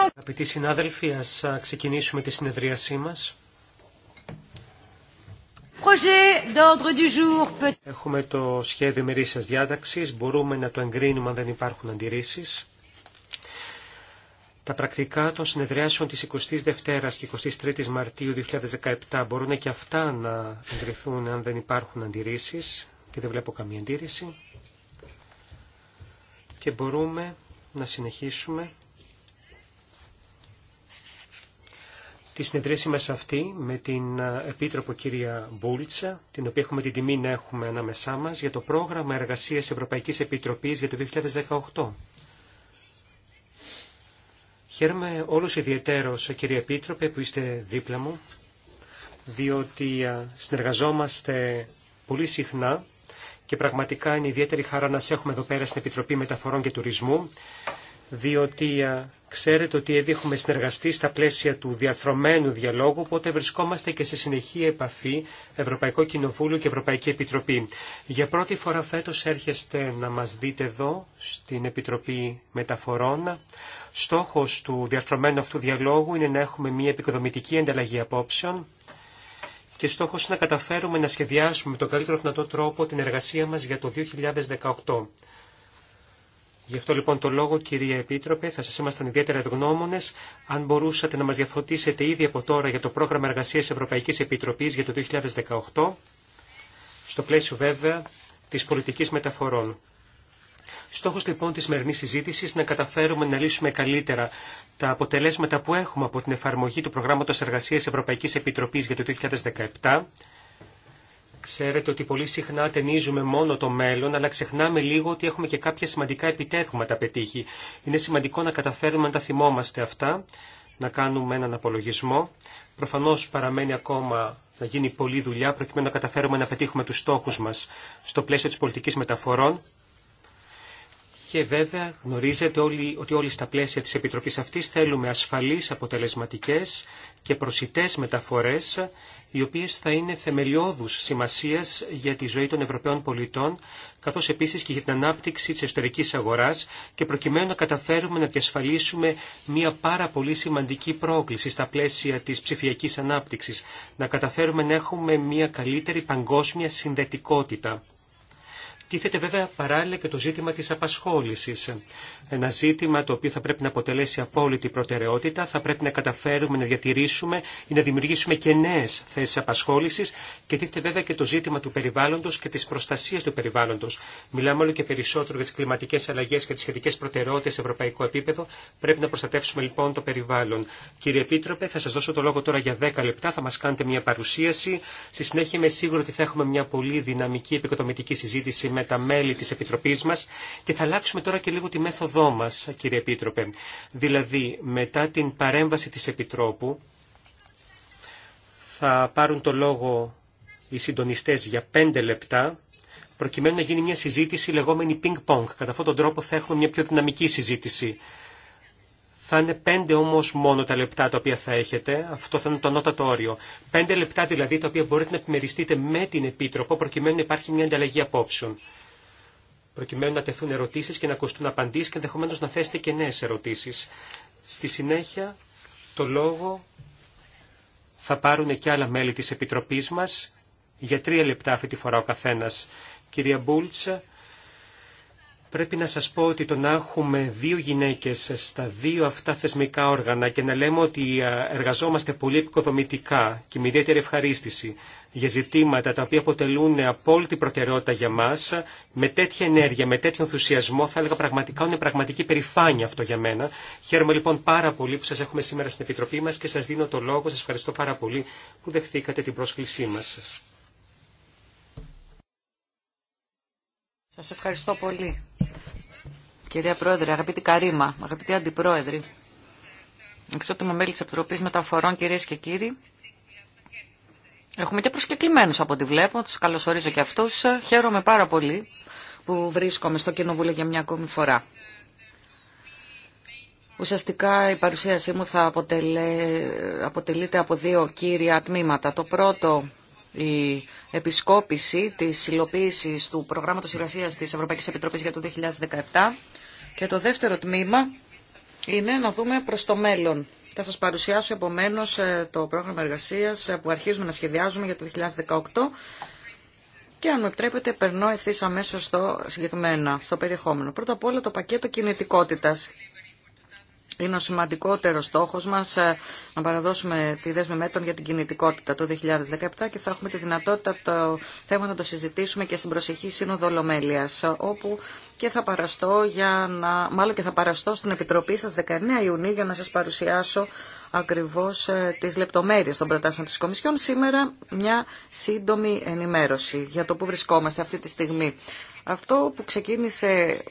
Αγαπητοί συνάδελφοι, α ξεκινήσουμε τη συνεδρίασή μα. Έχουμε το σχέδιο ημερήσια διάταξη. Μπορούμε να το εγκρίνουμε αν δεν υπάρχουν αντιρρήσει. Τα πρακτικά των συνεδριάσεων τη 22ης και 23ης Μαρτίου 2017 μπορούν και αυτά να εγκριθούν αν δεν υπάρχουν αντιρρήσει και δεν βλέπω καμία αντίρρηση. Και μπορούμε να συνεχίσουμε τη συνεδρίαση μας αυτή με την ε, Επίτροπο κυρία Μπούλτσα, την οποία έχουμε την τιμή να έχουμε ανάμεσά μας, για το πρόγραμμα εργασίας Ευρωπαϊκής Επιτροπής για το 2018. Χαίρομαι όλους ιδιαιτέρως, κύριε Επίτροπε, που είστε δίπλα μου, διότι ε, συνεργαζόμαστε πολύ συχνά και πραγματικά είναι ιδιαίτερη χαρά να σε έχουμε εδώ πέρα στην Επιτροπή Μεταφορών και Τουρισμού, διότι ξέρετε ότι ήδη έχουμε συνεργαστεί στα πλαίσια του διαθρωμένου διαλόγου, οπότε βρισκόμαστε και σε συνεχή επαφή Ευρωπαϊκό Κοινοβούλιο και Ευρωπαϊκή Επιτροπή. Για πρώτη φορά φέτος έρχεστε να μας δείτε εδώ, στην Επιτροπή Μεταφορών. Στόχος του διαρθρωμένου αυτού διαλόγου είναι να έχουμε μια επικοδομητική ανταλλαγή απόψεων, και στόχος είναι να καταφέρουμε να σχεδιάσουμε με τον καλύτερο δυνατό τρόπο την εργασία μας για το 2018. Γι' αυτό λοιπόν το λόγο, κυρία Επίτροπε, θα σας ήμασταν ιδιαίτερα ευγνώμονες αν μπορούσατε να μας διαφωτίσετε ήδη από τώρα για το πρόγραμμα εργασίας Ευρωπαϊκής Επιτροπής για το 2018, στο πλαίσιο βέβαια της πολιτικής μεταφορών. Στόχος λοιπόν της σημερινής συζήτησης να καταφέρουμε να λύσουμε καλύτερα τα αποτελέσματα που έχουμε από την εφαρμογή του Προγράμματος Εργασίας Ευρωπαϊκής Επιτροπής για το 2017 Ξέρετε ότι πολύ συχνά ταινίζουμε μόνο το μέλλον, αλλά ξεχνάμε λίγο ότι έχουμε και κάποια σημαντικά επιτεύγματα πετύχει. Είναι σημαντικό να καταφέρουμε να τα θυμόμαστε αυτά, να κάνουμε έναν απολογισμό. Προφανώς παραμένει ακόμα να γίνει πολλή δουλειά προκειμένου να καταφέρουμε να πετύχουμε τους στόχους μας στο πλαίσιο τη πολιτική μεταφορών. Και βέβαια γνωρίζετε όλοι, ότι όλοι στα πλαίσια της Επιτροπής αυτής θέλουμε ασφαλείς, αποτελεσματικές και προσιτές μεταφορές, οι οποίες θα είναι θεμελιώδους σημασίας για τη ζωή των Ευρωπαίων πολιτών, καθώς επίσης και για την ανάπτυξη της εσωτερικής αγοράς και προκειμένου να καταφέρουμε να διασφαλίσουμε μια πάρα πολύ σημαντική πρόκληση στα πλαίσια της ψηφιακής ανάπτυξης, να καταφέρουμε να έχουμε μια καλύτερη παγκόσμια συνδετικότητα. Τίθεται βέβαια παράλληλα και το ζήτημα της απασχόλησης ένα ζήτημα το οποίο θα πρέπει να αποτελέσει απόλυτη προτεραιότητα, θα πρέπει να καταφέρουμε να διατηρήσουμε ή να δημιουργήσουμε και νέε θέσει απασχόληση και τίθεται βέβαια και το ζήτημα του περιβάλλοντο και τη προστασία του περιβάλλοντο. Μιλάμε όλο και περισσότερο για τι κλιματικέ αλλαγέ και τι σχετικέ προτεραιότητε σε ευρωπαϊκό επίπεδο. Πρέπει να προστατεύσουμε λοιπόν το περιβάλλον. Κύριε Επίτροπε, θα σα δώσω το λόγο τώρα για 10 λεπτά, θα μα κάνετε μια παρουσίαση. Στη συνέχεια είμαι σίγουρο ότι θα έχουμε μια πολύ δυναμική επικοδομητική συζήτηση με τα μέλη τη Επιτροπή μα και θα αλλάξουμε τώρα και λίγο τη μέθοδο μας, κύριε Επίτροπε. Δηλαδή, μετά την παρέμβαση της Επιτρόπου, θα πάρουν το λόγο οι συντονιστές για πέντε λεπτά, προκειμένου να γίνει μια συζήτηση λεγόμενη ping-pong. Κατά αυτόν τον τρόπο θα έχουμε μια πιο δυναμική συζήτηση. Θα είναι πέντε όμως μόνο τα λεπτά τα οποία θα έχετε. Αυτό θα είναι το ανώτατο όριο. Πέντε λεπτά δηλαδή τα οποία μπορείτε να επιμεριστείτε με την Επίτροπο προκειμένου να υπάρχει μια ανταλλαγή απόψεων προκειμένου να τεθούν ερωτήσεις και να ακουστούν απαντήσεις και ενδεχομένω να θέσετε και νέες ερωτήσεις. Στη συνέχεια, το λόγο θα πάρουν και άλλα μέλη της Επιτροπής μας για τρία λεπτά αυτή τη φορά ο καθένας. Κυρία Μπούλτσα, Πρέπει να σας πω ότι το να έχουμε δύο γυναίκες στα δύο αυτά θεσμικά όργανα και να λέμε ότι εργαζόμαστε πολύ επικοδομητικά και με ιδιαίτερη ευχαρίστηση για ζητήματα τα οποία αποτελούν απόλυτη προτεραιότητα για μας, με τέτοια ενέργεια, με τέτοιο ενθουσιασμό, θα έλεγα πραγματικά είναι πραγματική περηφάνεια αυτό για μένα. Χαίρομαι λοιπόν πάρα πολύ που σας έχουμε σήμερα στην Επιτροπή μας και σας δίνω το λόγο. Σας ευχαριστώ πάρα πολύ που δεχθήκατε την πρόσκλησή μας. Σας ευχαριστώ πολύ. Κυρία Πρόεδρε, αγαπητή Καρίμα, αγαπητή Αντιπρόεδρε, εξότιμα μέλη της Επιτροπής Μεταφορών, κυρίες και κύριοι, έχουμε και προσκεκλημένους από ό,τι βλέπω, τους καλωσορίζω και αυτούς. Χαίρομαι πάρα πολύ που βρίσκομαι στο Κοινοβούλιο για μια ακόμη φορά. Ουσιαστικά η παρουσίασή μου θα αποτελείται από δύο κύρια τμήματα. Το πρώτο η επισκόπηση της υλοποίηση του προγράμματος εργασίας της Ευρωπαϊκής Επιτροπής για το 2017 και το δεύτερο τμήμα είναι να δούμε προς το μέλλον. Θα σας παρουσιάσω επομένως ε, το πρόγραμμα εργασίας ε, που αρχίζουμε να σχεδιάζουμε για το 2018 και αν μου επιτρέπετε περνώ ευθύ αμέσω στο συγκεκριμένα, στο περιεχόμενο. Πρώτα απ' όλα το πακέτο κινητικότητας είναι ο σημαντικότερος στόχος μας ε, να παραδώσουμε τη δέσμη μέτρων για την κινητικότητα το 2017 και θα έχουμε τη δυνατότητα το θέμα να το συζητήσουμε και στην προσεχή Σύνοδο Ολομέλειας, όπου και θα παραστώ για να, μάλλον και θα παραστώ στην Επιτροπή σας 19 Ιουνίου για να σας παρουσιάσω ακριβώς ε, τις λεπτομέρειες των προτάσεων της Κομισιόν. Σήμερα μια σύντομη ενημέρωση για το που βρισκόμαστε αυτή τη στιγμή. Αυτό που ξεκίνησε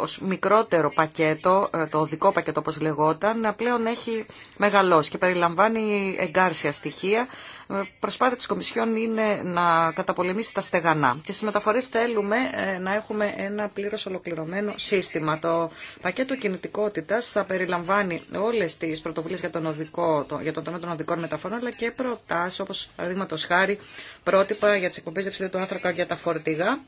ως μικρότερο πακέτο, ε, το οδικό πακέτο όπως λεγόταν, πλέον έχει μεγαλώσει και περιλαμβάνει εγκάρσια στοιχεία. Ε, προσπάθεια της Κομισιόν είναι να καταπολεμήσει τα στεγανά. Και στις μεταφορές θέλουμε ε, να έχουμε ένα πλήρως ολοκληρωμένο σύστημα. Το πακέτο κινητικότητας θα περιλαμβάνει όλες τις πρωτοβουλίες για τον, οδικό, για τον τομέα των οδικών μεταφορών, αλλά και προτάσεις όπως παραδείγματος χάρη πρότυπα για τις εκπομπές του άνθρακα για τα φορτηγά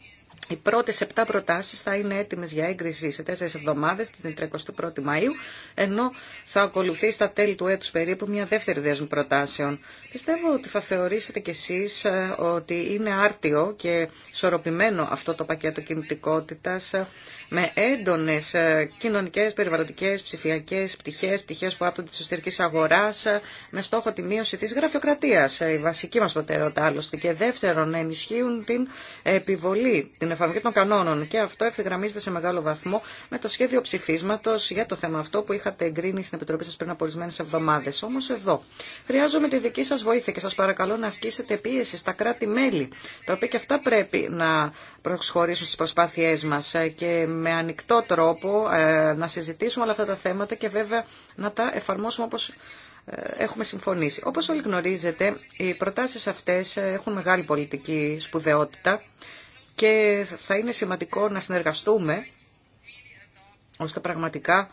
οι πρώτε 7 προτάσει θα είναι έτοιμε για έγκριση σε 4 εβδομάδε, την 31η Μαου, ενώ θα ακολουθεί στα τέλη του έτου περίπου μια δεύτερη δέσμη προτάσεων. Πιστεύω ότι θα θεωρήσετε κι εσεί ε, ότι είναι άρτιο και ισορροπημένο αυτό το πακέτο κινητικότητα ε, με έντονε κοινωνικέ, περιβαλλοντικέ, ψηφιακέ πτυχέ, πτυχέ που άπτονται τη εσωτερική αγορά, ε, με στόχο τη μείωση τη γραφειοκρατία, η βασική μα προτεραιότητα άλλωστε, και δεύτερον ενισχύουν την επιβολή, την εφαρμογή των κανόνων. Και αυτό ευθυγραμμίζεται σε μεγάλο βαθμό με το σχέδιο ψηφίσματο για το θέμα αυτό που είχατε εγκρίνει στην Επιτροπή σα πριν από ορισμένε εβδομάδε. Όμω εδώ χρειάζομαι τη δική σα βοήθεια και σα παρακαλώ να ασκήσετε πίεση στα κράτη-μέλη, τα οποία και αυτά πρέπει να προσχωρήσουν στι προσπάθειέ μα ε, και με ανοιχτό τρόπο ε, να συζητήσουμε όλα αυτά τα θέματα και βέβαια να τα εφαρμόσουμε όπω ε, έχουμε συμφωνήσει. Όπως όλοι γνωρίζετε, οι προτάσεις αυτές έχουν μεγάλη πολιτική σπουδαιότητα και θα είναι σημαντικό να συνεργαστούμε ώστε πραγματικά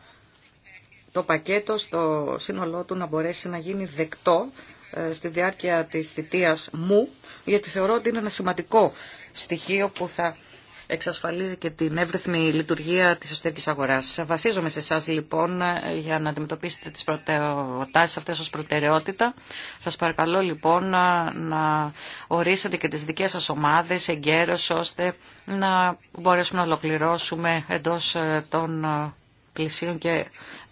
το πακέτο στο σύνολό του να μπορέσει να γίνει δεκτό ε, στη διάρκεια της θητείας μου, γιατί θεωρώ ότι είναι ένα σημαντικό στοιχείο που θα εξασφαλίζει και την εύρυθμη λειτουργία της εσωτερικής αγοράς. Βασίζομαι σε εσά λοιπόν για να αντιμετωπίσετε τις προτάσεις αυτές ως προτεραιότητα. Σας παρακαλώ λοιπόν να ορίσετε και τις δικές σας ομάδες εγκαίρως ώστε να μπορέσουμε να ολοκληρώσουμε εντός ε, των ε, πλησίων και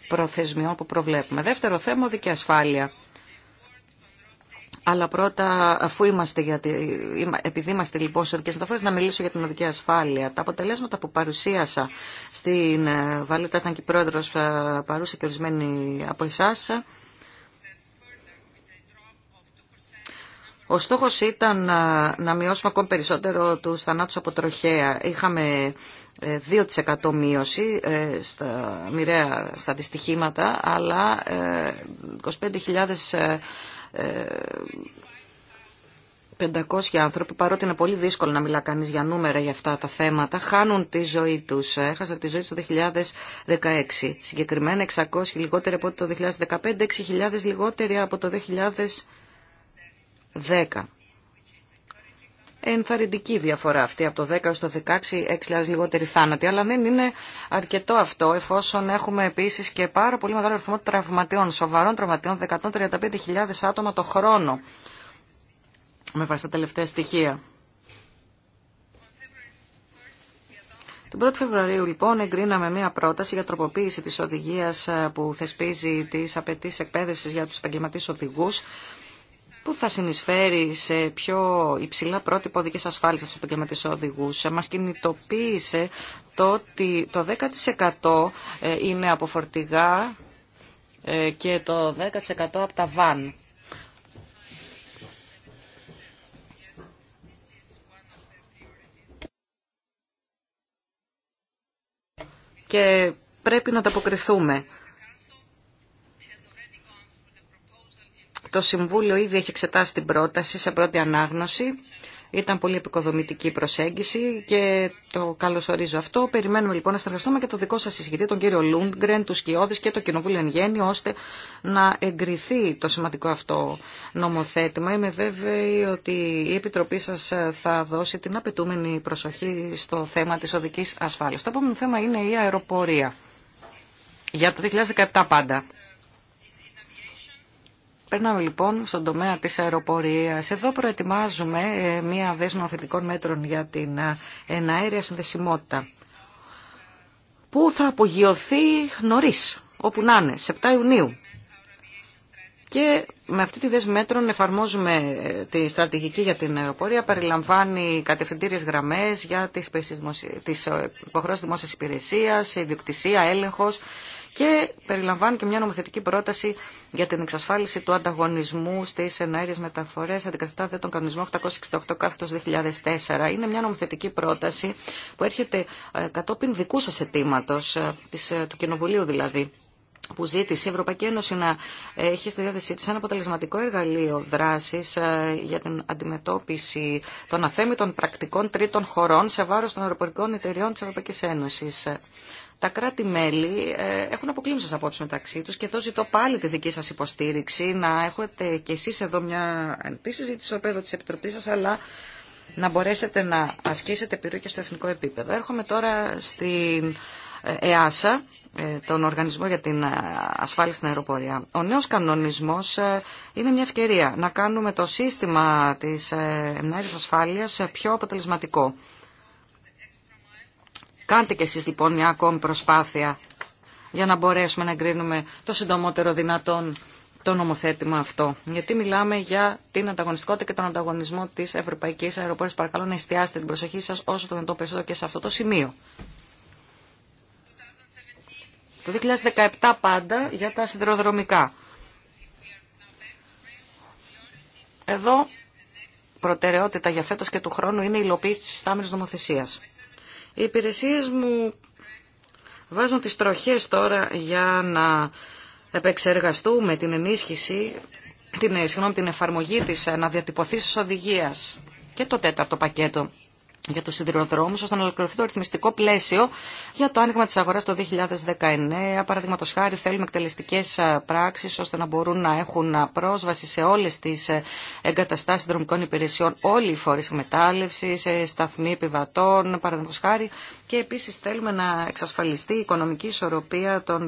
προθεσμιών που προβλέπουμε. Δεύτερο θέμα, δική ασφάλεια. Αλλά πρώτα, αφού είμαστε, γιατί, επειδή είμαστε λοιπόν σε οδικές μεταφορές, να μιλήσω για την οδική ασφάλεια. Τα αποτελέσματα που παρουσίασα στην ε, Βαλέτα ήταν και πρόεδρος ε, παρούσα και ορισμένοι από εσά. Ο στόχος ήταν ε, να, μειώσουμε ακόμη περισσότερο του θανάτους από τροχέα. Είχαμε 2% μείωση στα μοιραία στα αλλά 25.000 500 ε, άνθρωποι, παρότι είναι πολύ δύσκολο να μιλά κανείς για νούμερα για αυτά τα θέματα, χάνουν τη ζωή τους. Έχασαν τη ζωή του το 2016. Συγκεκριμένα 600 λιγότεροι από το 2015, 6.000 λιγότεροι από το 2010 ενθαρρυντική διαφορά αυτή από το 10 στο 16, 6.000 λιγότεροι θάνατοι. Αλλά δεν είναι αρκετό αυτό, εφόσον έχουμε επίσης και πάρα πολύ μεγάλο αριθμό τραυματιών, σοβαρών τραυματιών, 135.000 άτομα το χρόνο, με βάση τα τελευταία στοιχεία. Την 1η Φεβρουαρίου λοιπόν εγκρίναμε μια πρόταση για τροποποίηση τη οδηγία ε, που θεσπίζει τι απαιτήσει εκπαίδευση για του επαγγελματίε οδηγού που θα συνεισφέρει σε πιο υψηλά πρότυπα οδική ασφάλισης στου επαγγελματίε οδηγού. Ε, Μα κινητοποίησε το ότι το 10% ε, είναι από φορτηγά ε, και το 10% από τα βαν. Και πρέπει να τα αποκριθούμε. Το Συμβούλιο ήδη έχει εξετάσει την πρόταση σε πρώτη ανάγνωση. Ήταν πολύ επικοδομητική η προσέγγιση και το καλωσορίζω αυτό. Περιμένουμε λοιπόν να συνεργαστούμε και το δικό σα συζητητή, τον κύριο Λούντγκρεν, του Σκιώδη και το Κοινοβούλιο εν γέννη, ώστε να εγκριθεί το σημαντικό αυτό νομοθέτημα. Είμαι βέβαιη ότι η Επιτροπή σα θα δώσει την απαιτούμενη προσοχή στο θέμα τη οδική ασφάλεια. Το επόμενο θέμα είναι η αεροπορία. Για το 2017 πάντα. Περνάμε λοιπόν στον τομέα της αεροπορίας. Εδώ προετοιμάζουμε ε, μία δέσμα θετικών μέτρων για την ε, αέρια συνδεσιμότητα που θα απογειωθεί νωρίς, όπου να είναι, σε 7 Ιουνίου. Και με αυτή τη δέσμη μέτρων εφαρμόζουμε ε, τη στρατηγική για την αεροπορία, περιλαμβάνει κατευθυντήριες γραμμές για τι υποχρεώσει δημόσια υπηρεσία, ιδιοκτησία, έλεγχο και περιλαμβάνει και μια νομοθετική πρόταση για την εξασφάλιση του ανταγωνισμού στι ενέργειε μεταφορέ, αντικαθιστάται τον κανονισμό 868 2004. Είναι μια νομοθετική πρόταση που έρχεται ε, κατόπιν δικού σα αιτήματο, ε, ε, του Κοινοβουλίου δηλαδή που ζήτησε η Ευρωπαϊκή Ένωση να έχει στη διάθεσή της ένα αποτελεσματικό εργαλείο δράσης για την αντιμετώπιση των αθέμητων πρακτικών τρίτων χωρών σε βάρος των αεροπορικών εταιριών της Ευρωπαϊκής Ένωσης τα κράτη-μέλη ε, έχουν σας απόψεις μεταξύ τους και εδώ ζητώ πάλι τη δική σας υποστήριξη να έχετε κι εσείς εδώ μια τις συζήτηση στο επίπεδο της Επιτροπής σας αλλά να μπορέσετε να ασκήσετε πυρού και στο εθνικό επίπεδο. Έρχομαι τώρα στην ε, ΕΑΣΑ, ε, τον Οργανισμό για την Ασφάλεια στην Αεροπορία. Ο νέος κανονισμός είναι μια ευκαιρία να κάνουμε το σύστημα της ενέργειας ασφάλειας πιο αποτελεσματικό. Κάντε κι εσείς λοιπόν μια ακόμη προσπάθεια για να μπορέσουμε να εγκρίνουμε το συντομότερο δυνατόν το νομοθέτημα αυτό. Γιατί μιλάμε για την ανταγωνιστικότητα και τον ανταγωνισμό τη Ευρωπαϊκή Αεροπορία. Παρακαλώ να εστιάσετε την προσοχή σα όσο το δυνατόν περισσότερο και σε αυτό το σημείο. Το 2017 πάντα για τα σιδηροδρομικά. Εδώ προτεραιότητα για φέτος και του χρόνου είναι η υλοποίηση της φυστάμενης νομοθεσίας. Οι υπηρεσίες μου βάζουν τις τροχές τώρα για να επεξεργαστούμε την ενίσχυση, την, ε, συγγνώμη, την εφαρμογή της αναδιατυπωθήσης οδηγίας και το τέταρτο πακέτο για τους σιδηροδρόμους ώστε να ολοκληρωθεί το ρυθμιστικό πλαίσιο για το άνοιγμα της αγοράς το 2019. Παραδείγματο χάρη θέλουμε εκτελεστικές πράξεις ώστε να μπορούν να έχουν πρόσβαση σε όλες τις ε, εγκαταστάσεις δρομικών υπηρεσιών όλοι οι φορείς μετάλλευσης, ε, σταθμοί επιβατών, παραδείγματο χάρη και επίσης θέλουμε να εξασφαλιστεί η οικονομική ισορροπία των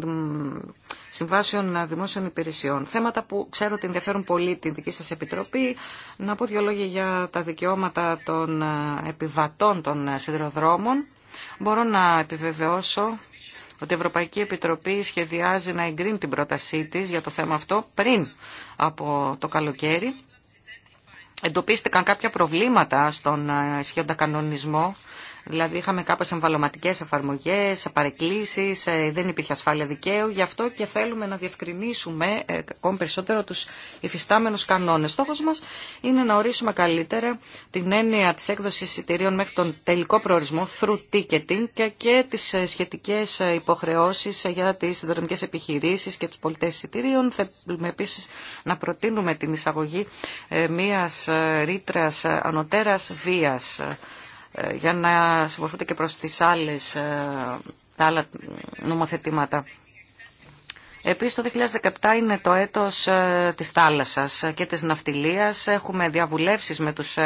συμβάσεων δημόσιων υπηρεσιών. Θέματα που ξέρω ότι ενδιαφέρουν πολύ την δική σας Επιτροπή. Να πω δύο λόγια για τα δικαιώματα των επιβατών των σιδηροδρόμων. Μπορώ να επιβεβαιώσω ότι η Ευρωπαϊκή Επιτροπή σχεδιάζει να εγκρίνει την πρότασή της για το θέμα αυτό πριν από το καλοκαίρι. Εντοπίστηκαν κάποια προβλήματα στον ε, ισχύοντα κανονισμό Δηλαδή είχαμε κάποιες εμβαλωματικές εφαρμογές, παρεκκλήσεις, ε, δεν υπήρχε ασφάλεια δικαίου. Γι' αυτό και θέλουμε να διευκρινίσουμε ε, ακόμη περισσότερο τους υφιστάμενους κανόνες. Στόχος μας είναι να ορίσουμε καλύτερα την έννοια της έκδοσης εισιτηρίων μέχρι τον τελικό προορισμό, through ticketing και, και τις ε, σχετικές υποχρεώσεις για τις συνδρομικές επιχειρήσεις και τους πολιτές εισιτηρίων. Θέλουμε επίσης να προτείνουμε την εισαγωγή μιας ρήτρας ανωτέρας βία. Ε, για να συμμορφούνται και προς τις άλλες, ε, άλλα νομοθετήματα. Επίσης το 2017 είναι το έτος ε, της θάλασσας και της ναυτιλίας. Έχουμε διαβουλεύσεις με τους,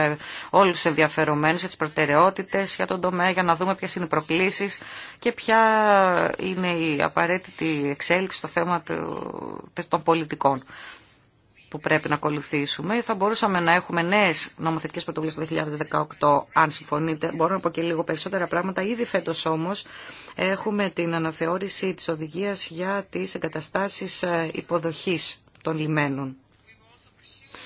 όλους τους ενδιαφερομένους για τις προτεραιότητες, για τον τομέα, για να δούμε ποιες είναι οι προκλήσεις και ποια είναι η απαραίτητη εξέλιξη στο θέμα των πολιτικών που πρέπει να ακολουθήσουμε. Θα μπορούσαμε να έχουμε νέε νομοθετικέ πρωτοβουλίε το 2018, αν συμφωνείτε. Μπορώ να πω και λίγο περισσότερα πράγματα. Ήδη φέτο όμω έχουμε την αναθεώρηση τη οδηγία για τι εγκαταστάσει ε, υποδοχή των λιμένων.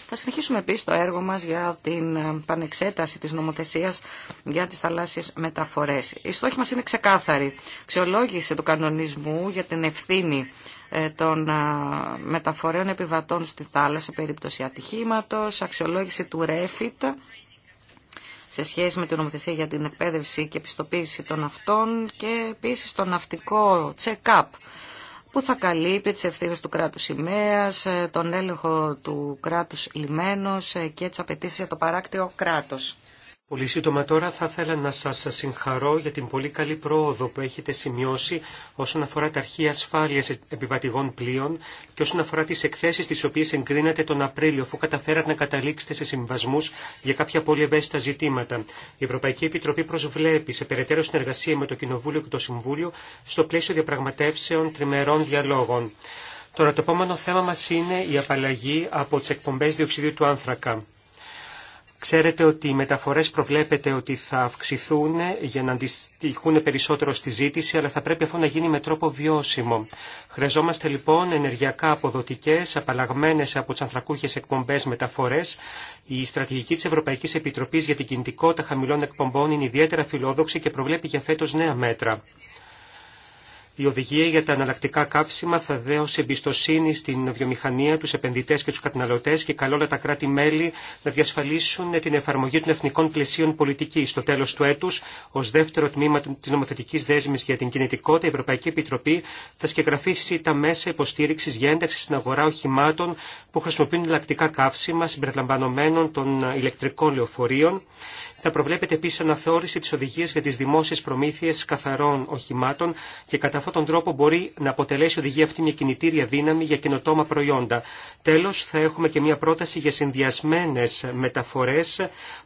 Θα συνεχίσουμε επίσης το έργο μας για την ε, πανεξέταση τη νομοθεσία για τι θαλάσσιες μεταφορέ. Η στόχη μα είναι ξεκάθαρη. Ξεολόγηση του κανονισμού για την ευθύνη ε, των ε, μεταφορέων επιβατών στη θάλασσα περίπτωση ατυχήματος, αξιολόγηση του REFIT σε σχέση με την νομοθεσία για την εκπαίδευση και επιστοποίηση των αυτών και επίσης το ναυτικό check-up που θα καλύπτει τις ευθύνες του κράτους σημαίας, ε, τον έλεγχο του κράτους λιμένος και τις απαιτήσει για το παράκτιο κράτος. Πολύ σύντομα τώρα θα ήθελα να σας συγχαρώ για την πολύ καλή πρόοδο που έχετε σημειώσει όσον αφορά τα αρχή ασφάλειας επιβατηγών πλοίων και όσον αφορά τις εκθέσεις τις οποίες εγκρίνατε τον Απρίλιο αφού καταφέρατε να καταλήξετε σε συμβασμούς για κάποια πολύ ευαίσθητα ζητήματα. Η Ευρωπαϊκή Επιτροπή προσβλέπει σε περαιτέρω συνεργασία με το Κοινοβούλιο και το Συμβούλιο στο πλαίσιο διαπραγματεύσεων τριμερών διαλόγων. Τώρα το επόμενο θέμα μας είναι η απαλλαγή από τι εκπομπέ διοξιδίου του άνθρακα. Ξέρετε ότι οι μεταφορές προβλέπεται ότι θα αυξηθούν για να αντιστοιχούν περισσότερο στη ζήτηση, αλλά θα πρέπει αυτό να γίνει με τρόπο βιώσιμο. Χρειαζόμαστε λοιπόν ενεργειακά αποδοτικές, απαλλαγμένες από τις ανθρακούχες εκπομπές μεταφορές. Η στρατηγική της Ευρωπαϊκής Επιτροπής για την κινητικότητα χαμηλών εκπομπών είναι ιδιαίτερα φιλόδοξη και προβλέπει για φέτος νέα μέτρα. Η οδηγία για τα αναλλακτικά κάψιμα θα δέωσε εμπιστοσύνη στην βιομηχανία, του επενδυτέ και του καταναλωτέ και καλό όλα τα κράτη-μέλη να διασφαλίσουν την εφαρμογή των εθνικών πλαισίων πολιτική. Στο τέλο του έτου, ω δεύτερο τμήμα τη νομοθετική δέσμη για την κινητικότητα, η Ευρωπαϊκή Επιτροπή θα σκεγγραφίσει τα μέσα υποστήριξη για ένταξη στην αγορά οχημάτων που χρησιμοποιούν εναλλακτικά καύσιμα συμπεριλαμβανομένων των ηλεκτρικών λεωφορείων θα προβλέπεται επίση αναθεώρηση τη οδηγία για τι δημόσιε προμήθειε καθαρών οχημάτων και κατά αυτόν τον τρόπο μπορεί να αποτελέσει η οδηγία αυτή μια κινητήρια δύναμη για καινοτόμα προϊόντα. Τέλο, θα έχουμε και μια πρόταση για συνδυασμένε μεταφορέ,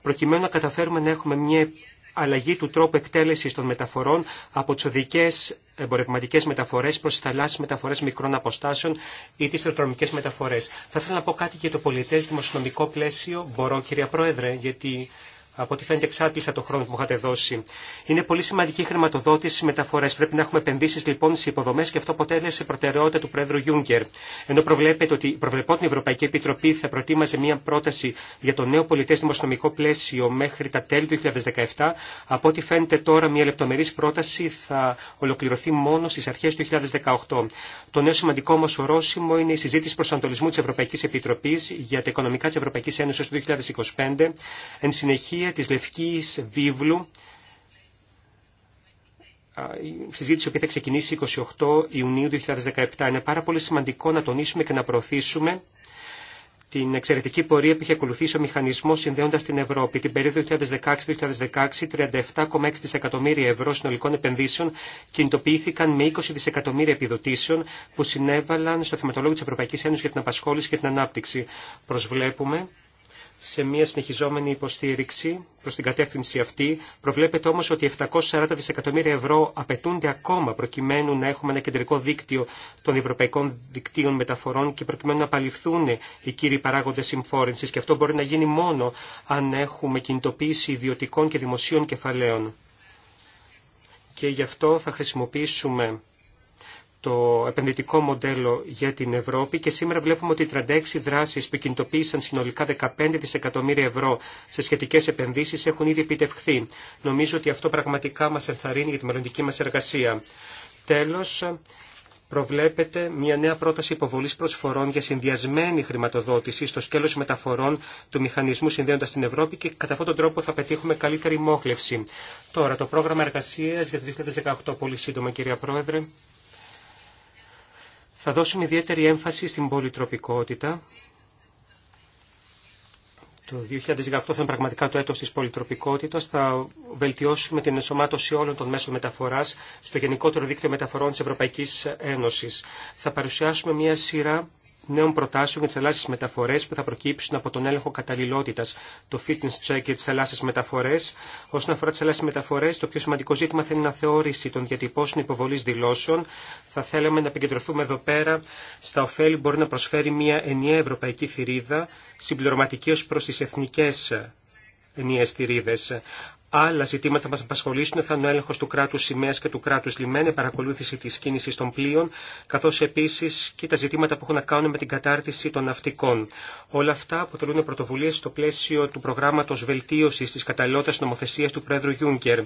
προκειμένου να καταφέρουμε να έχουμε μια αλλαγή του τρόπου εκτέλεση των μεταφορών από τι οδικέ εμπορευματικέ μεταφορέ προ τι θαλάσσιε μεταφορέ μικρών αποστάσεων ή τι αεροδρομικέ μεταφορέ. Θα ήθελα να πω κάτι για το πολιτέ δημοσιονομικό πλαίσιο. Μπορώ, κυρία Πρόεδρε, γιατί από ό,τι φαίνεται εξάτλησα το χρόνο που μου είχατε δώσει. Είναι πολύ σημαντική η χρηματοδότηση μεταφορέ. Πρέπει να έχουμε επενδύσει λοιπόν σε υποδομέ και αυτό αποτέλεσε προτεραιότητα του Πρόεδρου Γιούγκερ. Ενώ προβλέπεται ότι προβλεπόταν η Ευρωπαϊκή Επιτροπή θα προτίμαζε μία πρόταση για το νέο πολιτέ δημοσιονομικό πλαίσιο μέχρι τα τέλη του 2017, από ό,τι φαίνεται τώρα μία λεπτομερή πρόταση θα ολοκληρωθεί μόνο στι αρχέ του 2018. Το νέο σημαντικό όμω ορόσημο είναι η συζήτηση προσανατολισμού τη Ευρωπαϊκή Επιτροπή για τα οικονομικά τη Ευρωπαϊκή Ένωση του 2025. Εν συνεχεία, Τη της Λευκής Βίβλου συζήτηση που θα ξεκινήσει 28 Ιουνίου 2017. Είναι πάρα πολύ σημαντικό να τονίσουμε και να προωθήσουμε την εξαιρετική πορεία που είχε ακολουθήσει ο μηχανισμό συνδέοντα την Ευρώπη. Την περίοδο 2016-2016, 37,6 δισεκατομμύρια ευρώ συνολικών επενδύσεων κινητοποιήθηκαν με 20 δισεκατομμύρια επιδοτήσεων που συνέβαλαν στο θεματολόγιο τη Ευρωπαϊκή Ένωση για την απασχόληση και την ανάπτυξη. Προσβλέπουμε σε μια συνεχιζόμενη υποστήριξη προ την κατεύθυνση αυτή. Προβλέπεται όμω ότι 740 δισεκατομμύρια ευρώ απαιτούνται ακόμα προκειμένου να έχουμε ένα κεντρικό δίκτυο των ευρωπαϊκών δικτύων μεταφορών και προκειμένου να απαλληφθούν οι κύριοι παράγοντε συμφόρηση. Και αυτό μπορεί να γίνει μόνο αν έχουμε κινητοποίηση ιδιωτικών και δημοσίων κεφαλαίων. Και γι' αυτό θα χρησιμοποιήσουμε το επενδυτικό μοντέλο για την Ευρώπη και σήμερα βλέπουμε ότι οι 36 δράσεις που κινητοποίησαν συνολικά 15 δισεκατομμύρια ευρώ σε σχετικές επενδύσεις έχουν ήδη επιτευχθεί. Νομίζω ότι αυτό πραγματικά μας ενθαρρύνει για τη μελλοντική μας εργασία. Τέλος, προβλέπεται μια νέα πρόταση υποβολής προσφορών για συνδυασμένη χρηματοδότηση στο σκέλος μεταφορών του μηχανισμού συνδέοντας την Ευρώπη και κατά αυτόν τον τρόπο θα πετύχουμε καλύτερη μόχλευση. Τώρα, το πρόγραμμα εργασία για το 2018, πολύ σύντομα κυρία Πρόεδρε. Θα δώσουμε ιδιαίτερη έμφαση στην πολυτροπικότητα. Το 2018 θα είναι πραγματικά το έτος της πολυτροπικότητας. Θα βελτιώσουμε την ενσωμάτωση όλων των μέσων μεταφοράς στο γενικότερο δίκτυο μεταφορών της Ευρωπαϊκής Ένωσης. Θα παρουσιάσουμε μια σειρά νέων προτάσεων για τι θαλάσσιε μεταφορέ που θα προκύψουν από τον έλεγχο καταλληλότητα, το fitness check για τι θαλάσσιε μεταφορέ. Όσον αφορά τι θαλάσσιε μεταφορέ, το πιο σημαντικό ζήτημα θα είναι η αναθεώρηση των διατυπώσεων υποβολή δηλώσεων. Θα θέλαμε να επικεντρωθούμε εδώ πέρα στα ωφέλη που μπορεί να προσφέρει μια ενιαία ευρωπαϊκή θηρίδα, συμπληρωματική ω προ τι εθνικέ ενιαίε θηρίδε άλλα ζητήματα μας απασχολήσουν θα είναι ο έλεγχο του κράτους σημαίας και του κράτους λιμένε, παρακολούθηση της κίνησης των πλοίων, καθώς επίσης και τα ζητήματα που έχουν να κάνουν με την κατάρτιση των ναυτικών. Όλα αυτά αποτελούν πρωτοβουλίες στο πλαίσιο του προγράμματος βελτίωσης της καταλληλότητας νομοθεσία του Πρόεδρου Γιούγκερ.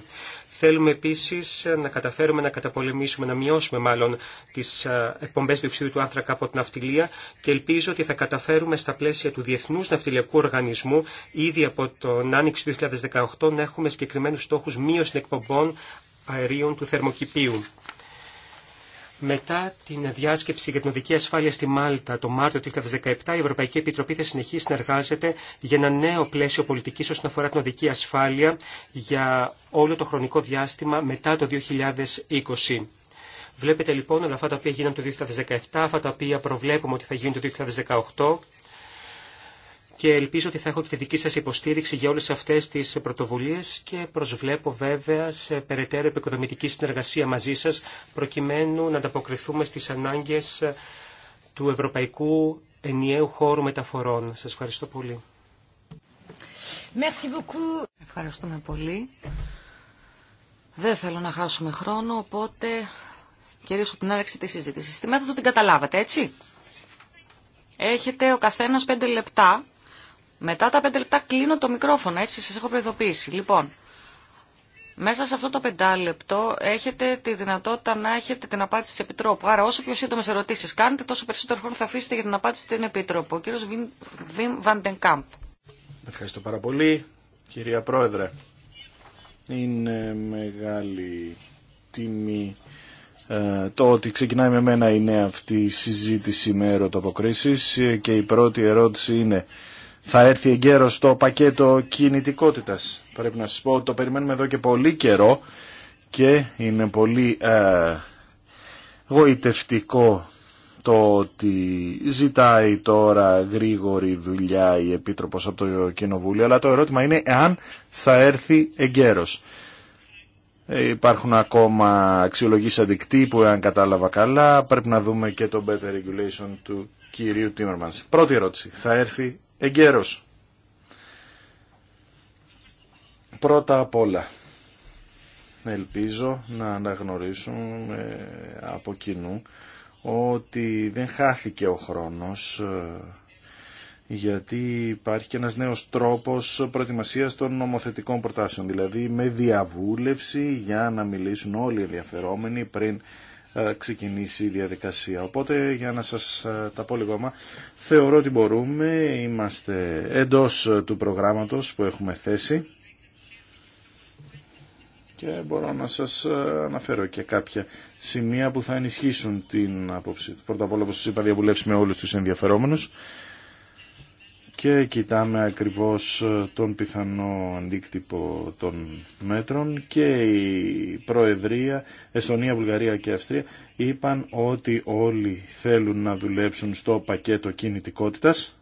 Θέλουμε επίσης να καταφέρουμε να καταπολεμήσουμε, να μειώσουμε μάλλον τις εκπομπές διοξιδίου του άνθρακα από την ναυτιλία και ελπίζω ότι θα καταφέρουμε στα πλαίσια του Διεθνούς Ναυτιλιακού Οργανισμού ήδη από τον Άνοιξη του 2018 να έχουμε συγκεκριμένου στόχους μείωση εκπομπών αερίων του θερμοκηπίου. Μετά την διάσκεψη για την οδική ασφάλεια στη Μάλτα το Μάρτιο του 2017, η Ευρωπαϊκή Επιτροπή θα συνεχίσει να εργάζεται για ένα νέο πλαίσιο πολιτικής όσον αφορά την οδική ασφάλεια για όλο το χρονικό διάστημα μετά το 2020. Βλέπετε λοιπόν όλα αυτά τα οποία γίνανε το 2017, αυτά τα οποία προβλέπουμε ότι θα γίνουν το 2018, και ελπίζω ότι θα έχω και τη δική σας υποστήριξη για όλες αυτές τις πρωτοβουλίες και προσβλέπω βέβαια σε περαιτέρω επικοδομητική συνεργασία μαζί σας προκειμένου να ανταποκριθούμε στις ανάγκες του Ευρωπαϊκού Ενιαίου Χώρου Μεταφορών. Σας ευχαριστώ πολύ. Ευχαριστούμε πολύ. Δεν θέλω να χάσουμε χρόνο, οπότε κυρίως από την άρεξη της συζήτησης. Στη μέθοδο την καταλάβατε, έτσι. Έχετε ο καθένας πέντε λεπτά μετά τα πέντε λεπτά κλείνω το μικρόφωνο, έτσι σας έχω προειδοποιήσει. Λοιπόν, μέσα σε αυτό το πεντάλεπτο έχετε τη δυνατότητα να έχετε την απάντηση τη Επιτρόπου. Άρα, όσο πιο σύντομες ερωτήσει κάνετε, τόσο περισσότερο χρόνο θα αφήσετε για την απάντηση στην Επιτρόπου. Ο κύριο Βιμ Βαντενκάμπ. Ευχαριστώ πάρα πολύ, κυρία Πρόεδρε. Είναι μεγάλη τιμή ε, το ότι ξεκινάει με μένα η νέα αυτή η συζήτηση με ερωτοποκρίσεις και η πρώτη ερώτηση είναι θα έρθει εγκαίρο το πακέτο κινητικότητα. Πρέπει να σα πω ότι το περιμένουμε εδώ και πολύ καιρό και είναι πολύ ε, γοητευτικό το ότι ζητάει τώρα γρήγορη δουλειά η Επίτροπος από το Κοινοβούλιο, αλλά το ερώτημα είναι εάν θα έρθει εγκαίρος. Ε, υπάρχουν ακόμα αξιολογήσεις αντικτύπου, εάν κατάλαβα καλά. Πρέπει να δούμε και το better regulation του κυρίου Τίμερμανς. Πρώτη ερώτηση. Θα έρθει εγκαίρως. Πρώτα απ' όλα, ελπίζω να αναγνωρίσουμε από κοινού ότι δεν χάθηκε ο χρόνος γιατί υπάρχει και ένας νέος τρόπος προετοιμασίας των νομοθετικών προτάσεων, δηλαδή με διαβούλευση για να μιλήσουν όλοι οι ενδιαφερόμενοι πριν ε, ξεκινήσει η διαδικασία. Οπότε για να σας ε, τα πω λίγο θεωρώ ότι μπορούμε, είμαστε εντός ε, του προγράμματος που έχουμε θέσει και μπορώ να σας αναφέρω και κάποια σημεία που θα ενισχύσουν την άποψη. Πρώτα απ' όλα, όπως σας είπα, διαβουλεύσει όλους τους ενδιαφερόμενους και κοιτάμε ακριβώς τον πιθανό αντίκτυπο των μέτρων και η Προεδρία, Εστονία, Βουλγαρία και Αυστρία είπαν ότι όλοι θέλουν να δουλέψουν στο πακέτο κινητικότητας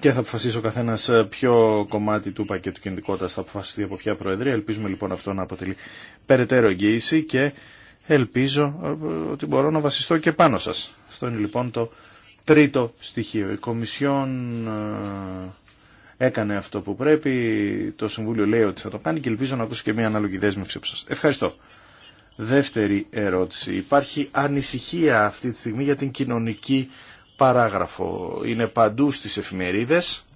και θα αποφασίσει ο καθένας ποιο κομμάτι του πακέτου κινητικότητας θα αποφασιστεί από ποια Προεδρία. Ελπίζουμε λοιπόν αυτό να αποτελεί περαιτέρω εγγύηση και ελπίζω ε, ότι μπορώ να βασιστώ και πάνω σας. Αυτό είναι λοιπόν το τρίτο στοιχείο. Η Κομισιόν ε, έκανε αυτό που πρέπει, το Συμβούλιο λέει ότι θα το κάνει και ελπίζω να ακούσω και μια ανάλογη δέσμευση από σας. Ευχαριστώ. Δεύτερη ερώτηση. Υπάρχει ανησυχία αυτή τη στιγμή για την κοινωνική παράγραφο. Είναι παντού στις εφημερίδες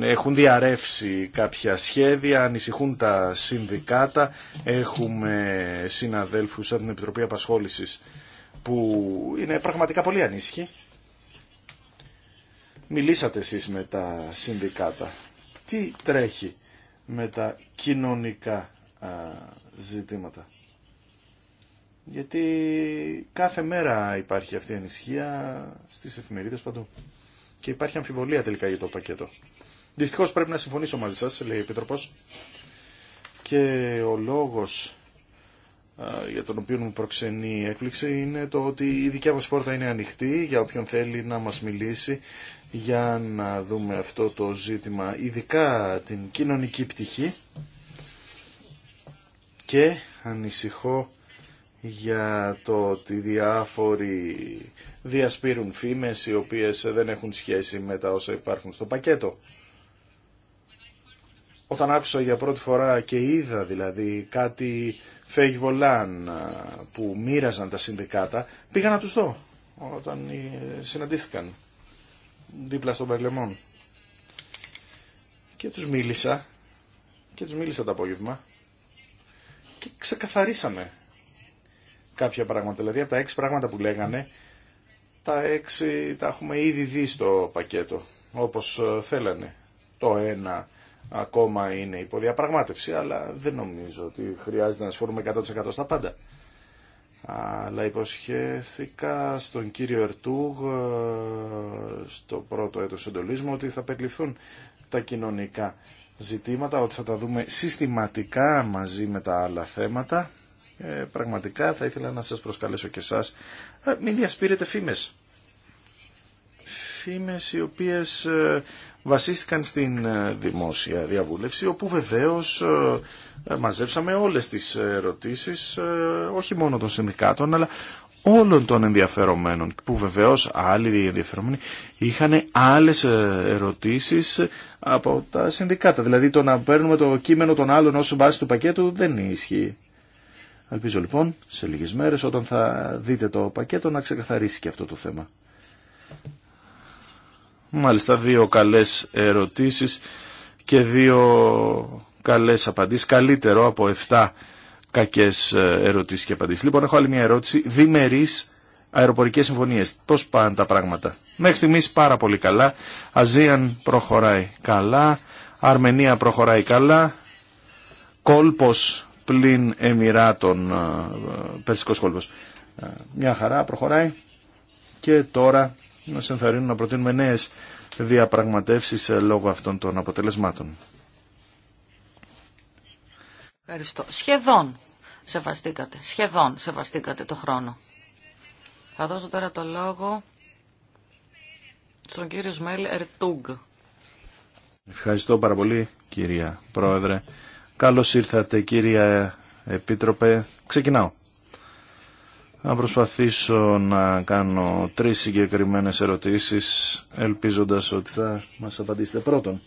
έχουν διαρρεύσει κάποια σχέδια, ανησυχούν τα συνδικάτα. Έχουμε συναδέλφους από την Επιτροπή Απασχόλησης που είναι πραγματικά πολύ ανήσυχοι. Μιλήσατε εσείς με τα συνδικάτα. Τι τρέχει με τα κοινωνικά ζητήματα. Γιατί κάθε μέρα υπάρχει αυτή η ανησυχία στις εφημερίδες παντού. Και υπάρχει αμφιβολία τελικά για το πακέτο. Δυστυχώ πρέπει να συμφωνήσω μαζί σας, λέει ο Επίτροπο. Και ο λόγος για τον οποίο μου προξενεί έκπληξη είναι το ότι η δικιά μα πόρτα είναι ανοιχτή για όποιον θέλει να μας μιλήσει για να δούμε αυτό το ζήτημα, ειδικά την κοινωνική πτυχή και ανησυχώ για το ότι διάφοροι διασπείρουν φήμες οι οποίες δεν έχουν σχέση με τα όσα υπάρχουν στο πακέτο όταν άκουσα για πρώτη φορά και είδα δηλαδή κάτι βολάν που μοίραζαν τα συνδικάτα, πήγα να τους δω όταν ε, συναντήθηκαν δίπλα στον Περλεμόν. Και τους μίλησα και τους μίλησα το απόγευμα και ξεκαθαρίσαμε κάποια πράγματα. Δηλαδή από τα έξι πράγματα που λέγανε, τα έξι τα έχουμε ήδη δει στο πακέτο, όπως ε, θέλανε. Το ένα ακόμα είναι υποδιαπραγμάτευση, αλλά δεν νομίζω ότι χρειάζεται να σφόρουμε 100% στα πάντα. Αλλά υποσχέθηκα στον κύριο Ερτούγ ε, στο πρώτο έτος εντολής ότι θα περιληφθούν τα κοινωνικά ζητήματα, ότι θα τα δούμε συστηματικά μαζί με τα άλλα θέματα. Ε, πραγματικά θα ήθελα να σας προσκαλέσω και εσάς. Ε, μην διασπείρετε φήμες. Φήμες οι οποίες βασίστηκαν στην ε, δημόσια διαβούλευση, όπου βεβαίως ε, ε, μαζέψαμε όλες τις ερωτήσεις, όχι μόνο των συνδικάτων, αλλά όλων των ενδιαφερομένων, που βεβαίως άλλοι ενδιαφερομένοι είχαν άλλες ερωτήσεις από τα συνδικάτα. Δηλαδή το να παίρνουμε το κείμενο των άλλων όσο βάση του πακέτου δεν ισχύει. Ελπίζω λοιπόν σε λίγες μέρες όταν θα δείτε το πακέτο να ξεκαθαρίσει και αυτό το θέμα. Μάλιστα δύο καλές ερωτήσεις και δύο καλές απαντήσεις. Καλύτερο από 7 κακές ε, ερωτήσεις και απαντήσεις. Λοιπόν, έχω άλλη μια ερώτηση. Διμερείς αεροπορικές συμφωνίες. Πώς πάνε τα πράγματα. Μέχρι στιγμής πάρα πολύ καλά. Αζίαν προχωράει καλά. Αρμενία προχωράει καλά. Κόλπος πλην Εμμυράτων. Ε, ε, Περσικός κόλπος. Μια χαρά προχωράει. Και τώρα να ενθαρρύνουν να προτείνουμε νέε διαπραγματεύσει ε, λόγω αυτών των αποτελεσμάτων. Ευχαριστώ. Σχεδόν σεβαστήκατε, σχεδόν σεβαστήκατε το χρόνο. Θα δώσω τώρα το λόγο στον κύριο Σμέλ Ερτούγκ. Ευχαριστώ πάρα πολύ κυρία Πρόεδρε. Καλώς ήρθατε κυρία Επίτροπε. Ξεκινάω. Θα προσπαθήσω να κάνω τρεις συγκεκριμένες ερωτήσεις, ελπίζοντας ότι θα μας απαντήσετε πρώτον.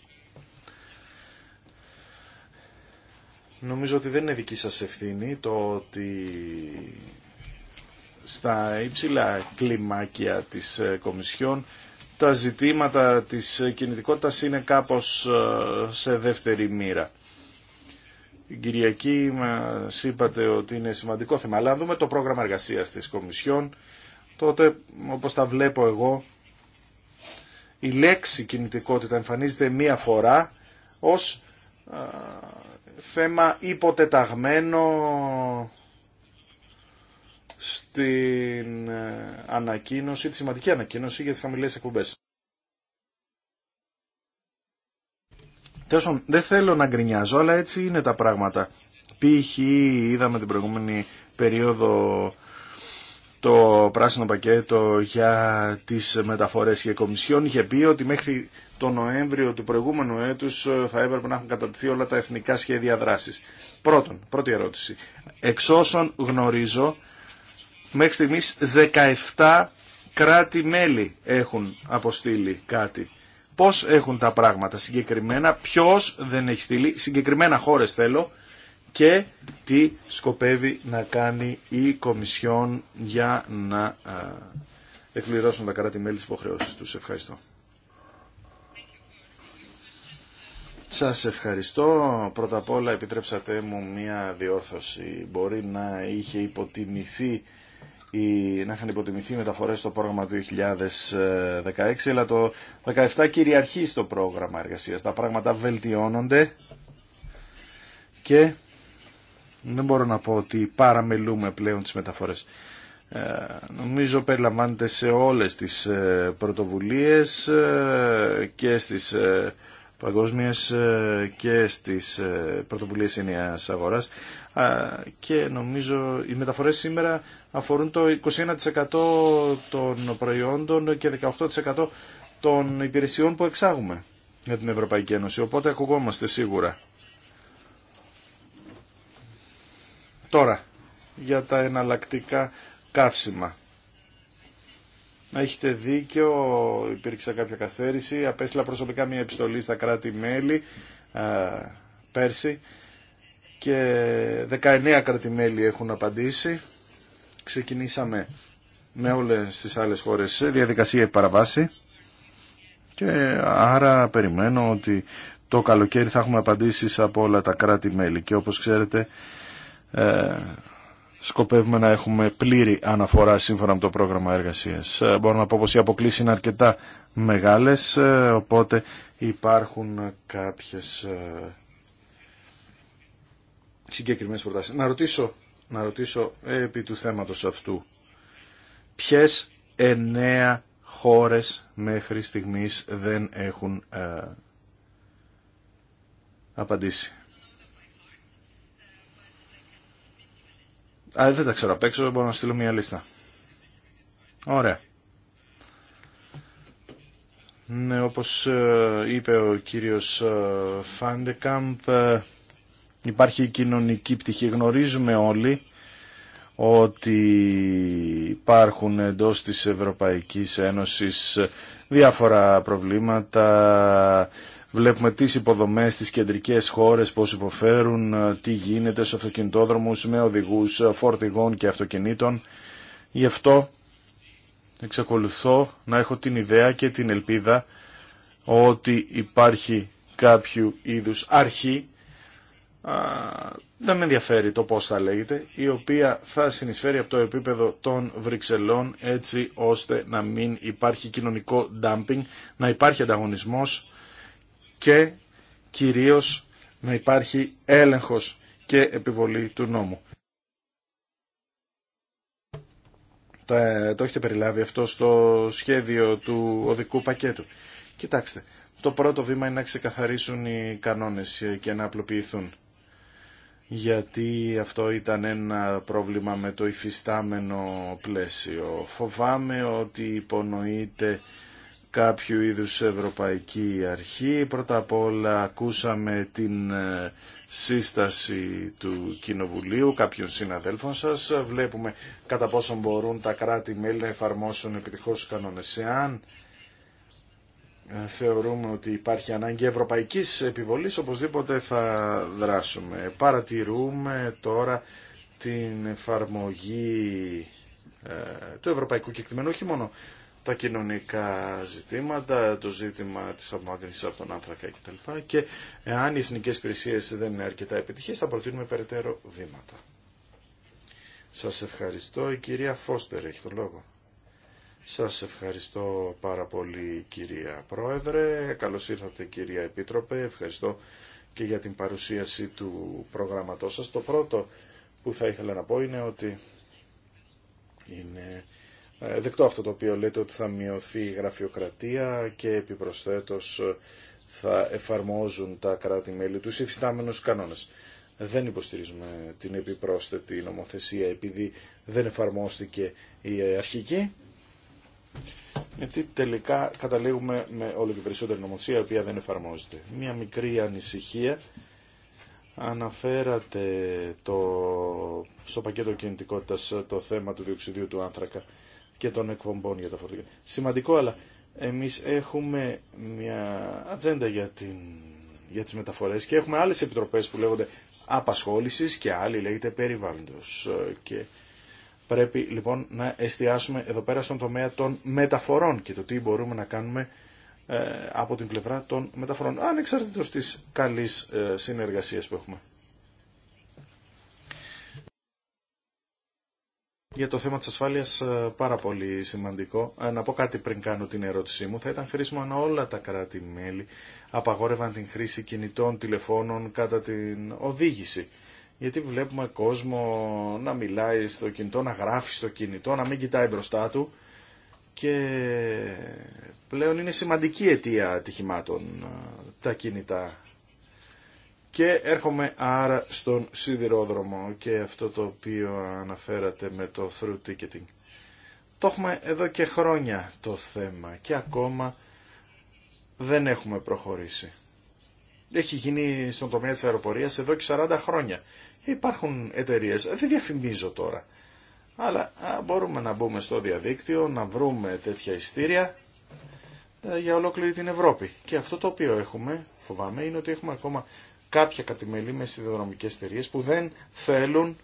Νομίζω ότι δεν είναι δική σας ευθύνη το ότι στα υψηλά κλιμάκια της ε, Κομισιόν τα ζητήματα της κινητικότητας είναι κάπως ε, σε δεύτερη μοίρα. Κυριακή μα είπατε ότι είναι σημαντικό θέμα, αλλά αν δούμε το πρόγραμμα εργασία της Κομισιόν, τότε όπως τα βλέπω εγώ, η λέξη κινητικότητα εμφανίζεται μία φορά ως θέμα υποτεταγμένο στην ε, ανακοίνωση, τη σημαντική ανακοίνωση για τις χαμηλές εκπομπές. Τέλο, δεν θέλω να γκρινιάζω, αλλά έτσι είναι τα πράγματα. Π.χ. είδαμε την προηγούμενη περίοδο το πράσινο πακέτο για τις μεταφορές και κομισιόν είχε πει ότι μέχρι το Νοέμβριο του προηγούμενου έτους θα έπρεπε να έχουν κατατηθεί όλα τα εθνικά σχέδια δράσης. Πρώτον, πρώτη ερώτηση. Εξ όσων γνωρίζω, μέχρι στιγμής 17 κράτη-μέλη έχουν αποστείλει κάτι πώς έχουν τα πράγματα συγκεκριμένα, ποιος δεν έχει στείλει, συγκεκριμένα χώρες θέλω και τι σκοπεύει να κάνει η Κομισιόν για να εκπληρώσουν τα κράτη-μέλη της υποχρεώσεις τους. Ευχαριστώ. Σας ευχαριστώ. Πρώτα απ' όλα επιτρέψατε μου μία διόρθωση. Μπορεί να είχε υποτιμηθεί να είχαν υποτιμηθεί οι μεταφορές στο πρόγραμμα του 2016, αλλά το 2017 κυριαρχεί στο πρόγραμμα εργασίας. Τα πράγματα βελτιώνονται και δεν μπορώ να πω ότι παραμελούμε πλέον τις μεταφορές. Ε, νομίζω περιλαμβάνεται σε όλες τις πρωτοβουλίε πρωτοβουλίες ε, και στις ε, παγκόσμιε ε, και στις ε, πρωτοβουλίες ενιαία αγοράς και νομίζω οι μεταφορές σήμερα αφορούν το 21% των προϊόντων και 18% των υπηρεσιών που εξάγουμε για την Ευρωπαϊκή Ένωση. Οπότε ακουγόμαστε σίγουρα. Τώρα, για τα εναλλακτικά καύσιμα. Έχετε δίκιο, υπήρξε κάποια καθαίριση. Απέστειλα προσωπικά μια επιστολή στα κράτη-μέλη πέρσι και 19 κράτη-μέλη έχουν απαντήσει. Ξεκινήσαμε με όλες τις άλλες χώρες σε διαδικασία παραβάση και άρα περιμένω ότι το καλοκαίρι θα έχουμε απαντήσεις από όλα τα κράτη-μέλη και όπως ξέρετε ε, σκοπεύουμε να έχουμε πλήρη αναφορά σύμφωνα με το πρόγραμμα εργασίας. Ε, μπορώ να πω πως οι αποκλήσει είναι αρκετά μεγάλες, ε, οπότε υπάρχουν κάποιες ε, συγκεκριμένες προτάσεις. Να ρωτήσω, να ρωτήσω επί του θέματος αυτού, ποιες εννέα χώρες μέχρι στιγμής δεν έχουν απαντήσει. Α, δεν τα ξέρω απ' έξω, μπορώ να στείλω μια λίστα. Ωραία. Ναι, όπως ε, είπε ο κύριος ε, Φάντεκαμπ, ε, υπάρχει η κοινωνική πτυχή. Γνωρίζουμε όλοι ότι υπάρχουν εντός της Ευρωπαϊκής Ένωσης διάφορα προβλήματα, Βλέπουμε τις υποδομές στις κεντρικές χώρες, πώς υποφέρουν, ε, τι γίνεται στους αυτοκινητόδρομους με οδηγούς ε, φορτηγών και αυτοκινήτων. Γι' αυτό εξακολουθώ να έχω την ιδέα και την ελπίδα ότι υπάρχει κάποιο είδους αρχή, α, δεν με ενδιαφέρει το πώς θα λέγεται, η οποία θα συνεισφέρει από το επίπεδο των Βρυξελών έτσι ώστε να μην υπάρχει κοινωνικό dumping, να υπάρχει ανταγωνισμός και κυρίως να υπάρχει έλεγχος και επιβολή του νόμου. Το έχετε περιλάβει αυτό στο σχέδιο του οδικού πακέτου. Κοιτάξτε, το πρώτο βήμα είναι να ξεκαθαρίσουν οι κανόνες και να απλοποιηθούν. Γιατί αυτό ήταν ένα πρόβλημα με το υφιστάμενο πλαίσιο. Φοβάμαι ότι υπονοείται κάποιο είδους ευρωπαϊκή αρχή. Πρώτα απ' όλα ακούσαμε την ε, σύσταση του Κοινοβουλίου κάποιων συναδέλφων σας. Βλέπουμε κατά πόσο μπορούν τα κράτη-μέλη να εφαρμόσουν επιτυχώς κανόνες. Εάν ε, θεωρούμε ότι υπάρχει ανάγκη ευρωπαϊκής επιβολής, οπωσδήποτε θα δράσουμε. Παρατηρούμε τώρα την εφαρμογή ε, του ευρωπαϊκού κεκτημένου, όχι μόνο τα κοινωνικά ζητήματα, το ζήτημα της απομάκρυνσης από τον άνθρακα κτλ. Και εάν οι εθνικές υπηρεσίε δεν είναι αρκετά επιτυχίες, θα προτείνουμε περαιτέρω βήματα. Σας ευχαριστώ. Η κυρία Φώστερ έχει το λόγο. Σας ευχαριστώ πάρα πολύ κυρία Πρόεδρε. Καλώς ήρθατε κυρία Επίτροπε. Ευχαριστώ και για την παρουσίαση του προγράμματός σας. Το πρώτο που θα ήθελα να πω είναι ότι είναι ε, Δεκτώ αυτό το οποίο λέτε ότι θα μειωθεί η γραφειοκρατία και επιπροσθέτως ε, θα εφαρμόζουν τα κράτη-μέλη τους υφιστάμενους κανόνες. Δεν υποστηρίζουμε την επιπρόσθετη νομοθεσία επειδή δεν εφαρμόστηκε η ε, αρχική. Γιατί τελικά καταλήγουμε με όλο και περισσότερη νομοθεσία η οποία δεν εφαρμόζεται. Μία μικρή ανησυχία αναφέρατε το, στο πακέτο κινητικότητας το θέμα του διοξιδίου του άνθρακα και των εκπομπών για τα φορτηγά. Σημαντικό, αλλά εμείς έχουμε μια ατζέντα για, την, για τις μεταφορές και έχουμε άλλες επιτροπές που λέγονται απασχόλησης και άλλοι λέγεται περιβάλλοντος. Ε, και πρέπει λοιπόν να εστιάσουμε εδώ πέρα στον τομέα των μεταφορών και το τι μπορούμε να κάνουμε ε, από την πλευρά των μεταφορών, ανεξαρτήτως της καλής ε, συνεργασίας που έχουμε. για το θέμα της ασφάλειας ε, πάρα πολύ σημαντικό. Ε, να πω κάτι πριν κάνω την ερώτησή μου. Θα ήταν χρήσιμο αν όλα τα κράτη-μέλη απαγόρευαν την χρήση κινητών τηλεφώνων κατά την οδήγηση. Γιατί βλέπουμε κόσμο να μιλάει στο κινητό, να γράφει στο κινητό, να μην κοιτάει μπροστά του και πλέον είναι σημαντική αιτία ατυχημάτων ε, τα κινητά και έρχομαι άρα στον σιδηρόδρομο και αυτό το οποίο αναφέρατε με το through ticketing. Το έχουμε εδώ και χρόνια το θέμα και ακόμα δεν έχουμε προχωρήσει. Έχει γίνει στον τομέα της αεροπορίας εδώ και 40 χρόνια. Υπάρχουν εταιρείες, δεν διαφημίζω τώρα, αλλά μπορούμε να μπούμε στο διαδίκτυο, να βρούμε τέτοια ειστήρια ε, για ολόκληρη την Ευρώπη. Και αυτό το οποίο έχουμε, φοβάμαι, είναι ότι έχουμε ακόμα κάποια κατημελή με σιδηροδρομικές εταιρείε που δεν θέλουν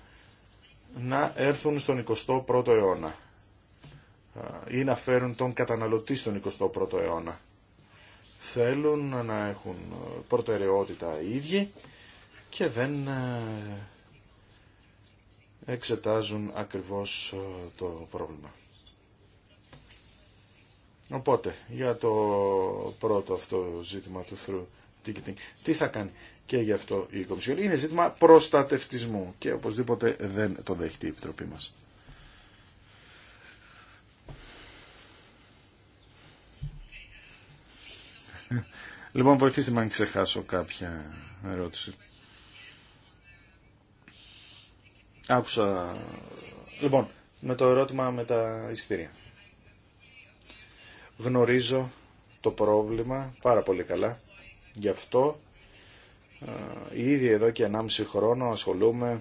να έρθουν στον 21ο αιώνα ε, ή να φέρουν τον καταναλωτή στον 21ο αιώνα. Θέλουν να έχουν ε, προτεραιότητα οι ίδιοι και δεν ε, εξετάζουν ακριβώς το πρόβλημα. Οπότε, για το πρώτο αυτό ζήτημα του through ticketing, τι θα κάνει και γι' αυτό η Κομισιόν. Είναι ζήτημα προστατευτισμού και οπωσδήποτε δεν το δέχεται η Επιτροπή μας. Λοιπόν, βοηθήστε με αν ξεχάσω κάποια ερώτηση. Άκουσα... Λοιπόν, με το ερώτημα με τα ειστήρια. Γνωρίζω το πρόβλημα πάρα πολύ καλά. Γι' αυτό ε, ήδη εδώ και 1,5 χρόνο ασχολούμε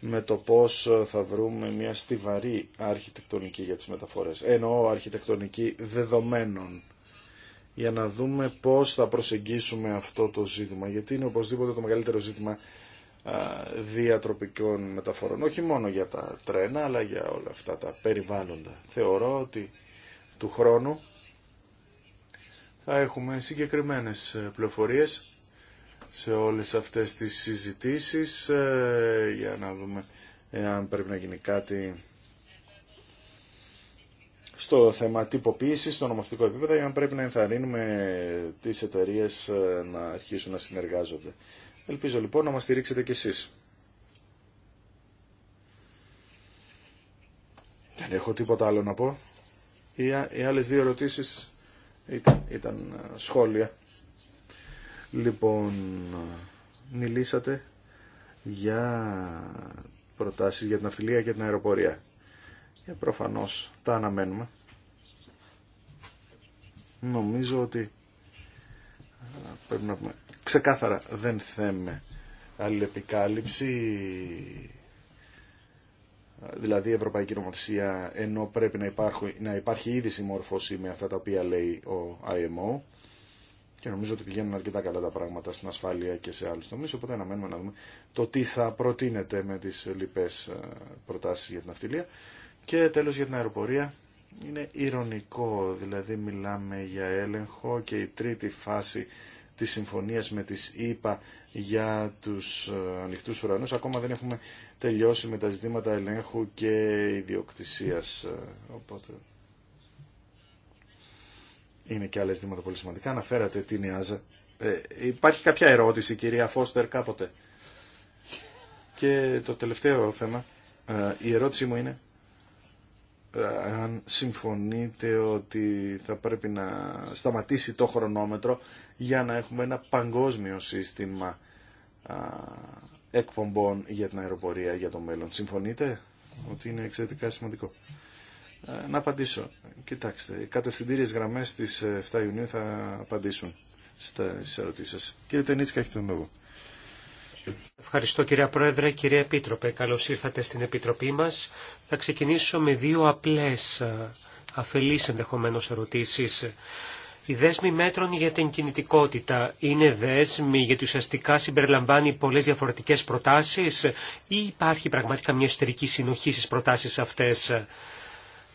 με το πώς θα βρούμε μια στιβαρή αρχιτεκτονική για τις μεταφορές. Εννοώ αρχιτεκτονική δεδομένων για να δούμε πώς θα προσεγγίσουμε αυτό το ζήτημα, γιατί είναι οπωσδήποτε το μεγαλύτερο ζήτημα διατροπικών μεταφορών, όχι μόνο για τα τρένα, αλλά για όλα αυτά τα περιβάλλοντα. Θεωρώ ότι του χρόνου θα έχουμε συγκεκριμένες ε, πληροφορίες σε όλες αυτές τις συζητήσεις ε, για να δούμε αν πρέπει να γίνει κάτι στο θέμα τυποποίησης στο νομοθετικό επίπεδο για να πρέπει να ενθαρρύνουμε τις εταιρείε ε, να αρχίσουν να συνεργάζονται. Ελπίζω λοιπόν να μας στηρίξετε κι εσείς. Δεν έχω τίποτα άλλο να πω. Οι άλλες δύο ερωτήσεις ήταν, ε, σχόλια. Λοιπόν, μιλήσατε για προτάσεις για την αυθυλία και την αεροπορία. Και προφανώς τα αναμένουμε. Νομίζω ότι ε, πρέπει να πούμε ξεκάθαρα δεν θέμε αλληλεπικάλυψη δηλαδή η Ευρωπαϊκή Νομοθεσία, ενώ πρέπει να, υπάρχει, να υπάρχει ήδη συμμόρφωση με αυτά τα οποία λέει ο IMO. Και νομίζω ότι πηγαίνουν αρκετά καλά τα πράγματα στην ασφάλεια και σε άλλου τομεί, οπότε αναμένουμε να δούμε το τι θα προτείνεται με τις λοιπέ ε, προτάσεις για την αυτιλία. Και τέλος για την αεροπορία, είναι ηρωνικό, δηλαδή μιλάμε για έλεγχο και η τρίτη φάση τη συμφωνίας με τις ΗΠΑ για τους ε, ανοιχτούς ουρανούς. Ακόμα δεν έχουμε τελειώσει με τα ζητήματα ελέγχου και ιδιοκτησίας. Ε, οπότε είναι και άλλα ζητήματα πολύ σημαντικά. Αναφέρατε την ΙΑΖΑ. Ε, υπάρχει κάποια ερώτηση, κυρία Φώστερ, κάποτε. Και το τελευταίο θέμα, ε, η ερώτηση μου είναι αν συμφωνείτε ότι θα πρέπει να σταματήσει το χρονόμετρο για να έχουμε ένα παγκόσμιο σύστημα εκπομπών για την αεροπορία για το μέλλον. Συμφωνείτε ότι είναι εξαιρετικά σημαντικό. Ε, να απαντήσω. Κοιτάξτε, οι κατευθυντήριες γραμμές της 7 ε, Ιουνίου θα απαντήσουν στις ερωτήσεις σας. Κύριε Τενίτσικα, έχετε τον λόγο. Ευχαριστώ κυρία Πρόεδρε, κυρία Επίτροπε. Καλώς ήρθατε στην Επιτροπή μας. Θα ξεκινήσω με δύο απλές αφελείς ενδεχομένως ερωτήσεις. Οι δέσμοι μέτρων για την κινητικότητα είναι δέσμοι γιατί ουσιαστικά συμπεριλαμβάνει πολλές διαφορετικές προτάσεις ή υπάρχει πραγματικά μια εστερική συνοχή στις προτάσεις αυτές.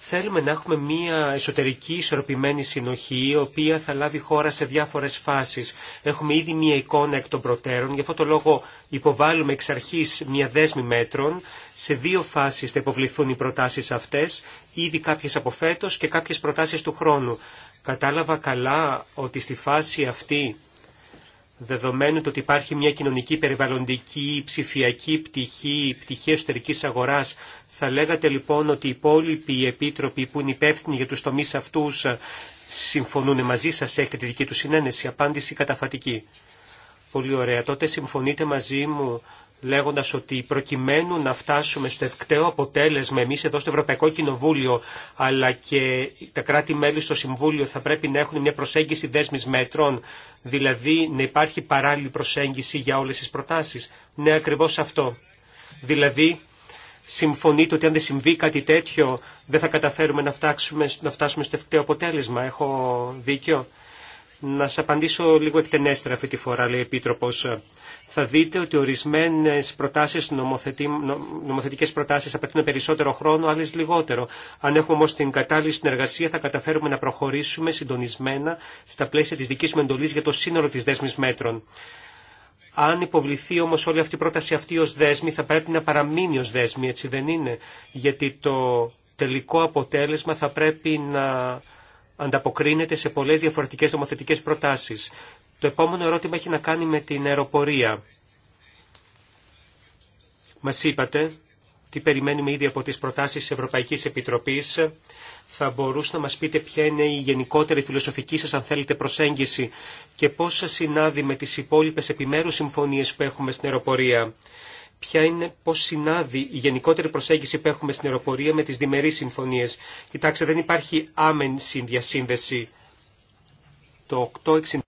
Θέλουμε να έχουμε μία εσωτερική ισορροπημένη συνοχή, η οποία θα λάβει χώρα σε διάφορες φάσεις. Έχουμε ήδη μία εικόνα εκ των προτέρων, γι' αυτό το λόγο υποβάλλουμε εξ αρχής μία δέσμη μέτρων. Σε δύο φάσεις θα υποβληθούν οι προτάσεις αυτές, ήδη κάποιες από φέτος και κάποιες προτάσεις του χρόνου. Κατάλαβα καλά ότι στη φάση αυτή δεδομένου το ότι υπάρχει μια κοινωνική, περιβαλλοντική, ψηφιακή πτυχή, πτυχή εσωτερική αγορά, θα λέγατε λοιπόν ότι οι υπόλοιποι επίτροποι που είναι υπεύθυνοι για του τομεί αυτού ε, συμφωνούν μαζί σα, έχετε τη δική του συνένεση. Απάντηση καταφατική. Πολύ ωραία. Τότε συμφωνείτε μαζί μου λέγοντας ότι προκειμένου να φτάσουμε στο ευκταίο αποτέλεσμα εμείς εδώ στο Ευρωπαϊκό Κοινοβούλιο αλλά και τα κράτη-μέλη στο Συμβούλιο θα πρέπει να έχουν μια προσέγγιση δέσμης μέτρων, δηλαδή να υπάρχει παράλληλη προσέγγιση για όλες τις προτάσεις. Ναι, ακριβώς αυτό. Δηλαδή, συμφωνείτε ότι αν δεν συμβεί κάτι τέτοιο δεν θα καταφέρουμε να, φτάξουμε, να φτάσουμε στο ευκταίο αποτέλεσμα. Έχω δίκιο. Να σας απαντήσω λίγο εκτενέστερα αυτή τη φορά, λέει Επίτροπος θα δείτε ότι ορισμένες προτάσεις, νομοθετη... νομοθετικές προτάσεις απαιτούν περισσότερο χρόνο, άλλες λιγότερο. Αν έχουμε όμως την κατάλληλη συνεργασία θα καταφέρουμε να προχωρήσουμε συντονισμένα στα πλαίσια της δικής μου εντολής για το σύνολο της δέσμης μέτρων. Αν υποβληθεί όμως όλη αυτή η πρόταση αυτή ως δέσμη θα πρέπει να παραμείνει ως δέσμη, έτσι δεν είναι. Γιατί το τελικό αποτέλεσμα θα πρέπει να ανταποκρίνεται σε πολλές διαφορετικές νομοθετικές προτάσεις. Το επόμενο ερώτημα έχει να κάνει με την αεροπορία. Μας είπατε τι περιμένουμε ήδη από τις προτάσεις της Ευρωπαϊκής Επιτροπής. Θα μπορούσατε να μας πείτε ποια είναι η γενικότερη φιλοσοφική σας, αν θέλετε, προσέγγιση και πώς σας συνάδει με τις υπόλοιπες επιμέρους συμφωνίες που έχουμε στην αεροπορία. Ποια είναι, πώς συνάδει η γενικότερη προσέγγιση που έχουμε στην αεροπορία με τις διμερείς συμφωνίες. Κοιτάξτε, δεν υπάρχει άμεση διασύνδεση. Το 86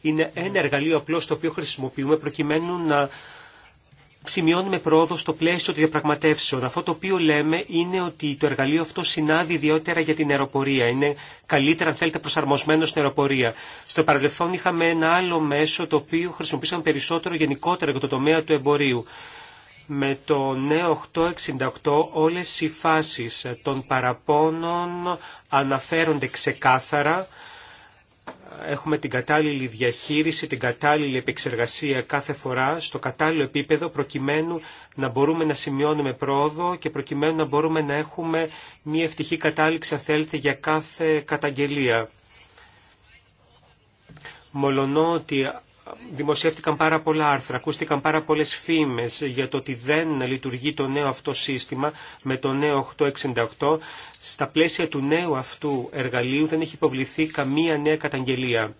είναι ένα εργαλείο απλώς το οποίο χρησιμοποιούμε προκειμένου να σημειώνουμε πρόοδο στο πλαίσιο των διαπραγματεύσεων. Αυτό το οποίο λέμε είναι ότι το εργαλείο αυτό συνάδει ιδιότερα για την αεροπορία. Είναι καλύτερα, αν θέλετε, προσαρμοσμένο στην αεροπορία. Στο παρελθόν είχαμε ένα άλλο μέσο το οποίο χρησιμοποίησαμε περισσότερο γενικότερα για το τομέα του εμπορίου. Με το νέο 868 όλες οι φάσεις των παραπώνων αναφέρονται ξεκάθαρα έχουμε την κατάλληλη διαχείριση, την κατάλληλη επεξεργασία κάθε φορά στο κατάλληλο επίπεδο προκειμένου να μπορούμε να σημειώνουμε πρόοδο και προκειμένου να μπορούμε να έχουμε μια ευτυχή κατάληξη αν θέλετε για κάθε καταγγελία. Μολονότι δημοσιεύτηκαν πάρα πολλά άρθρα, ακούστηκαν πάρα πολλές φήμες για το ότι δεν λειτουργεί το νέο αυτό σύστημα με το νέο 868. Στα πλαίσια του νέου αυτού εργαλείου δεν έχει υποβληθεί καμία νέα καταγγελία.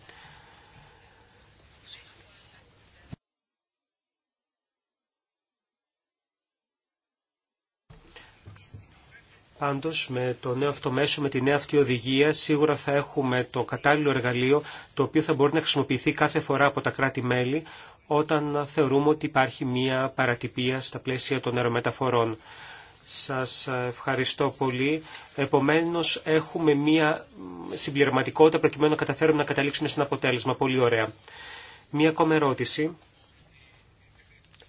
Πάντως με το νέο αυτό μέσο, με τη νέα αυτή οδηγία, σίγουρα θα έχουμε το κατάλληλο εργαλείο το οποίο θα μπορεί να χρησιμοποιηθεί κάθε φορά από τα κράτη-μέλη όταν θεωρούμε ότι υπάρχει μία παρατυπία στα πλαίσια των αερομεταφορών. Σας ευχαριστώ πολύ. Επομένως, έχουμε μία συμπληρωματικότητα προκειμένου να καταφέρουμε να καταλήξουμε σε ένα αποτέλεσμα. Πολύ ωραία. Μία ακόμα ερώτηση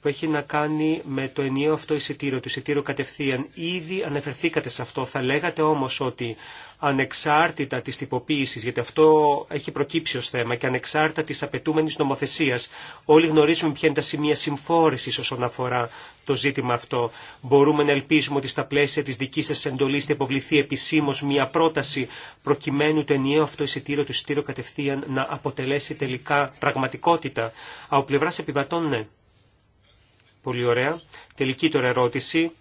που έχει να κάνει με το ενιαίο αυτό εισιτήριο, το εισιτήριο κατευθείαν. Ήδη αναφερθήκατε σε αυτό. Θα λέγατε όμως ότι ανεξάρτητα της τυποποίησης, γιατί αυτό έχει προκύψει ως θέμα, και ανεξάρτητα της απαιτούμενης νομοθεσίας, όλοι γνωρίζουμε ποια είναι τα σημεία συμφόρησης όσον αφορά το ζήτημα αυτό. Μπορούμε να ελπίζουμε ότι στα πλαίσια της δικής σας εντολής θα υποβληθεί επισήμως μια πρόταση προκειμένου το ενιαίο αυτό εισιτήριο, του εισιτήριο κατευθείαν να αποτελέσει τελικά πραγματικότητα. Από πλευρά επιβατών, ναι. Πολύ ωραία. Τελική τώρα ερώτηση.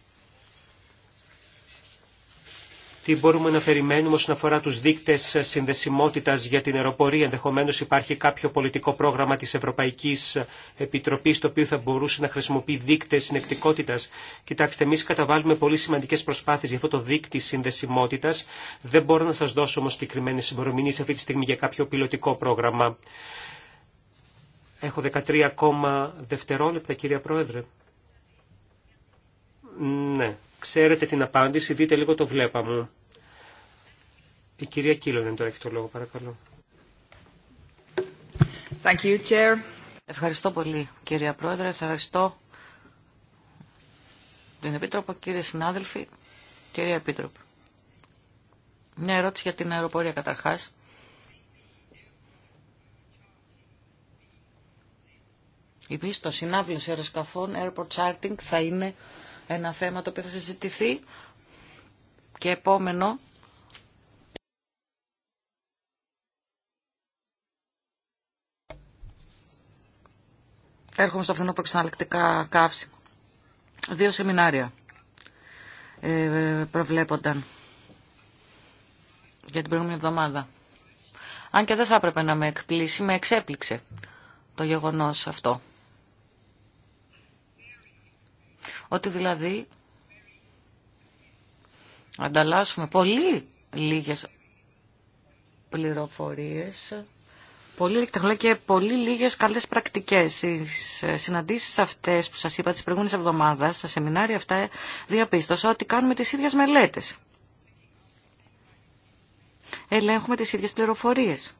Τι μπορούμε να περιμένουμε όσον αφορά τους δείκτες συνδεσιμότητας για την αεροπορία. Ενδεχομένω υπάρχει κάποιο πολιτικό πρόγραμμα της Ευρωπαϊκής Επιτροπής το οποίο θα μπορούσε να χρησιμοποιεί δείκτες συνεκτικότητας. Κοιτάξτε, εμεί καταβάλουμε πολύ σημαντικές προσπάθειες για αυτό το δείκτη συνδεσιμότητας. Δεν μπορώ να σας δώσω όμως συγκεκριμένε ημερομηνίε αυτή τη στιγμή για κάποιο πιλωτικό πρόγραμμα. Έχω 13 ακόμα δευτερόλεπτα, κυρία Πρόεδρε. Ναι, ξέρετε την απάντηση, δείτε λίγο το βλέπα μου. Η κυρία Κίλωνεν τώρα έχει το λόγο, παρακαλώ. Thank you, Chair. Ευχαριστώ πολύ, κυρία Πρόεδρε. Ευχαριστώ την Επίτροπο, κύριε συνάδελφοι, κυρία Επίτροπο. Μια ερώτηση για την αεροπορία καταρχάς. Η πίστοση συνάπλωση αεροσκαφών, airport charting, θα είναι ένα θέμα το οποίο θα συζητηθεί. Και επόμενο, έρχομαι στο αυθενό προξεναλλακτικά καύση. Δύο σεμινάρια ε, προβλέπονταν για την προηγούμενη εβδομάδα. Αν και δεν θα έπρεπε να με εκπλήσει, με εξέπληξε το γεγονός αυτό. Ότι δηλαδή ανταλλάσσουμε πολύ λίγες πληροφορίες, πολύ και πολύ λίγες καλές πρακτικές. Οι συναντήσεις αυτές που σας είπα τις προηγούμενες εβδομάδες, στα σεμινάρια αυτά, διαπίστωσα ότι κάνουμε τις ίδιες μελέτες. Ελέγχουμε τις ίδιες πληροφορίες.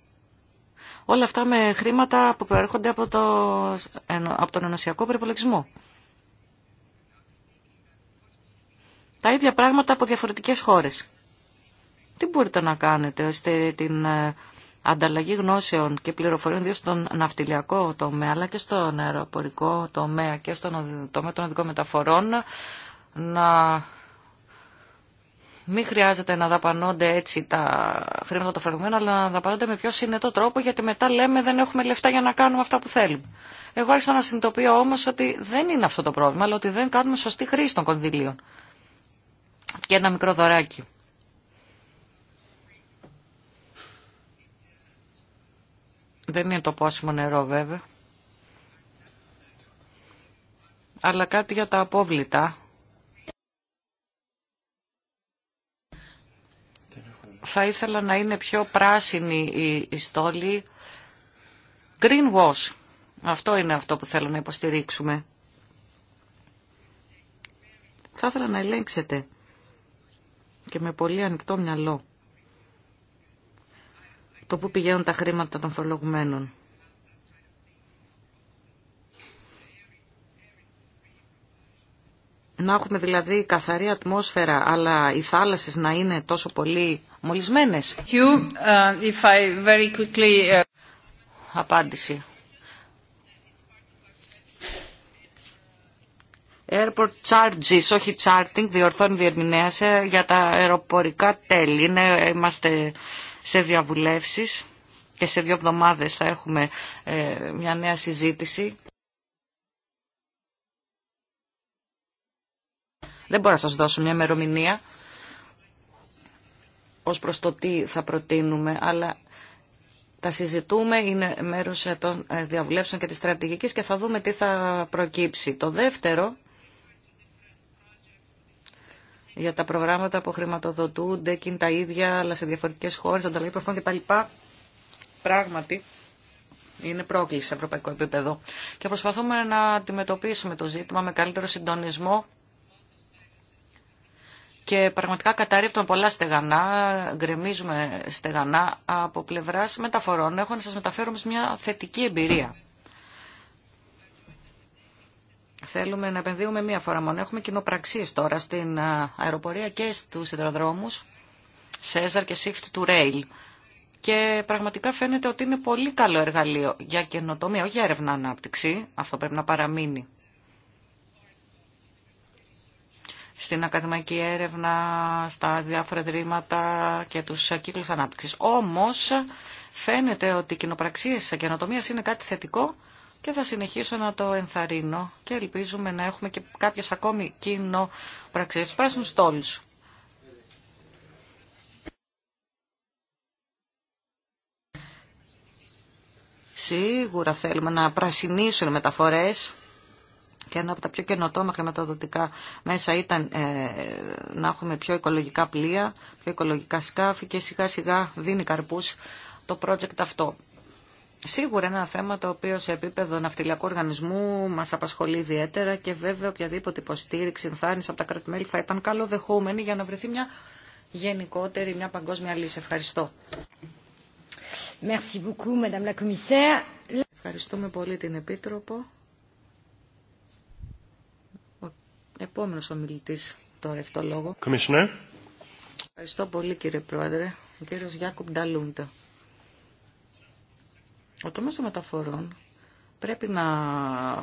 Όλα αυτά με χρήματα που προέρχονται από, το, από τον ενωσιακό προπολογισμό. τα ίδια πράγματα από διαφορετικές χώρες. Τι μπορείτε να κάνετε ώστε την ε, ανταλλαγή γνώσεων και πληροφοριών, ιδίω στον ναυτιλιακό τομέα, αλλά και στον αεροπορικό τομέα και στον τομέα των οδικών μεταφορών, να μην χρειάζεται να δαπανώνται έτσι τα χρήματα των φραγμένων αλλά να δαπανώνται με πιο συνετό τρόπο, γιατί μετά λέμε δεν έχουμε λεφτά για να κάνουμε αυτά που θέλουμε. Εγώ άρχισα να συνειδητοποιώ όμω ότι δεν είναι αυτό το πρόβλημα, αλλά ότι δεν κάνουμε σωστή χρήση των κονδυλίων και ένα μικρό δωράκι. Δεν είναι το πόσιμο νερό βέβαια. Αλλά κάτι για τα απόβλητα. Θα ήθελα να είναι πιο πράσινη η, η στόλη. Green wash. Αυτό είναι αυτό που θέλω να υποστηρίξουμε. Θα ήθελα να ελέγξετε και με πολύ ανοιχτό μυαλό το που πηγαίνουν τα χρήματα των φορολογουμένων. Να έχουμε δηλαδή καθαρή ατμόσφαιρα, αλλά οι θάλασσες να είναι τόσο πολύ μολυσμένες. You, uh, if I very quickly, uh, Απάντηση. Airport charges, όχι charting, διορθώνει διερμηνέα ε, για τα αεροπορικά τέλη. Είναι, είμαστε σε διαβουλεύσεις και σε δύο εβδομάδες θα έχουμε ε, μια νέα συζήτηση. Δεν μπορώ να σας δώσω μια ημερομηνία ως προς το τι θα προτείνουμε, αλλά τα συζητούμε, είναι μέρος ε, των διαβουλεύσεων και της στρατηγικής και θα δούμε τι θα προκύψει. Το δεύτερο για τα προγράμματα που χρηματοδοτούνται και είναι τα ίδια, αλλά σε διαφορετικές χώρες, ανταλλαγή προφών λοιπά, Πράγματι, είναι πρόκληση σε ευρωπαϊκό επίπεδο. Και προσπαθούμε να αντιμετωπίσουμε το ζήτημα με καλύτερο συντονισμό και πραγματικά καταρρύπτουμε πολλά στεγανά, γκρεμίζουμε στεγανά από πλευράς μεταφορών. Έχω να σας μεταφέρω μια θετική εμπειρία Θέλουμε να επενδύουμε μία φορά μόνο. Έχουμε κοινοπραξίε τώρα στην αεροπορία και στους σιδηροδρόμους σεζαρ και Shift to Rail. Και πραγματικά φαίνεται ότι είναι πολύ καλό εργαλείο για καινοτομία, όχι για έρευνα ανάπτυξη. Αυτό πρέπει να παραμείνει. Στην ακαδημαϊκή έρευνα, στα διάφορα ιδρύματα και τους κύκλους ανάπτυξης. Όμως φαίνεται ότι οι κοινοπραξίες καινοτομία είναι κάτι θετικό και θα συνεχίσω να το ενθαρρύνω και ελπίζουμε να έχουμε και κάποιες ακόμη κοινό πραξίες. Τους πράσινους τόλους. Σίγουρα θέλουμε να πρασινίσουν μεταφορές και ένα από τα πιο καινοτόμα χρηματοδοτικά μέσα ήταν ε, να έχουμε πιο οικολογικά πλοία, πιο οικολογικά σκάφη και σιγά σιγά δίνει καρπούς το project αυτό. Σίγουρα ένα θέμα το οποίο σε επίπεδο ναυτιλιακού οργανισμού μα απασχολεί ιδιαίτερα και βέβαια οποιαδήποτε υποστήριξη, ενθάρρυνση από τα κράτη-μέλη θα ήταν καλοδεχούμενη για να βρεθεί μια γενικότερη, μια παγκόσμια λύση. Ευχαριστώ. Merci beaucoup, Madame la Commissaire. Ευχαριστούμε πολύ την Επίτροπο. Ο επόμενος ομιλητής τώρα έχει το λόγο. Commissioner. Ευχαριστώ πολύ κύριε Πρόεδρε. Ο κύριος Γιάκουμ Νταλούντα. Ο τομέας των μεταφορών πρέπει να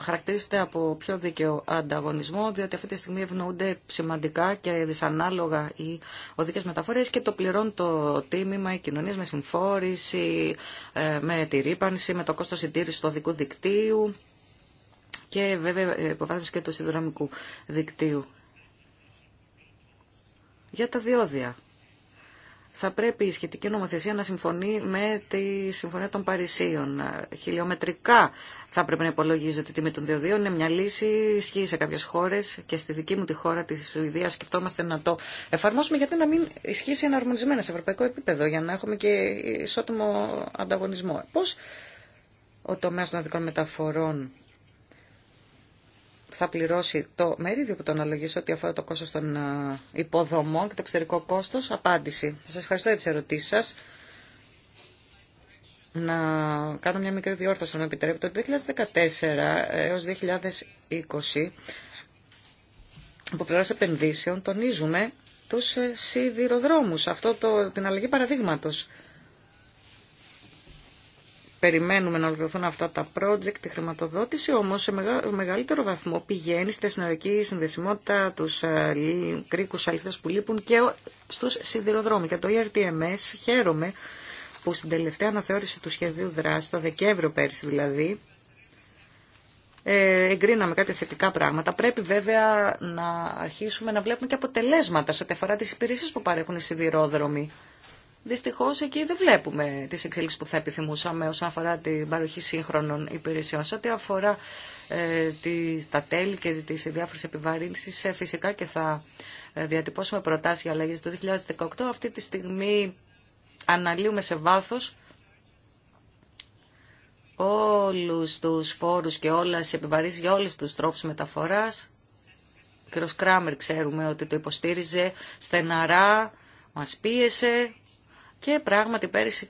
χαρακτηρίζεται από πιο δίκαιο ανταγωνισμό, διότι αυτή τη στιγμή ευνοούνται σημαντικά και δυσανάλογα οι οδικές μεταφορές και το πληρώνουν το τίμημα, οι κοινωνίες με συμφόρηση, ε, με τη ρήπανση, με το κόστος συντήρησης του οδικού δικτύου και βέβαια ε, υποβάθμιση και του συνδρομικού δικτύου. Για τα διόδια θα πρέπει η σχετική νομοθεσία να συμφωνεί με τη Συμφωνία των Παρισίων. Χιλιομετρικά θα πρέπει να υπολογίζεται τι με τον διοδίων. Είναι μια λύση, ισχύει σε κάποιε χώρε και στη δική μου τη χώρα, τη Σουηδία, σκεφτόμαστε να το εφαρμόσουμε. Γιατί να μην ισχύσει εναρμονισμένα σε ευρωπαϊκό επίπεδο, για να έχουμε και ισότιμο ανταγωνισμό. Πώ ο τομέα των αδικών μεταφορών θα πληρώσει το μερίδιο που το αναλογίζει ό,τι αφορά το κόστος των ε, υποδομών και το εξωτερικό κόστος. Απάντηση. Σας ευχαριστώ για τις ερωτήσεις σας. Να κάνω μια μικρή διόρθωση, αν επιτρέπετε. Το 2014 έως 2020, από πλευράς επενδύσεων, τονίζουμε τους σιδηροδρόμους, αυτό το, την αλλαγή παραδείγματος περιμένουμε να ολοκληρωθούν αυτά τα project, τη χρηματοδότηση όμως σε μεγαλύτερο βαθμό πηγαίνει στη συνολική συνδεσιμότητα τους ε, κρίκους αλήθειας που λείπουν και στους σιδηροδρόμους. Για το ERTMS χαίρομαι που στην τελευταία αναθεώρηση του σχεδίου δράση, το Δεκέμβριο πέρσι δηλαδή, ε, εγκρίναμε κάτι θετικά πράγματα. Πρέπει βέβαια να αρχίσουμε να βλέπουμε και αποτελέσματα σε ό,τι αφορά τις υπηρεσίες που παρέχουν οι σιδηρόδρομοι. Δυστυχώ εκεί δεν βλέπουμε τι εξέλιξεις που θα επιθυμούσαμε όσον αφορά την παροχή σύγχρονων υπηρεσιών. Σε ό,τι αφορά ε, τα τέλη και τις διάφορες επιβαρύνσεις, ε, φυσικά και θα ε, διατυπώσουμε προτάσει για αλλαγέ το 2018. Αυτή τη στιγμή αναλύουμε σε βάθο. Όλου του φόρου και όλε τι επιβαρύνσει για όλου του τρόπου μεταφορά, Ο κ. Κράμερ ξέρουμε ότι το υποστήριζε στεναρά, μας πίεσε και πράγματι πέρυσι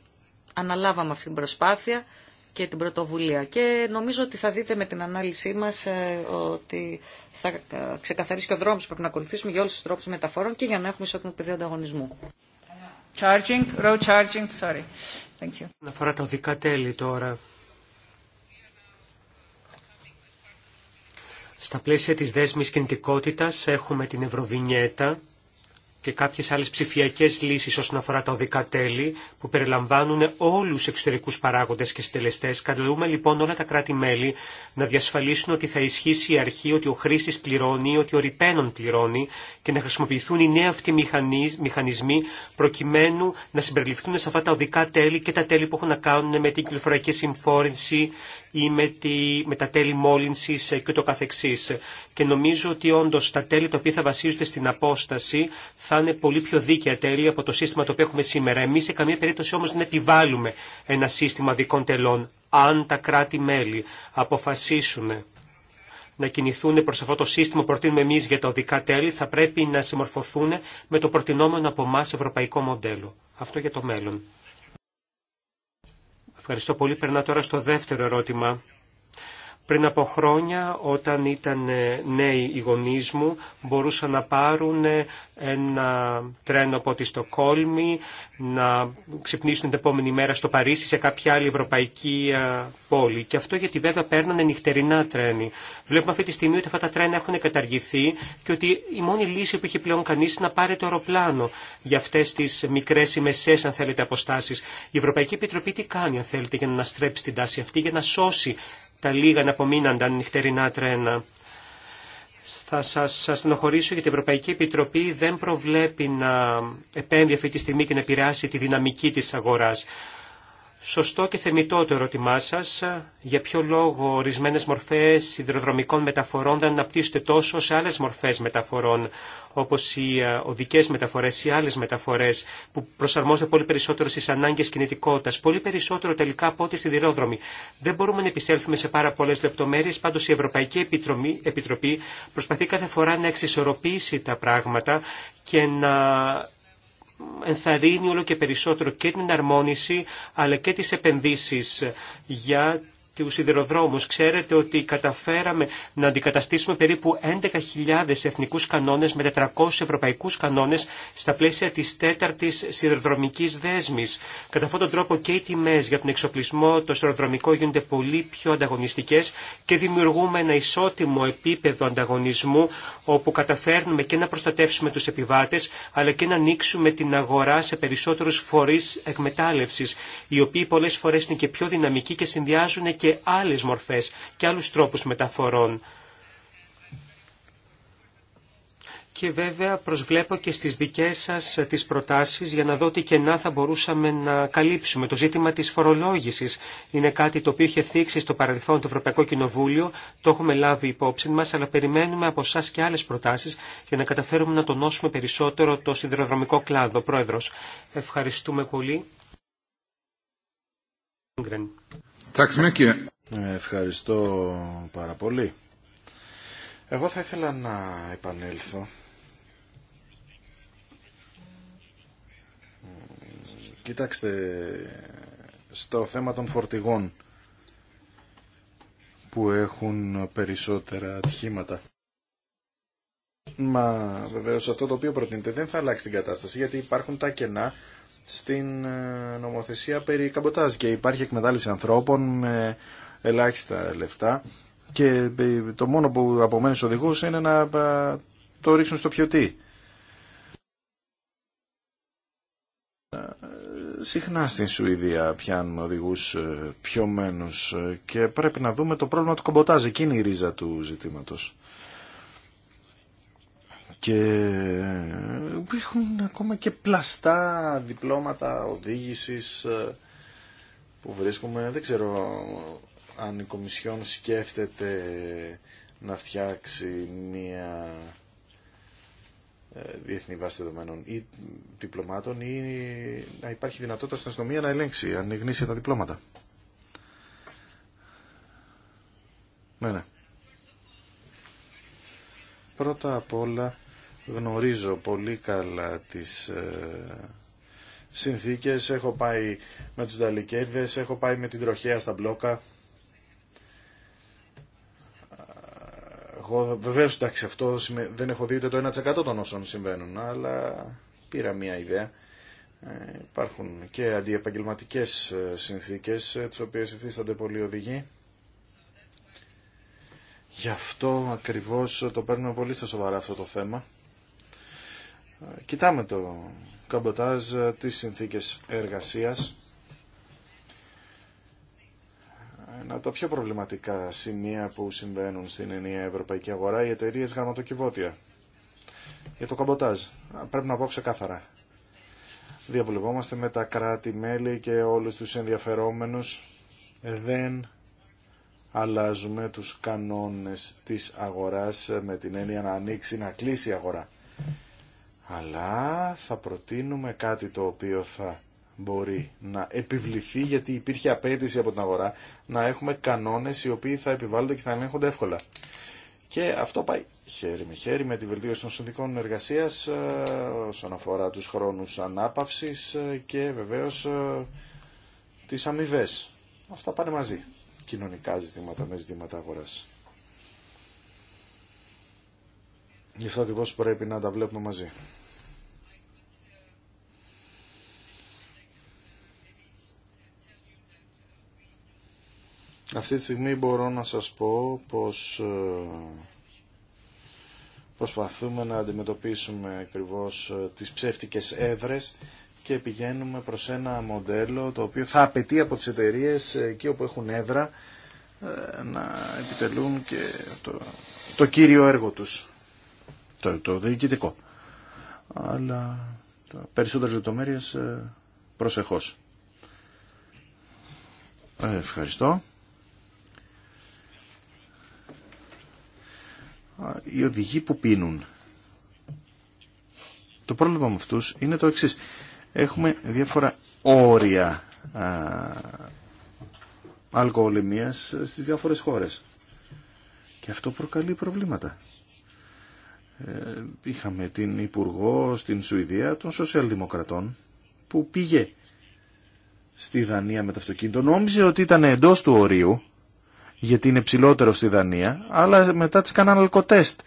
αναλάβαμε αυτή την προσπάθεια και την πρωτοβουλία. Και νομίζω ότι θα δείτε με την ανάλυση μας ε, ότι θα ε, ξεκαθαρίσει και ο δρόμος που πρέπει να ακολουθήσουμε για όλους τους τρόπους μεταφορών και για να έχουμε ισότιμο πεδίο ανταγωνισμού. Charging, road charging, sorry. Thank you. τα οδικά τέλη τώρα. Στα πλαίσια της δέσμης κινητικότητας έχουμε την Ευρωβινιέτα και κάποιες άλλες ψηφιακές λύσεις όσον αφορά τα οδικά τέλη που περιλαμβάνουν όλους τους εξωτερικούς παράγοντες και στελεστές. Καλούμε λοιπόν όλα τα κράτη-μέλη να διασφαλίσουν ότι θα ισχύσει η αρχή ότι ο χρήστης πληρώνει, ότι ο ρηπαίνων πληρώνει και να χρησιμοποιηθούν οι νέοι αυτοί μηχανισμοί προκειμένου να συμπεριληφθούν σε αυτά τα οδικά τέλη και τα τέλη που έχουν να κάνουν με την κυκλοφοριακή συμφόρηση ή με, τη, τα τέλη μόλυνσης ε, και το καθεξής. Και νομίζω ότι όντως τα τέλη τα οποία θα βασίζονται στην απόσταση θα είναι πολύ πιο δίκαια τέλη από το σύστημα το οποίο έχουμε σήμερα. Εμείς σε καμία περίπτωση όμως δεν επιβάλλουμε ένα σύστημα δικών τελών αν τα κράτη-μέλη αποφασίσουν να κινηθούν προς αυτό το σύστημα που προτείνουμε εμείς για τα οδικά τέλη θα πρέπει να συμμορφωθούν με το προτινόμενο από εμά ευρωπαϊκό μοντέλο. Αυτό για το μέλλον. Ευχαριστώ πολύ. Περνά τώρα στο δεύτερο ερώτημα. Πριν από χρόνια, όταν ήταν ε, νέοι οι γονεί μου, μπορούσαν να πάρουν ε, ένα τρένο από τη Στοκόλμη, να ξυπνήσουν την επόμενη μέρα στο Παρίσι, σε κάποια άλλη ευρωπαϊκή ε, πόλη. Και αυτό γιατί βέβαια παίρνανε νυχτερινά τρένη. Βλέπουμε αυτή τη στιγμή ότι αυτά τα τρένα έχουν καταργηθεί και ότι η μόνη λύση που έχει πλέον κανεί να πάρει το αεροπλάνο για αυτέ τι μικρέ ή μεσαίε, αν θέλετε, αποστάσει. Η Ευρωπαϊκή Επιτροπή τι κάνει, αν θέλετε, για να αναστρέψει την τάση αυτή, για να σώσει τα λίγα να απομείναντα νυχτερινά τρένα. Θα σας στενοχωρήσω γιατί η Ευρωπαϊκή Επιτροπή δεν προβλέπει να επέμβει αυτή τη στιγμή και να επηρεάσει τη δυναμική της αγοράς. Σωστό και θεμητό το ερώτημά σα για ποιο λόγο ορισμένε μορφέ υδροδρομικών μεταφορών δεν αναπτύσσονται τόσο σε άλλε μορφέ μεταφορών, όπω οι ε, οδικέ μεταφορέ ή άλλε μεταφορέ, που προσαρμόζονται πολύ περισσότερο στι ανάγκε κινητικότητα, πολύ περισσότερο τελικά από ό,τι στη σιδηρόδρομη. Δεν μπορούμε να επισέλθουμε σε πάρα πολλέ λεπτομέρειε, πάντω η Ευρωπαϊκή Επιτρομή, Επιτροπή προσπαθεί κάθε διδροδρομη δεν μπορουμε να εξισορροπήσει τα πράγματα και να ενθαρρύνει όλο και περισσότερο και την εναρμόνιση αλλά και τις επενδύσεις για του σιδηροδρόμου, Ξέρετε ότι καταφέραμε να αντικαταστήσουμε περίπου 11.000 εθνικού κανόνε με 400 ευρωπαϊκού κανόνε στα πλαίσια τη τέταρτη σιδηροδρομική δέσμη. Κατά αυτόν τον τρόπο και οι τιμέ για τον εξοπλισμό το σιδηροδρομικό γίνονται πολύ πιο ανταγωνιστικέ και δημιουργούμε ένα ισότιμο επίπεδο ανταγωνισμού όπου καταφέρνουμε και να προστατεύσουμε του επιβάτε, αλλά και να ανοίξουμε την αγορά σε περισσότερου φορεί εκμετάλλευσης οι οποίοι πολλέ φορέ είναι και πιο δυναμικοί και συνδυάζουν και και άλλες μορφές και άλλους τρόπους μεταφορών. Και βέβαια προσβλέπω και στις δικές σας ε, τις προτάσεις για να δω τι κενά θα μπορούσαμε να καλύψουμε. Το ζήτημα της φορολόγησης είναι κάτι το οποίο είχε θίξει στο παρελθόν το Ευρωπαϊκό Κοινοβούλιο, το έχουμε λάβει υπόψη μας, αλλά περιμένουμε από εσά και άλλες προτάσεις για να καταφέρουμε να τονώσουμε περισσότερο το σιδηροδρομικό κλάδο. Πρόεδρος, ευχαριστούμε πολύ. Ευχαριστώ πάρα πολύ. Εγώ θα ήθελα να επανέλθω. Κοιτάξτε, στο θέμα των φορτηγών που έχουν περισσότερα ατυχήματα. Μα βεβαίω αυτό το οποίο προτείνετε δεν θα αλλάξει την κατάσταση γιατί υπάρχουν τα κενά στην ε, νομοθεσία περί καμποτάζ και υπάρχει εκμετάλλευση ανθρώπων με ελάχιστα λεφτά και ε, το μόνο που απομένει στους οδηγούς είναι να ε, το ρίξουν στο πιωτή. Συχνά στην Σουηδία πιάνουν οδηγούς πιωμένου και πρέπει να δούμε το πρόβλημα του καμποτάζ. Εκείνη η ρίζα του ζητήματος και ε, έχουν ακόμα και πλαστά διπλώματα οδήγησης ε, που βρίσκουμε. Δεν ξέρω αν η Κομισιόν σκέφτεται να φτιάξει μια ε, διεθνή βάση δεδομένων ή διπλωμάτων ή να υπάρχει δυνατότητα στην αστυνομία να ελέγξει αν γνήσει τα διπλώματα. Ναι, ναι, Πρώτα απ' όλα γνωρίζω πολύ καλά τις ε, συνθήκες, έχω πάει με τους δαλικέρδες, έχω πάει με την τροχέα στα μπλόκα. Εγώ βεβαίως εντάξει αυτό δεν έχω δει ούτε το 1% των όσων συμβαίνουν, αλλά πήρα μια ιδέα. Ε, υπάρχουν και αντιεπαγγελματικές ε, συνθήκες, τις οποίες υφίστανται πολλοί οδηγοί. Γι' αυτό ακριβώς το παίρνουμε πολύ στα σοβαρά αυτό το θέμα κοιτάμε το καμποτάζ, τις συνθήκες εργασίας. Ένα από τα πιο προβληματικά σημεία που συμβαίνουν στην ενιαία ευρωπαϊκή αγορά οι εταιρείε γραμματοκιβώτια. Για το καμποτάζ, πρέπει να πω ξεκάθαρα. Διαβουλευόμαστε με τα κράτη-μέλη και όλους τους ενδιαφερόμενους. Δεν αλλάζουμε τους κανόνες της αγοράς με την έννοια να ανοίξει, να κλείσει η αγορά αλλά θα προτείνουμε κάτι το οποίο θα μπορεί να επιβληθεί γιατί υπήρχε απέτηση από την αγορά να έχουμε κανόνες οι οποίοι θα επιβάλλονται και θα ελέγχονται εύκολα. Και αυτό πάει χέρι με χέρι με τη βελτίωση των συνδικών εργασίας ε, όσον αφορά τους χρόνους ανάπαυσης ε, και βεβαίως ε, τις αμοιβέ. Αυτά πάνε μαζί. Κοινωνικά ζητήματα με ζητήματα αγοράς. Γι' αυτό ακριβώ πρέπει να τα βλέπουμε μαζί. Αυτή τη στιγμή μπορώ να σας πω πως ε, προσπαθούμε να αντιμετωπίσουμε ακριβώ ε, τις ψεύτικες έδρες και πηγαίνουμε προς ένα μοντέλο το οποίο θα απαιτεί από τις εταιρείε ε, εκεί όπου έχουν έδρα να επιτελούν και το, το κύριο έργο τους το, το διοικητικό. Αλλά τα περισσότερα λεπτομέρειες ε, προσεχώς. Ε, ευχαριστώ. Οι οδηγοί που πίνουν. Το πρόβλημα με αυτού είναι το εξή. Έχουμε διάφορα όρια αλκοολεμίας ε, στις διάφορες χώρες. Και αυτό προκαλεί προβλήματα. Ε, είχαμε την Υπουργό στην Σουηδία των Σοσιαλδημοκρατών που πήγε στη Δανία με το αυτοκίνητο. Νόμιζε ότι ήταν εντό του ορίου γιατί είναι ψηλότερο στη Δανία αλλά μετά τη κάνανε αλκοτέστ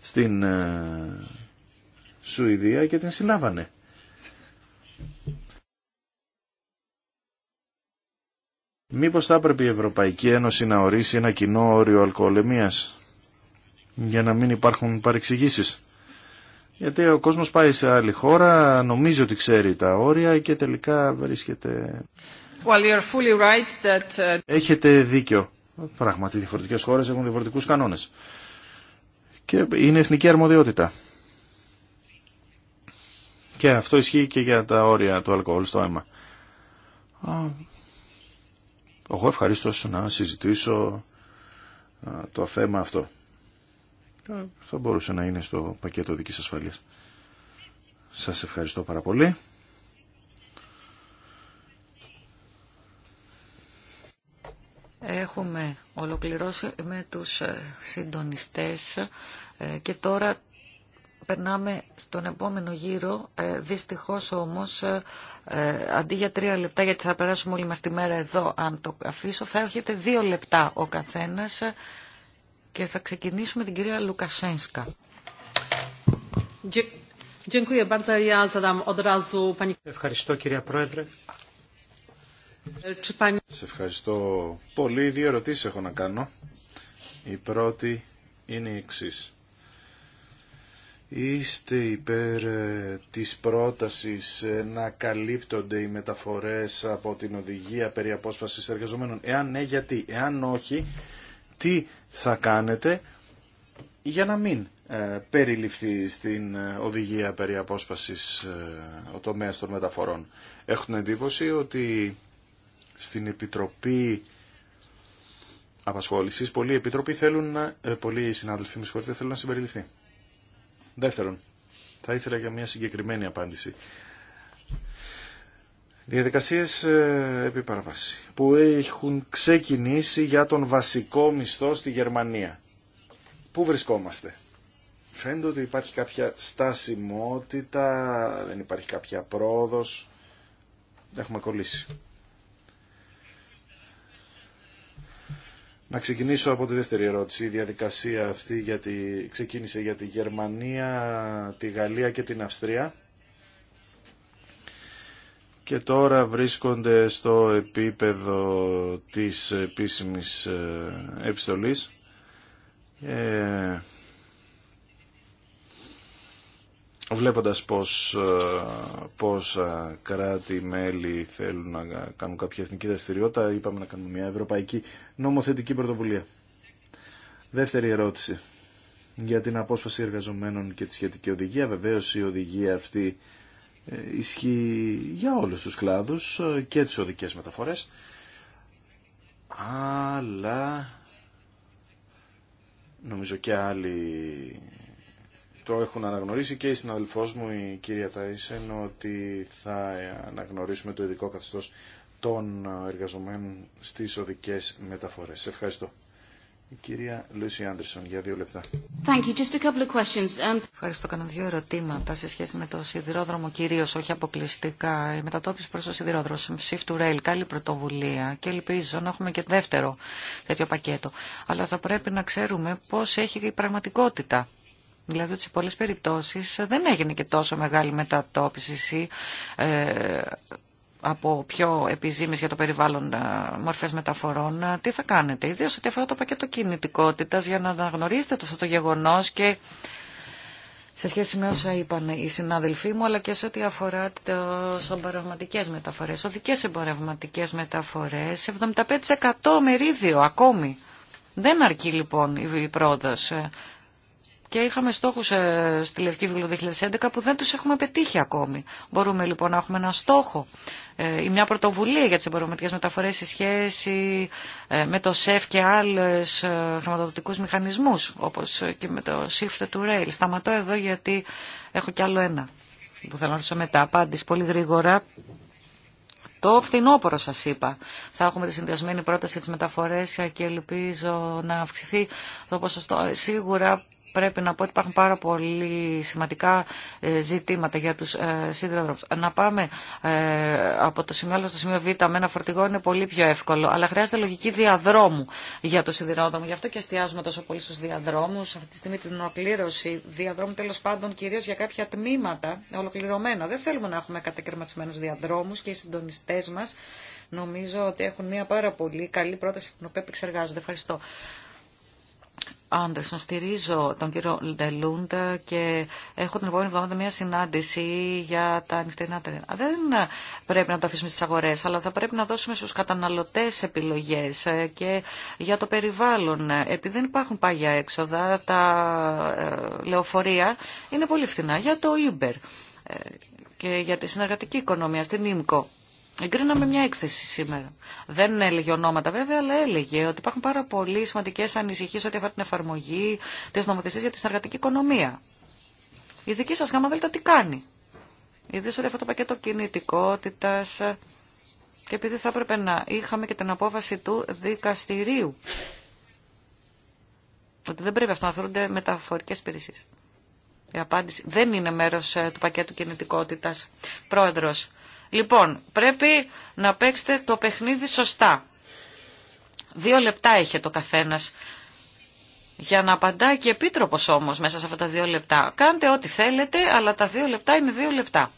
στην ε, Σουηδία και την συλλάβανε. Μήπως θα έπρεπε η Ευρωπαϊκή Ένωση να ορίσει ένα κοινό όριο αλκοολεμίας για να μην υπάρχουν παρεξηγήσεις. Γιατί ο κόσμος πάει σε άλλη χώρα, νομίζει ότι ξέρει τα όρια και τελικά βρίσκεται... Uh, Έχετε δίκιο. Πράγματι, διαφορετικές χώρες έχουν διαφορετικούς κανόνες. Και είναι εθνική αρμοδιότητα. Και αυτό ισχύει και για τα όρια του αλκοόλ στο αίμα. Εγώ ευχαριστώ να συζητήσω το θέμα αυτό θα μπορούσε να είναι στο πακέτο δικής ασφαλείας. Σας ευχαριστώ πάρα πολύ. Έχουμε ολοκληρώσει με τους ε, συντονιστές ε, και τώρα περνάμε στον επόμενο γύρο. Ε, δυστυχώς όμως, αντί για τρία λεπτά, γιατί θα περάσουμε όλη μας τη μέρα εδώ, αν το αφήσω, θα έχετε δύο λεπτά ο καθένας και θα ξεκινήσουμε την κυρία Λουκασένσκα. Ευχαριστώ κυρία Πρόεδρε. Σε ευχαριστώ πολύ. Δύο ερωτήσεις έχω να κάνω. Η πρώτη είναι η εξής. Είστε υπέρ ε, της πρότασης ε, να καλύπτονται οι μεταφορές από την οδηγία περί απόσπασης εργαζομένων. Εάν ναι, γιατί. Εάν όχι, τι θα κάνετε για να μην ε, περιληφθεί στην ε, οδηγία περί απόσπασης ε, ο τομέας των μεταφορών. Έχουν την εντύπωση ότι στην Επιτροπή Απασχόλησης πολλοί, επιτροποί θέλουν να, πολλοί συνάδελφοι με θέλουν να συμπεριληφθεί. Δεύτερον, θα ήθελα για μια συγκεκριμένη απάντηση. Διαδικασίες ε, επί παραβάση που έχουν ξεκινήσει για τον βασικό μισθό στη Γερμανία. Πού βρισκόμαστε. Φαίνεται ότι υπάρχει κάποια στάσιμότητα, δεν υπάρχει κάποια πρόοδος. Έχουμε κολλήσει. Να ξεκινήσω από τη δεύτερη ερώτηση. Η διαδικασία αυτή γιατί ξεκίνησε για τη Γερμανία, τη Γαλλία και την Αυστρία και τώρα βρίσκονται στο επίπεδο της επίσημης ε, επιστολής. Ε, βλέποντας πως, ε, πόσα κράτη-μέλη θέλουν να κάνουν κάποια εθνική δραστηριότητα, είπαμε να κάνουμε μια ευρωπαϊκή νομοθετική πρωτοβουλία. Δεύτερη ερώτηση για την απόσπαση εργαζομένων και τη σχετική οδηγία. Βεβαίως η οδηγία αυτή ε, ισχύει για όλους τους κλάδους ε, και τις οδικές μεταφορές αλλά νομίζω και άλλοι το έχουν αναγνωρίσει και η συναδελφός μου η κυρία Ταΐσεν ότι θα αναγνωρίσουμε το ειδικό καθεστώς των εργαζομένων στις οδικές μεταφορές. Ευχαριστώ. Η κυρία Λούση Άντρισον, για δύο λεπτά. Thank you. Just a of um, Ευχαριστώ. Κάνω δύο ερωτήματα σε σχέση με το σιδηρόδρομο κυρίως, όχι αποκλειστικά. Η μετατόπιση προς το σιδηρόδρομο, shift to rail, καλή πρωτοβουλία και ελπίζω να έχουμε και δεύτερο τέτοιο πακέτο. Αλλά θα πρέπει να ξέρουμε πώς έχει η πραγματικότητα. Δηλαδή ότι σε πολλές περιπτώσεις δεν έγινε και τόσο μεγάλη μετατόπιση ε, από πιο επιζήμιες για το περιβάλλον ε, μορφές μεταφορών, ε, τι θα κάνετε, ιδίως ότι αφορά το πακέτο κινητικότητας, για να αναγνωρίσετε το αυτό το γεγονός και σε σχέση με όσα είπαν οι συνάδελφοί μου, αλλά και σε ό,τι αφορά τις εμπορευματικές μεταφορές, οδικές εμπορευματικές μεταφορές, 75% μερίδιο ακόμη. Δεν αρκεί λοιπόν η πρόοδος. Ε, και είχαμε στόχους ε, στη Λευκή Βουλή 2011 που δεν τους έχουμε πετύχει ακόμη. Μπορούμε λοιπόν να έχουμε ένα στόχο ε, ή μια πρωτοβουλία για τις εμπορευματικές μεταφορές σε σχέση ε, με το ΣΕΦ και άλλες χρηματοδοτικούς μηχανισμούς όπως και με το Shift to Rail. Σταματώ εδώ γιατί έχω κι άλλο ένα που θέλω να ρωτήσω μετά. Απάντηση πολύ γρήγορα. Το φθινόπωρο σας είπα. Θα έχουμε τη συνδυασμένη πρόταση της μεταφορές και ελπίζω να αυξηθεί το ποσοστό. Σίγουρα πρέπει να πω ότι υπάρχουν πάρα πολύ σημαντικά ε, ζητήματα για τους ε, σιδηρόδρομου. Να πάμε ε, από το σημείο στο σημείο Β με ένα φορτηγό είναι πολύ πιο εύκολο, αλλά χρειάζεται λογική διαδρόμου για το σιδηρόδρομο. Γι' αυτό και εστιάζουμε τόσο πολύ στους διαδρόμους. Αυτή τη στιγμή την ολοκλήρωση διαδρόμου τέλος πάντων κυρίως για κάποια τμήματα ολοκληρωμένα. Δεν θέλουμε να έχουμε κατακαιρματισμένους διαδρόμους και οι συντονιστές μας νομίζω ότι έχουν μια πάρα πολύ καλή πρόταση την οποία επεξεργάζονται. Ευχαριστώ. Άντερσον. Στηρίζω τον κύριο Ντελούντ και έχω την επόμενη εβδομάδα μια συνάντηση για τα νυχτερινά τρένα. Δεν πρέπει να το αφήσουμε στις αγορές, αλλά θα πρέπει να δώσουμε στους καταναλωτές επιλογές ε, και για το περιβάλλον. Επειδή δεν υπάρχουν πάγια έξοδα, τα ε, λεωφορεία είναι πολύ φθηνά για το Uber ε, και για τη συνεργατική οικονομία στην ΙΜΚΟ. Εγκρίναμε μια έκθεση σήμερα. Δεν έλεγε ονόματα βέβαια, αλλά έλεγε ότι υπάρχουν πάρα πολύ σημαντικέ ανησυχίε ό,τι αφορά την εφαρμογή τη νομοθεσία για τη συνεργατική οικονομία. Η δική σα γάμα τι κάνει. Ιδίω ό,τι αυτό το πακέτο κινητικότητα και επειδή θα έπρεπε να είχαμε και την απόφαση του δικαστηρίου. Ότι δεν πρέπει αυτό να θεωρούνται μεταφορικέ υπηρεσίε. Η απάντηση δεν είναι μέρο ε, του πακέτου κινητικότητα. Πρόεδρο. Λοιπόν, πρέπει να παίξετε το παιχνίδι σωστά. Δύο λεπτά είχε το καθένας για να απαντάει και επίτροπος όμως μέσα σε αυτά τα δύο λεπτά. Κάντε ό,τι θέλετε, αλλά τα δύο λεπτά είναι δύο λεπτά.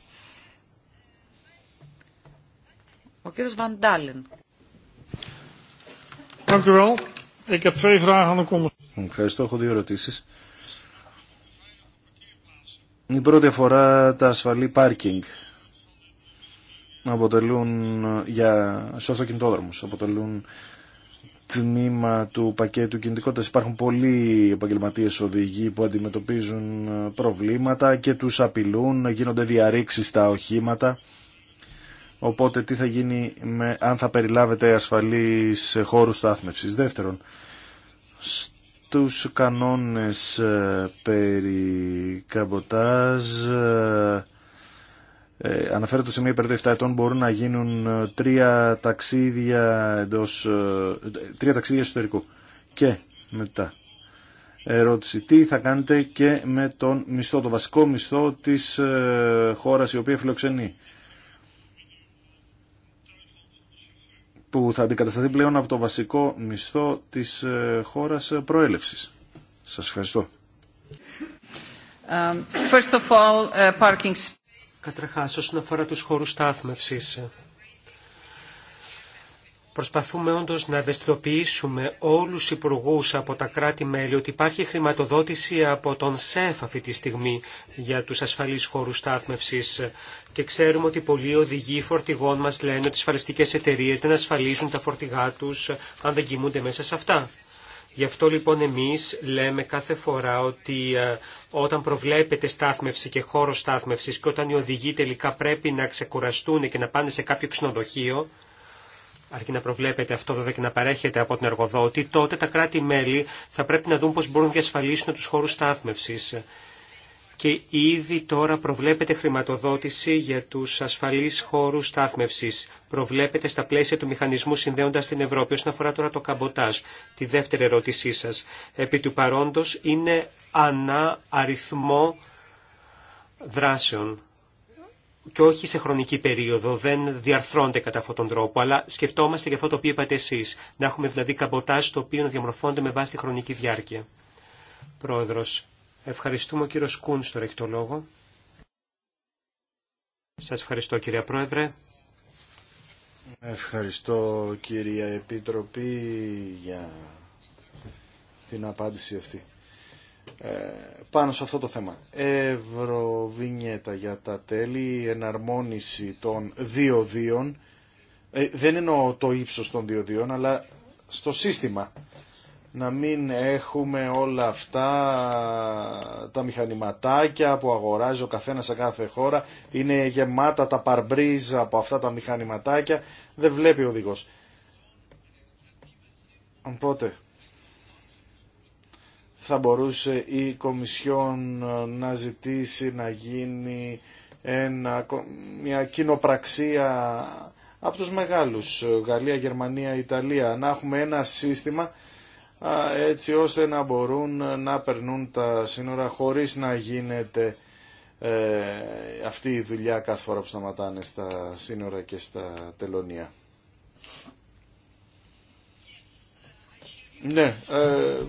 Ο κύριος Βαντάλεν. Ευχαριστώ, έχω δύο ερωτήσει. Η πρώτη αφορά τα ασφαλή πάρκινγκ αποτελούν για, σε αυτοκινητόδρομους, αποτελούν τμήμα του πακέτου κινητικότητας. Υπάρχουν πολλοί επαγγελματίε οδηγοί που αντιμετωπίζουν ε, προβλήματα και τους απειλούν, γίνονται διαρρήξεις στα οχήματα. Οπότε τι θα γίνει με, αν θα περιλάβετε ασφαλείς χώρους στάθμευσης. Δεύτερον, στους κανόνες ε, περί καμποτάζ ε, ε, αναφέρεται σε μία περίπτωση 7 ετών μπορούν να γίνουν ε, τρία ταξίδια, εντός, ε, τρία ταξίδια εσωτερικού. Και μετά. Ερώτηση. Τι θα κάνετε και με τον μισθό, το βασικό μισθό της ε, χώρας η οποία φιλοξενεί. Που θα αντικατασταθεί πλέον από το βασικό μισθό της ε, χώρας προέλευσης. Σας ευχαριστώ. Um, first of all, uh, parking... Καταρχάς, όσον αφορά τους χώρους στάθμευσης, προσπαθούμε όντως να ευαισθητοποιήσουμε όλους τους υπουργού από τα κράτη-μέλη ότι υπάρχει χρηματοδότηση από τον ΣΕΦ αυτή τη στιγμή για τους ασφαλείς χώρους στάθμευσης και ξέρουμε ότι πολλοί οδηγοί φορτηγών μας λένε ότι οι ασφαλιστικέ εταιρείες δεν ασφαλίζουν τα φορτηγά τους αν δεν κοιμούνται μέσα σε αυτά. Γι' αυτό λοιπόν εμείς λέμε κάθε φορά ότι ε, όταν προβλέπεται στάθμευση και χώρο στάθμευσης και όταν οι οδηγοί τελικά πρέπει να ξεκουραστούν και να πάνε σε κάποιο ξενοδοχείο, αρκεί να προβλέπεται αυτό βέβαια και να παρέχεται από την εργοδότη, τότε τα κράτη-μέλη θα πρέπει να δουν πώς μπορούν να διασφαλίσουν τους χώρους στάθμευσης και ήδη τώρα προβλέπεται χρηματοδότηση για τους ασφαλείς χώρους στάθμευσης. Προβλέπεται στα πλαίσια του μηχανισμού συνδέοντας την Ευρώπη. Όσον αφορά τώρα το καμποτάζ, τη δεύτερη ερώτησή σας, επί του παρόντος είναι ανά αριθμό δράσεων και όχι σε χρονική περίοδο, δεν διαρθρώνται κατά αυτόν τον τρόπο, αλλά σκεφτόμαστε για αυτό το οποίο είπατε εσείς. Να έχουμε δηλαδή καμποτάζ το οποίο να διαμορφώνεται με βάση τη χρονική διάρκεια. Πρόεδρος, Ευχαριστούμε ο κύριο Κούν λόγο. Σας ευχαριστώ κύριε Πρόεδρε. Ευχαριστώ κύριε Επίτροπη για την απάντηση αυτή. Ε, πάνω σε αυτό το θέμα. Ευρωβινιέτα για τα τέλη, εναρμόνιση των δύο Ε, δεν εννοώ το ύψος των διοδίων, αλλά στο σύστημα να μην έχουμε όλα αυτά τα μηχανηματάκια που αγοράζει ο καθένα σε κάθε χώρα. Είναι γεμάτα τα παρμπρίζ από αυτά τα μηχανηματάκια. Δεν βλέπει ο οδηγός. Οπότε θα μπορούσε η Κομισιόν να ζητήσει να γίνει ένα, μια κοινοπραξία από τους μεγάλους Γαλλία, Γερμανία, Ιταλία να έχουμε ένα σύστημα έτσι ώστε να μπορούν να περνούν τα σύνορα χωρίς να γίνεται ε, αυτή η δουλειά κάθε φορά που σταματάνε στα σύνορα και στα τελωνία. Ναι, ε,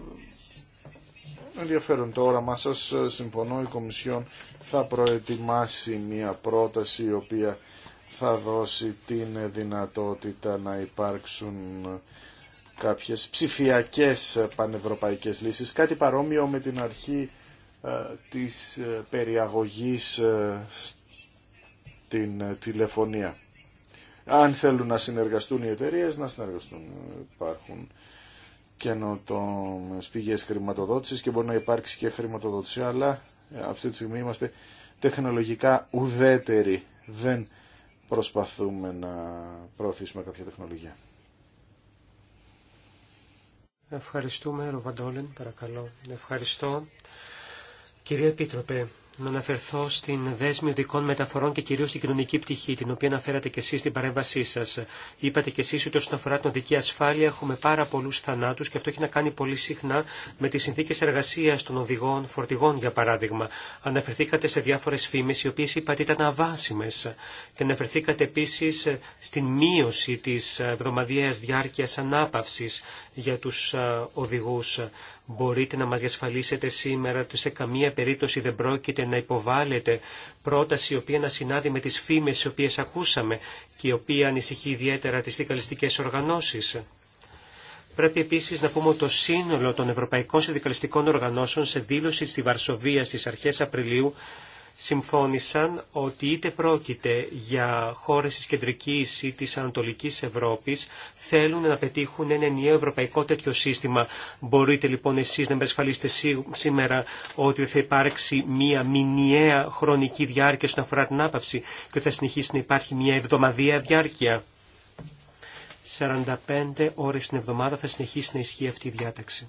ενδιαφέρον το όραμά σας, συμφωνώ, η Κομισιόν θα προετοιμάσει μια πρόταση η οποία θα δώσει την δυνατότητα να υπάρξουν κάποιες ψηφιακές ε, πανευρωπαϊκές λύσεις, κάτι παρόμοιο με την αρχή ε, της ε, περιαγωγής στην τηλεφωνία. Αν θέλουν να συνεργαστούν οι εταιρείες, να συνεργαστούν. Υπάρχουν καινοτόμες πηγές χρηματοδότησης και μπορεί να υπάρξει και χρηματοδότηση, αλλά αυτή τη στιγμή είμαστε τεχνολογικά ουδέτεροι. Δεν προσπαθούμε να προωθήσουμε κάποια τεχνολογία. Ευχαριστούμε, Ροβαντόλεν, παρακαλώ. Ευχαριστώ. Κυρία Επίτροπε, να αναφερθώ στην δέσμη οδικών μεταφορών και κυρίως στην κοινωνική πτυχή, την οποία αναφέρατε και εσείς στην παρέμβασή σας. Είπατε και εσείς ότι όσον αφορά την οδική ασφάλεια έχουμε πάρα πολλούς θανάτους και αυτό έχει να κάνει πολύ συχνά με τις συνθήκες εργασίας των οδηγών φορτηγών, για παράδειγμα. Αναφερθήκατε σε διάφορες φήμες, οι οποίες είπατε ήταν αβάσιμες. Και αναφερθήκατε επίσης στην μείωση της εβδομαδιαίας διάρκειας ανάπαυσης για τους οδηγούς. Μπορείτε να μας διασφαλίσετε σήμερα ότι σε καμία περίπτωση δεν πρόκειται να υποβάλλετε πρόταση η οποία να συνάδει με τις φήμες οι οποίες ακούσαμε και η οποία ανησυχεί ιδιαίτερα τις δικαλιστικές οργανώσεις. Πρέπει επίσης να πούμε ότι το σύνολο των Ευρωπαϊκών Συνδικαλιστικών Οργανώσεων σε δήλωση στη Βαρσοβία στις αρχές Απριλίου συμφώνησαν ότι είτε πρόκειται για χώρες της Κεντρικής ή της Ανατολικής Ευρώπης θέλουν να πετύχουν ένα νέο ευρωπαϊκό τέτοιο σύστημα. Μπορείτε λοιπόν εσείς να με σήμερα ότι θα υπάρξει μια μηνιαία χρονική διάρκεια όσον αφορά την άπαυση και θα συνεχίσει να υπάρχει μια εβδομαδία διάρκεια. 45 ώρες την εβδομάδα θα συνεχίσει να ισχύει αυτή η διάταξη.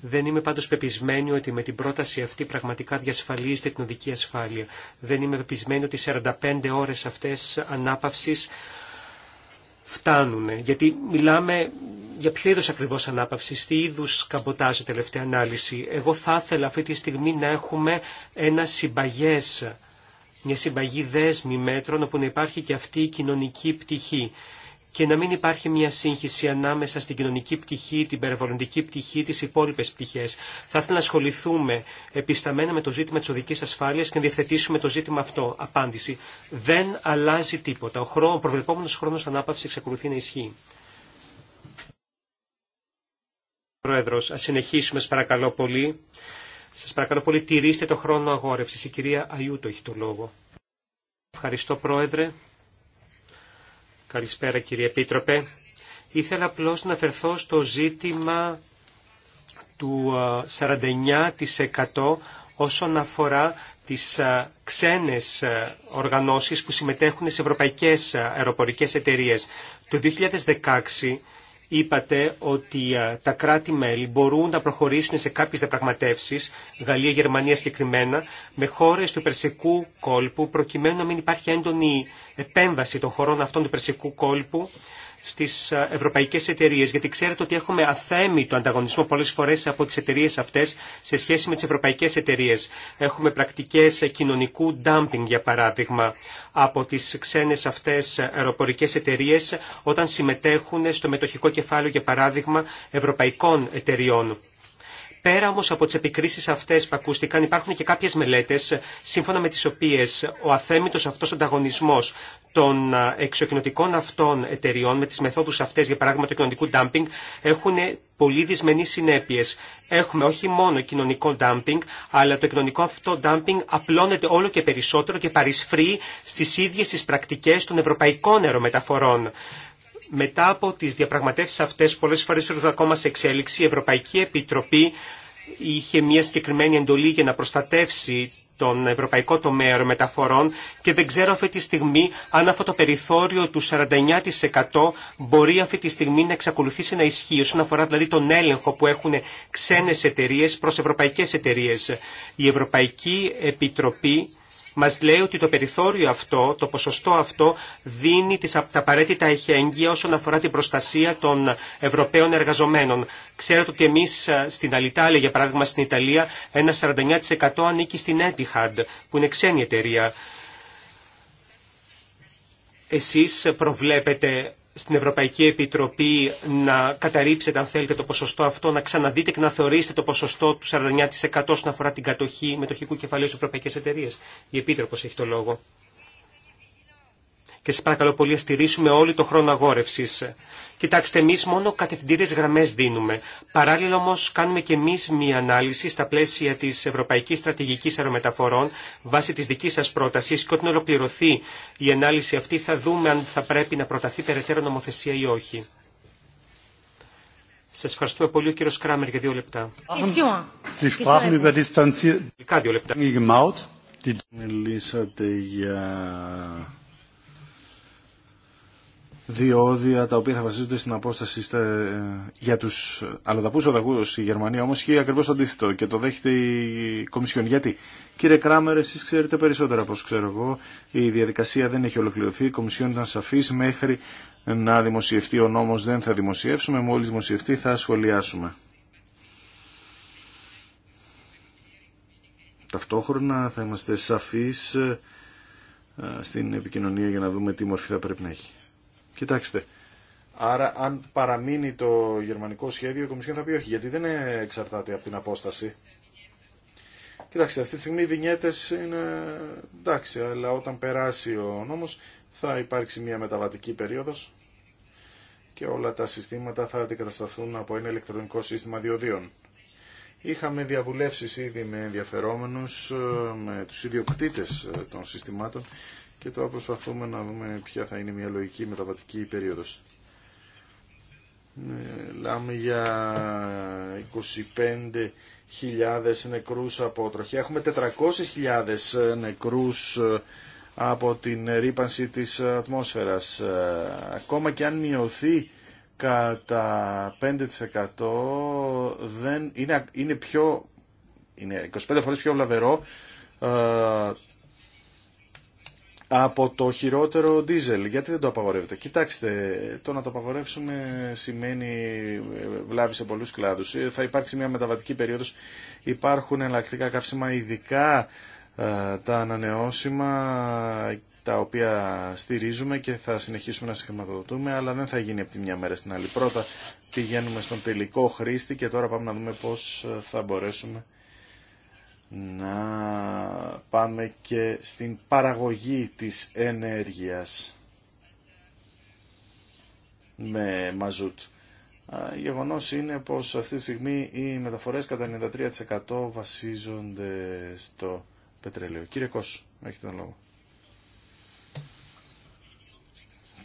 Δεν είμαι πάντως πεπισμένη ότι με την πρόταση αυτή πραγματικά διασφαλίζεται την οδική ασφάλεια. Δεν είμαι πεπισμένη ότι 45 ώρες αυτές ανάπαυσης φτάνουν. Γιατί μιλάμε για ποιο είδος ακριβώς ανάπαυσης, τι είδους καμποτάζει τελευταία ανάλυση. Εγώ θα ήθελα αυτή τη στιγμή να έχουμε ένα συμπαγές, μια συμπαγή δέσμη μέτρων όπου να υπάρχει και αυτή η κοινωνική πτυχή και να μην υπάρχει μια σύγχυση ανάμεσα στην κοινωνική πτυχή, την περιβαλλοντική πτυχή, τι υπόλοιπε πτυχέ. Θα ήθελα να ασχοληθούμε επισταμένα με το ζήτημα τη οδική ασφάλεια και να διευθετήσουμε το ζήτημα αυτό. Απάντηση. Δεν αλλάζει τίποτα. Ο, χρό... ο προβλεπόμενο χρόνο ανάπαυση εξακολουθεί να ισχύει. Πρόεδρος, ας συνεχίσουμε, σας παρακαλώ πολύ. Σας παρακαλώ πολύ, τηρήστε το χρόνο αγόρευσης. Η κυρία Αϊούτο έχει το λόγο. Ευχαριστώ, Πρόεδρε. Καλησπέρα κύριε Επίτροπε. Ήθελα απλώς να αφαιρθώ στο ζήτημα του 49% όσον αφορά τις ξένες οργανώσεις που συμμετέχουν σε ευρωπαϊκές αεροπορικές εταιρείες. Το 2016 είπατε ότι ε, τα κράτη-μέλη μπορούν να προχωρήσουν σε κάποιες διαπραγματεύσεις, Γαλλία, Γερμανία συγκεκριμένα, με χώρες του Περσικού κόλπου, προκειμένου να μην υπάρχει έντονη επέμβαση των χωρών αυτών του Περσικού κόλπου στις ε, ευρωπαϊκές εταιρείες, γιατί ξέρετε ότι έχουμε αθέμητο ανταγωνισμό πολλές φορές από τις εταιρείες αυτές σε σχέση με τις ευρωπαϊκές εταιρείες. Έχουμε πρακτικές κοινωνικού dumping, για παράδειγμα, από τις ξένες αυτές αεροπορικές εταιρείες όταν συμμετέχουν στο μετοχικό κεφάλαιο, για παράδειγμα, ευρωπαϊκών εταιριών. Πέρα όμω από τι επικρίσεις αυτέ που ακούστηκαν υπάρχουν και κάποιε μελέτε σύμφωνα με τι οποίε ο αθέμητο αυτός ανταγωνισμό των εξοκοινωτικών αυτών εταιριών με τι μεθόδου αυτέ, για παράδειγμα του κοινωνικού ντάμπινγκ έχουν πολύ δυσμενεί συνέπειε. Έχουμε όχι μόνο κοινωνικό ντάμπινγκ αλλά το κοινωνικό αυτό ντάμπινγκ απλώνεται όλο και περισσότερο και παρισφρεί στι ίδιε τι πρακτικέ των ευρωπαϊκών αερομεταφορών μετά από τις διαπραγματεύσεις αυτές, πολλές φορές ήρθαν ακόμα σε εξέλιξη, η Ευρωπαϊκή Επιτροπή είχε μια συγκεκριμένη εντολή για να προστατεύσει τον ευρωπαϊκό τομέα αερομεταφορών και δεν ξέρω αυτή τη στιγμή αν αυτό το περιθώριο του 49% μπορεί αυτή τη στιγμή να εξακολουθήσει να ισχύει όσον αφορά δηλαδή τον έλεγχο που έχουν ξένες εταιρείες προς ευρωπαϊκές εταιρείες. Η Ευρωπαϊκή Επιτροπή μας λέει ότι το περιθώριο αυτό, το ποσοστό αυτό, δίνει τις, τα απαραίτητα εχέγγυα όσον αφορά την προστασία των Ευρωπαίων εργαζομένων. Ξέρετε ότι εμείς ε, στην Αλιτάλια, για παράδειγμα στην Ιταλία, ένα 49% ανήκει στην Etihad, που είναι ξένη εταιρεία. Εσείς προβλέπετε στην Ευρωπαϊκή Επιτροπή να καταρρύψετε αν θέλετε το ποσοστό αυτό, να ξαναδείτε και να θεωρήσετε το ποσοστό του 49% όσον αφορά την κατοχή μετοχικού κεφαλαίου στι Ευρωπαϊκέ Εταιρείε. Η επίτροπο έχει το λόγο και σας παρακαλώ πολύ να στηρίσουμε όλοι το χρόνο αγόρευσης. Κοιτάξτε, εμεί μόνο κατευθυντήριες γραμμές δίνουμε. Παράλληλα όμως κάνουμε και εμείς μία ανάλυση στα πλαίσια της Ευρωπαϊκής Στρατηγικής Αερομεταφορών βάσει της δικής σας πρότασης και όταν ολοκληρωθεί η ανάλυση αυτή θα δούμε αν θα πρέπει να προταθεί περαιτέρω νομοθεσία ή όχι. Σας ευχαριστούμε πολύ ο κύριος Κράμερ για δύο λεπτά. Μιλήσατε διόδια τα οποία θα βασίζονται στην απόσταση ε, για τους αλλοδαπούς οδαγούς η Γερμανία όμως έχει ακριβώς το αντίθετο και το δέχεται η Κομισιόν. Γιατί κύριε Κράμερ εσείς ξέρετε περισσότερα όπω ξέρω εγώ η διαδικασία δεν έχει ολοκληρωθεί η Κομισιόν ήταν σαφής μέχρι να δημοσιευτεί ο νόμος δεν θα δημοσιεύσουμε μόλις δημοσιευτεί θα σχολιάσουμε. Ταυτόχρονα θα είμαστε σαφείς ε, στην επικοινωνία για να δούμε τι μορφή θα πρέπει να έχει. Κοιτάξτε, άρα αν παραμείνει το γερμανικό σχέδιο, η Κομισιόν θα πει όχι, γιατί δεν εξαρτάται από την απόσταση. Κοιτάξτε, αυτή τη στιγμή οι βινιέτε είναι εντάξει, αλλά όταν περάσει ο νόμος θα υπάρξει μια μεταβατική περίοδος και όλα τα συστήματα θα αντικατασταθούν από ένα ηλεκτρονικό σύστημα διοδίων. Είχαμε διαβουλεύσεις ήδη με ενδιαφερόμενους, ε, με τους ιδιοκτήτες ε, των συστημάτων και τώρα προσπαθούμε να δούμε ποια θα είναι μια λογική μεταβατική περίοδος. Μιλάμε ναι, για 25.000 νεκρούς από τροχιά. Έχουμε 400.000 νεκρούς από την ρήπανση της ατμόσφαιρας. Ακόμα και αν μειωθεί κατά 5% δεν είναι, είναι πιο είναι 25 φορές πιο βλαβερό ε, από το χειρότερο δίζελ. Γιατί δεν το απαγορεύετε. Κοιτάξτε, το να το απαγορεύσουμε σημαίνει ε, βλάβη σε πολλούς κλάδους. Ε, θα υπάρξει μια μεταβατική περίοδος. Υπάρχουν εναλλακτικά καύσιμα, ειδικά ε, τα ανανεώσιμα τα οποία στηρίζουμε και θα συνεχίσουμε να συγχρηματοδοτούμε, αλλά δεν θα γίνει από τη μια μέρα στην άλλη. Πρώτα πηγαίνουμε στον τελικό χρήστη και τώρα πάμε να δούμε πώς θα μπορέσουμε να πάμε και στην παραγωγή της ενέργειας με μαζούτ. Γεγονό είναι πως αυτή τη στιγμή οι μεταφορές κατά 93% βασίζονται στο πετρέλαιο. Κύριε Κώσου, έχετε τον λόγο.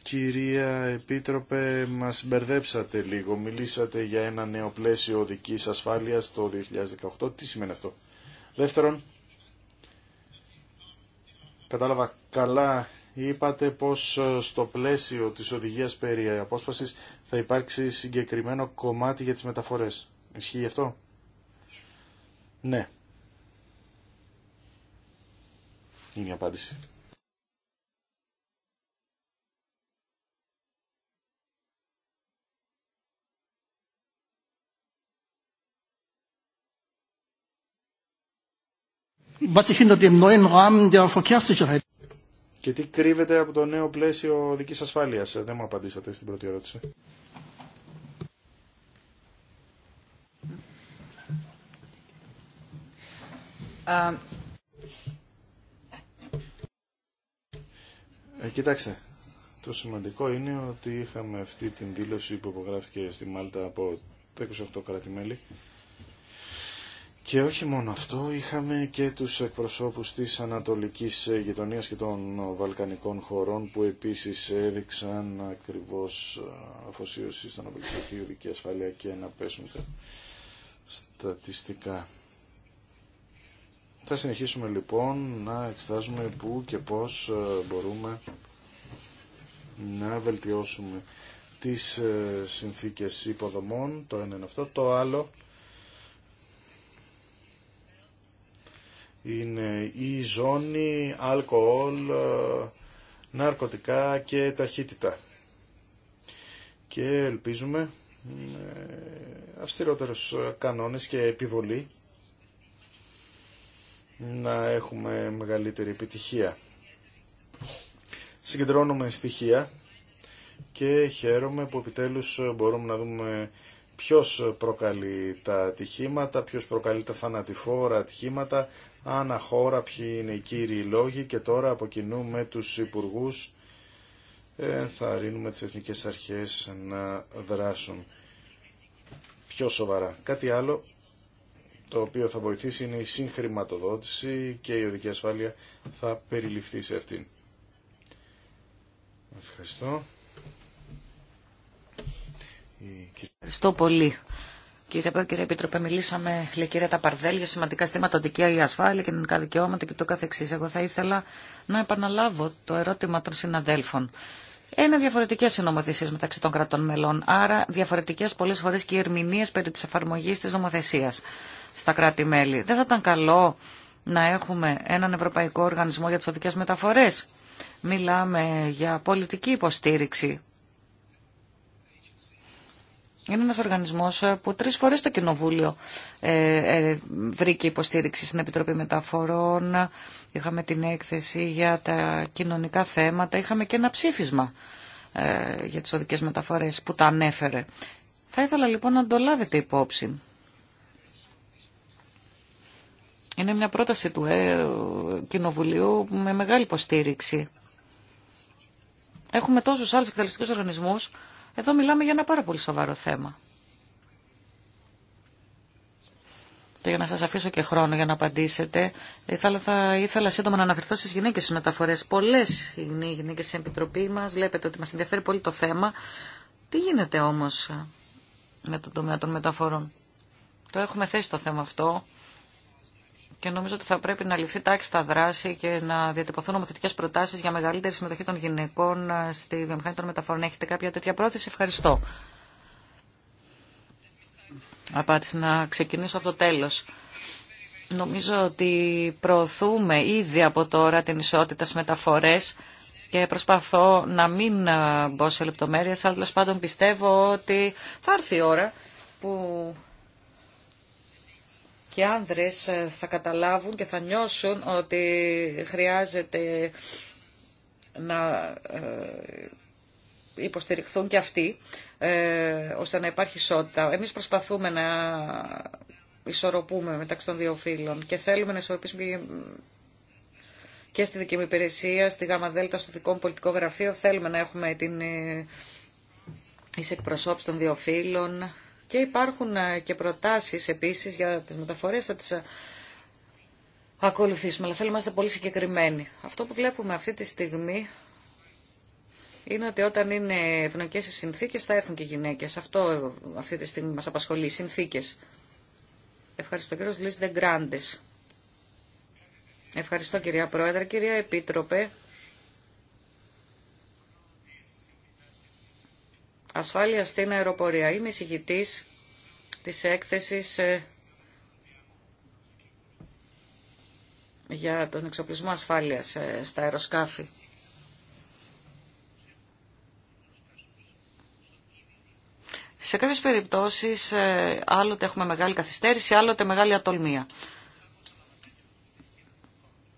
Κυρία Επίτροπε, μας μπερδέψατε λίγο. Μιλήσατε για ένα νέο πλαίσιο οδικής ασφάλειας το 2018. Τι σημαίνει αυτό. Δεύτερον, κατάλαβα καλά, είπατε πως ε, στο πλαίσιο της οδηγίας περί απόσπασης θα υπάρξει συγκεκριμένο κομμάτι για τις μεταφορές. Ισχύει αυτό? Ναι. Είναι η απάντηση. Και τι κρύβεται από το νέο πλαίσιο δικής ασφάλειας. Ε, δεν μου απαντήσατε στην πρώτη ερώτηση. Ε, κοιτάξτε, το σημαντικό είναι ότι είχαμε αυτή την δήλωση που υπογράφηκε στη Μάλτα από τα 28 κράτη-μέλη και όχι μόνο αυτό, είχαμε και τους εκπροσώπους της Ανατολικής Γειτονίας και των Βαλκανικών χωρών που επίσης έδειξαν ακριβώς ε, αφοσίωση στον να βελτιωθεί ασφάλεια και να πέσουν τα στατιστικά. Θα συνεχίσουμε λοιπόν να εξετάζουμε πού και πώς ε, μπορούμε να βελτιώσουμε τις ε, συνθήκες υποδομών, το ένα είναι αυτό, το άλλο είναι η ζώνη, αλκοόλ, ε, ναρκωτικά και ταχύτητα. Και ελπίζουμε ε, αυστηρότερους κανόνες και επιβολή να έχουμε μεγαλύτερη επιτυχία. Συγκεντρώνουμε στοιχεία και χαίρομαι που επιτέλους μπορούμε να δούμε ποιος προκαλεί τα ατυχήματα, ποιος προκαλεί τα θανατηφόρα ατυχήματα, άνα χώρα, ποιοι είναι οι κύριοι λόγοι και τώρα από κοινού με τους υπουργούς ε, θα ρίνουμε τις εθνικές αρχές να δράσουν πιο σοβαρά. Κάτι άλλο το οποίο θα βοηθήσει είναι η συγχρηματοδότηση και η οδική ασφάλεια θα περιληφθεί σε αυτήν. Ευχαριστώ. Ευχαριστώ πολύ. Κύριε Πρόεδρε, κύριε Επίτροπε, μιλήσαμε, λέει κυρία Ταπαρδέλ, για σημαντικά στήματα δικαία η ασφάλεια, κοινωνικά δικαιώματα και το καθεξής. Εγώ θα ήθελα να επαναλάβω το ερώτημα των συναδέλφων. Είναι διαφορετικέ οι νομοθεσίε μεταξύ των κρατών μελών, άρα διαφορετικέ πολλέ φορέ και οι ερμηνείε περί τη εφαρμογή τη νομοθεσία στα κράτη-μέλη. Δεν θα ήταν καλό να έχουμε έναν Ευρωπαϊκό Οργανισμό για τι Οδικέ Μεταφορέ. Μιλάμε για πολιτική υποστήριξη είναι ένας οργανισμός ε, που τρεις φορές το Κοινοβούλιο ε, ε, βρήκε υποστήριξη στην Επιτροπή Μεταφορών. Είχαμε την έκθεση για τα κοινωνικά θέματα. Είχαμε και ένα ψήφισμα για τις οδικές μεταφορές που τα ανέφερε. Θα ήθελα λοιπόν να το λάβετε υπόψη. Είναι μια πρόταση του Κοινοβουλίου με μεγάλη υποστήριξη. Έχουμε τόσους άλλους εκτελεστικούς οργανισμούς εδώ μιλάμε για ένα πάρα πολύ σοβαρό θέμα. Και για να σας αφήσω και χρόνο για να απαντήσετε, ήθελα, θα ήθελα σύντομα να αναφερθώ στις γυναίκες στις μεταφορές. Πολλές είναι οι γυναίκες στην Επιτροπή μας, βλέπετε ότι μας ενδιαφέρει πολύ το θέμα. Τι γίνεται όμως με τον τομέα των μεταφορών. Το έχουμε θέσει το θέμα αυτό και νομίζω ότι θα πρέπει να ληφθεί τάξη στα δράση και να διατυπωθούν νομοθετικέ προτάσει για μεγαλύτερη συμμετοχή των γυναικών ε, στη βιομηχανία των μεταφορών. Έχετε κάποια τέτοια πρόθεση. Ευχαριστώ. Απάντηση να ξεκινήσω από το τέλο. Νομίζω ότι προωθούμε ήδη από τώρα την ισότητα στι μεταφορέ και προσπαθώ να μην ε, μπω σε λεπτομέρειε, αλλά τέλο πάντων πιστεύω ότι θα έρθει η ώρα που και άνδρες ε, θα καταλάβουν και θα νιώσουν ότι χρειάζεται να ε, υποστηριχθούν και αυτοί, ε, ώστε να υπάρχει ισότητα. Εμείς προσπαθούμε να ισορροπούμε μεταξύ των δύο φύλων και θέλουμε να ισορροπήσουμε και στη δική μου υπηρεσία, στη ΓΑΜΑ στο δικό μου πολιτικό γραφείο, θέλουμε να έχουμε την εις εκπροσώπηση των δύο φύλων και υπάρχουν ε, και προτάσεις επίσης για τις μεταφορές, θα τις ε, ακολουθήσουμε, αλλά θέλουμε να είμαστε πολύ συγκεκριμένοι. Αυτό που βλέπουμε αυτή τη στιγμή είναι ότι όταν είναι ευνοϊκέ οι συνθήκε, θα έρθουν και γυναίκε. Αυτό ε, αυτή τη στιγμή μα απασχολεί, οι συνθήκε. Ευχαριστώ κύριο Λουί Δεγκράντε. Ευχαριστώ κυρία Πρόεδρε, κυρία Επίτροπε. ασφάλεια στην αεροπορία. Είμαι εισηγητής της έκθεσης ε, για τον εξοπλισμό ασφάλειας ε, στα αεροσκάφη. Σε κάποιες περιπτώσεις ε, άλλοτε έχουμε μεγάλη καθυστέρηση, άλλοτε μεγάλη ατολμία.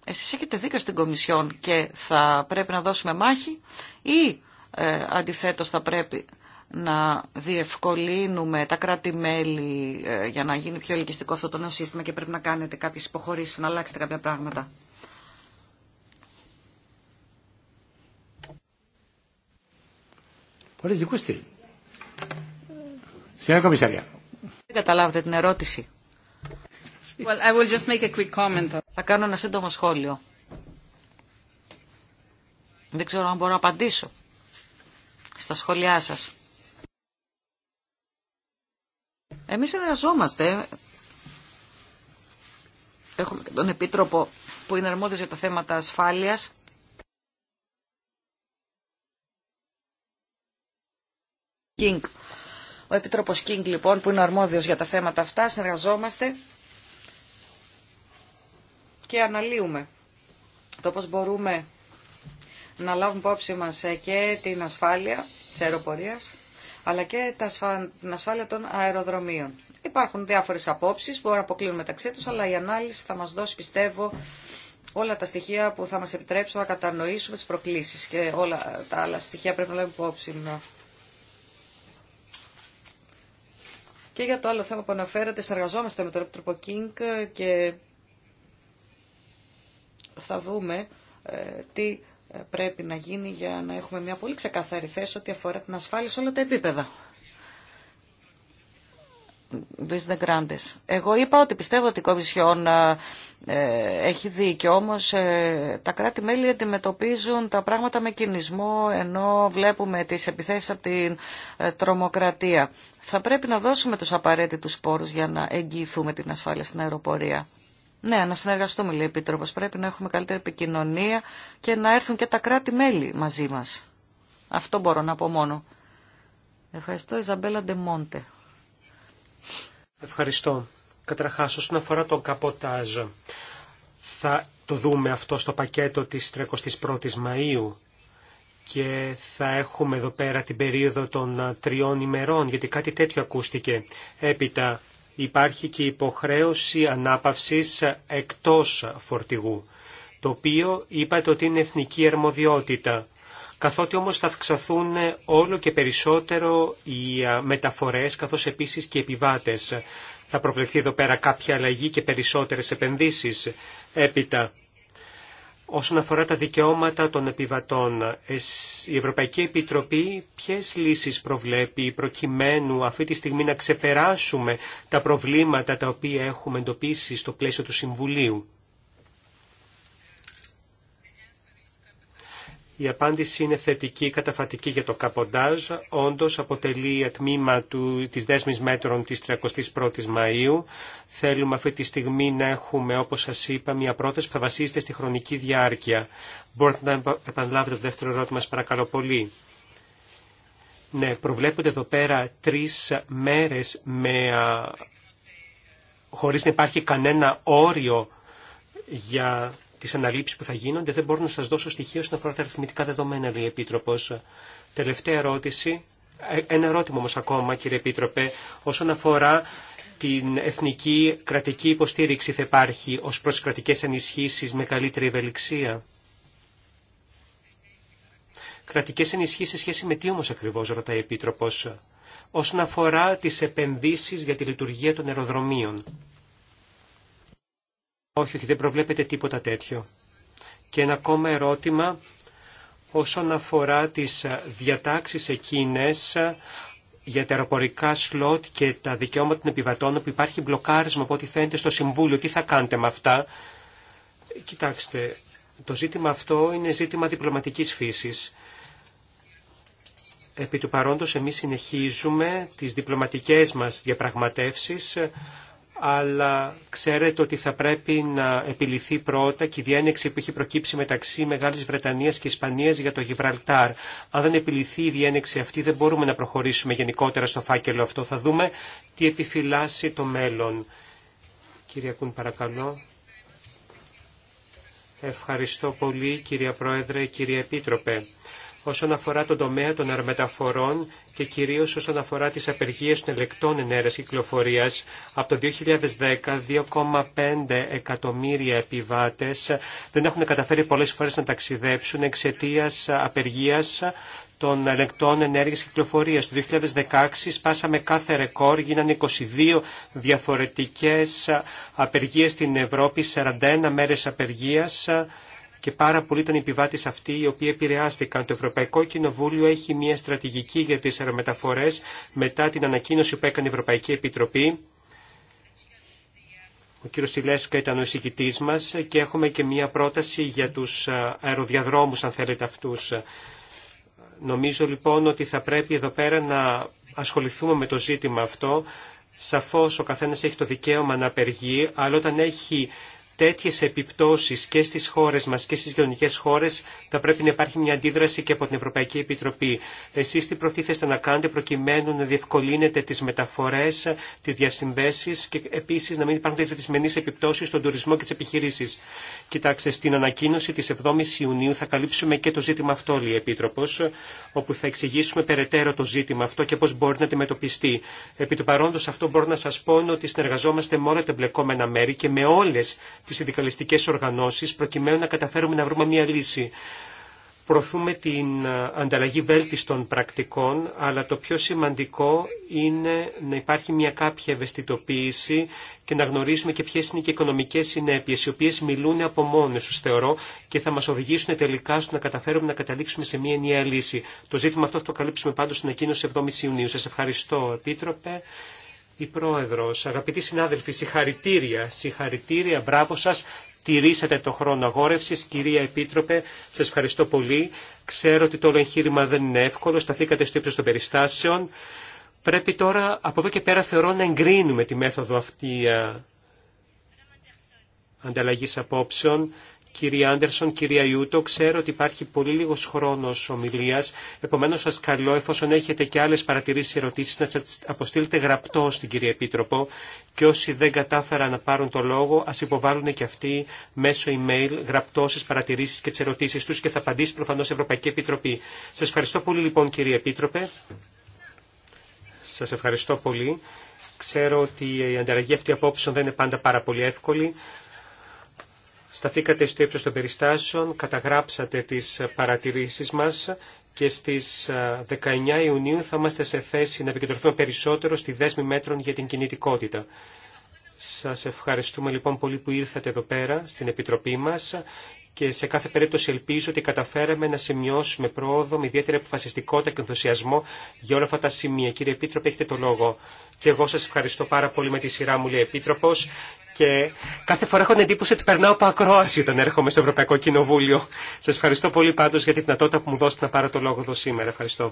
Εσείς έχετε δίκιο στην Κομισιόν και θα πρέπει να δώσουμε μάχη ή ε, αντιθέτως θα πρέπει να διευκολύνουμε τα κράτη-μέλη ε, για να γίνει πιο ελκυστικό αυτό το νέο σύστημα και πρέπει να κάνετε κάποιες υποχωρήσεις, να αλλάξετε κάποια πράγματα. Δεν καταλάβετε την ερώτηση. Well, I will just make a quick comment. Θα κάνω ένα σύντομο σχόλιο. Δεν ξέρω αν μπορώ να απαντήσω στα σχόλιά σας. Εμείς συνεργαζόμαστε. Έχουμε και τον Επίτροπο που είναι αρμόδιος για τα θέματα ασφάλειας. King. Ο Επίτροπος Κίνγκ λοιπόν που είναι αρμόδιος για τα θέματα αυτά συνεργαζόμαστε και αναλύουμε το πώς μπορούμε να λάβουμε υπόψη μας ε, και την ασφάλεια της αεροπορίας αλλά και την ασφάλεια των αεροδρομίων. Υπάρχουν διάφορες απόψεις που αποκλίνουν μεταξύ του, αλλά η ανάλυση θα μας δώσει, πιστεύω, όλα τα στοιχεία που θα μας επιτρέψουν να κατανοήσουμε τις προκλήσεις και όλα τα άλλα στοιχεία πρέπει να λέμε υπόψη. Και για το άλλο θέμα που αναφέρατε, συνεργαζόμαστε με τον Επιτροπό και θα δούμε ε, τι ε, πρέπει να γίνει για να έχουμε μια πολύ ξεκαθαρή θέση ό,τι αφορά την ασφάλεια σε όλα τα επίπεδα. Εγώ είπα ότι πιστεύω ότι η Κομισιόν ε, ε, έχει δίκιο, όμως τα κράτη-μέλη αντιμετωπίζουν τα πράγματα με κινησμό, ενώ βλέπουμε τις επιθέσεις από την τρομοκρατία. Θα πρέπει να δώσουμε τους απαραίτητους πόρους για να εγγυηθούμε την ασφάλεια στην αεροπορία. Ναι, να συνεργαστούμε, λέει η Επίτροπος. Πρέπει να έχουμε καλύτερη επικοινωνία και να έρθουν και τα κράτη-μέλη μαζί μας. Αυτό μπορώ να πω μόνο. Ευχαριστώ, Ιζαμπέλα Ντεμόντε. Ευχαριστώ. Καταρχάς, όσον αφορά τον καποτάζ, θα το δούμε αυτό στο πακέτο της 31ης Μαΐου και θα έχουμε εδώ πέρα την περίοδο των τριών ημερών, γιατί κάτι τέτοιο ακούστηκε. Έπειτα, υπάρχει και υποχρέωση ανάπαυσης εκτός φορτηγού, το οποίο είπατε ότι είναι εθνική αρμοδιότητα. Καθότι όμως θα αυξαθούν όλο και περισσότερο οι μεταφορές, καθώς επίσης και οι επιβάτες. Θα προβλεφθεί εδώ πέρα κάποια αλλαγή και περισσότερες επενδύσεις. Έπειτα, όσον αφορά τα δικαιώματα των επιβατών. Η Ευρωπαϊκή Επιτροπή ποιες λύσεις προβλέπει προκειμένου αυτή τη στιγμή να ξεπεράσουμε τα προβλήματα τα οποία έχουμε εντοπίσει στο πλαίσιο του Συμβουλίου. Η απάντηση είναι θετική, καταφατική για το καποντάζ. Όντως αποτελεί τμήμα του, της δέσμης μέτρων της 31ης Μαΐου. Θέλουμε αυτή τη στιγμή να έχουμε, όπως σας είπα, μια πρόταση που θα βασίζεται στη χρονική διάρκεια. Μπορείτε να επαναλάβετε το δεύτερο ερώτημα, παρακαλώ πολύ. Ναι, προβλέπονται εδώ πέρα τρεις μέρες με, χωρίς να υπάρχει κανένα όριο για τις αναλήψεις που θα γίνονται. Δεν μπορώ να σας δώσω στοιχεία όσον αφορά τα αριθμητικά δεδομένα, λέει η Επίτροπος. Τελευταία ερώτηση. Ε, ένα ερώτημα όμως ακόμα, κύριε Επίτροπε, όσον αφορά την εθνική κρατική υποστήριξη θα υπάρχει ως προς κρατικές ενισχύσεις με καλύτερη ευελιξία. Κρατικές ενισχύσεις σε σχέση με τι όμως ακριβώς, ρωτάει η Επίτροπος, όσον αφορά τις επενδύσεις για τη λειτουργία των αεροδρομίων. Όχι, όχι, δεν προβλέπετε τίποτα τέτοιο. Και ένα ακόμα ερώτημα όσον αφορά τις διατάξεις εκείνες για τα αεροπορικά σλότ και τα δικαιώματα των επιβατών που υπάρχει μπλοκάρισμα από ό,τι φαίνεται στο Συμβούλιο. Τι θα κάνετε με αυτά. Κοιτάξτε, το ζήτημα αυτό είναι ζήτημα διπλωματικής φύσης. Επί του παρόντος εμείς συνεχίζουμε τις διπλωματικές μας διαπραγματεύσεις αλλά ξέρετε ότι θα πρέπει να επιληθεί πρώτα και η διένεξη που έχει προκύψει μεταξύ Μεγάλης Βρετανίας και Ισπανίας για το Γιβραλτάρ. Αν δεν επιληθεί η διένεξη αυτή δεν μπορούμε να προχωρήσουμε γενικότερα στο φάκελο αυτό. Θα δούμε τι επιφυλάσσει το μέλλον. Κυρία Κούν παρακαλώ. Ευχαριστώ πολύ κυρία Πρόεδρε, κύριε Επίτροπε όσον αφορά τον τομέα των αερομεταφορών και κυρίως όσον αφορά τις απεργίες των ελεκτών ενέργειας κυκλοφορίας. Από το 2010, 2,5 εκατομμύρια επιβάτες δεν έχουν καταφέρει πολλές φορές να ταξιδέψουν εξαιτία απεργίας των ελεκτών ενέργειας κυκλοφορίας. Το 2016 σπάσαμε κάθε ρεκόρ, γίνανε 22 διαφορετικές απεργίες στην Ευρώπη, 41 μέρες απεργίας και πάρα πολλοί ήταν οι επιβάτε αυτοί οι οποίοι επηρεάστηκαν. Το Ευρωπαϊκό Κοινοβούλιο έχει μια στρατηγική για τι αερομεταφορέ μετά την ανακοίνωση που έκανε η Ευρωπαϊκή Επιτροπή. Ο κύριος Σιλέσκα ήταν ο εισηγητή μας και έχουμε και μία πρόταση για τους αεροδιαδρόμους, αν θέλετε αυτούς. Νομίζω λοιπόν ότι θα πρέπει εδώ πέρα να ασχοληθούμε με το ζήτημα αυτό. Σαφώς ο καθένας έχει το δικαίωμα να απεργεί, αλλά όταν έχει τέτοιες επιπτώσεις και στις χώρες μας και στις γειτονικές χώρες θα πρέπει να υπάρχει μια αντίδραση και από την Ευρωπαϊκή Επιτροπή. Εσείς τι προτίθεστε να κάνετε προκειμένου να διευκολύνετε τις μεταφορές, τις διασυνδέσεις και επίσης να μην υπάρχουν τι επιπτώσεις στον τουρισμό και τις επιχειρήσεις. Κοιτάξτε, στην ανακοίνωση της 7ης Ιουνίου θα καλύψουμε και το ζήτημα αυτό, λέει η Επίτροπος, όπου θα εξηγήσουμε περαιτέρω το ζήτημα αυτό και πώς μπορεί να αντιμετωπιστεί. Επί του παρόντος αυτό μπορώ να σας πω ότι συνεργαζόμαστε με όλα τα εμπλεκόμενα μέρη και με όλες τι συνδικαλιστικέ οργανώσει, προκειμένου να καταφέρουμε να βρούμε μια λύση. Προωθούμε την ε, ανταλλαγή βέλτιστων πρακτικών, αλλά το πιο σημαντικό είναι να υπάρχει μια κάποια ευαισθητοποίηση και να γνωρίζουμε και ποιες είναι οι οικονομικές συνέπειες, οι οποίες μιλούν από μόνες τους, θεωρώ, και θα μας οδηγήσουν τελικά στο να καταφέρουμε να καταλήξουμε σε μια ενιαία λύση. Το ζήτημα αυτό θα το καλύψουμε πάντως στην εκείνο 7 7η Ιουνίου. Σας ευχαριστώ, Επίτροπε η Πρόεδρος. Αγαπητοί συνάδελφοι, συγχαρητήρια, συγχαρητήρια, μπράβο σας. Τηρήσατε το χρόνο αγόρευσης. Κυρία Επίτροπε, σας ευχαριστώ πολύ. Ξέρω ότι το όλο εγχείρημα δεν είναι εύκολο. Σταθήκατε στο ύψος των περιστάσεων. Πρέπει τώρα, από εδώ και πέρα, θεωρώ να εγκρίνουμε τη μέθοδο αυτή ανταλλαγής απόψεων. Κυρία Άντερσον, κυρία Ιούτο, ξέρω ότι υπάρχει πολύ λίγος χρόνος ομιλίας, επομένως σας καλώ, εφόσον έχετε και άλλες παρατηρήσεις ή ερωτήσεις, να σας αποστείλετε γραπτό στην κυρία Επίτροπο και όσοι δεν κατάφεραν να πάρουν το λόγο, ας υποβάλουν και αυτοί μέσω email γραπτό στις παρατηρήσεις και τις ερωτήσεις τους και θα απαντήσει προφανώς η Ευρωπαϊκή Επιτροπή. Σας ευχαριστώ πολύ λοιπόν κύριε Επίτροπε. Σας ευχαριστώ πολύ. Ξέρω ότι η ανταλλαγή αυτή απόψεων δεν είναι πάντα πάρα πολύ εύκολη. Σταθήκατε στο ύψος των περιστάσεων, καταγράψατε τις παρατηρήσεις μας και στις 19 Ιουνίου θα είμαστε σε θέση να επικεντρωθούμε περισσότερο στη δέσμη μέτρων για την κινητικότητα. Σας ευχαριστούμε λοιπόν πολύ που ήρθατε εδώ πέρα στην Επιτροπή μας και σε κάθε περίπτωση ελπίζω ότι καταφέραμε να σημειώσουμε πρόοδο με ιδιαίτερη αποφασιστικότητα και ενθουσιασμό για όλα αυτά τα σημεία. Κύριε Επίτροπε, έχετε το λόγο. Και εγώ σας ευχαριστώ πάρα πολύ με τη σειρά μου, λέει Επίτροπος, και κάθε φορά έχω την εντύπωση ότι περνάω από ακρόαση όταν έρχομαι στο Ευρωπαϊκό Κοινοβούλιο. Σα ευχαριστώ πολύ πάντω για τη δυνατότητα που μου δώσετε να πάρω το λόγο εδώ σήμερα. Ευχαριστώ.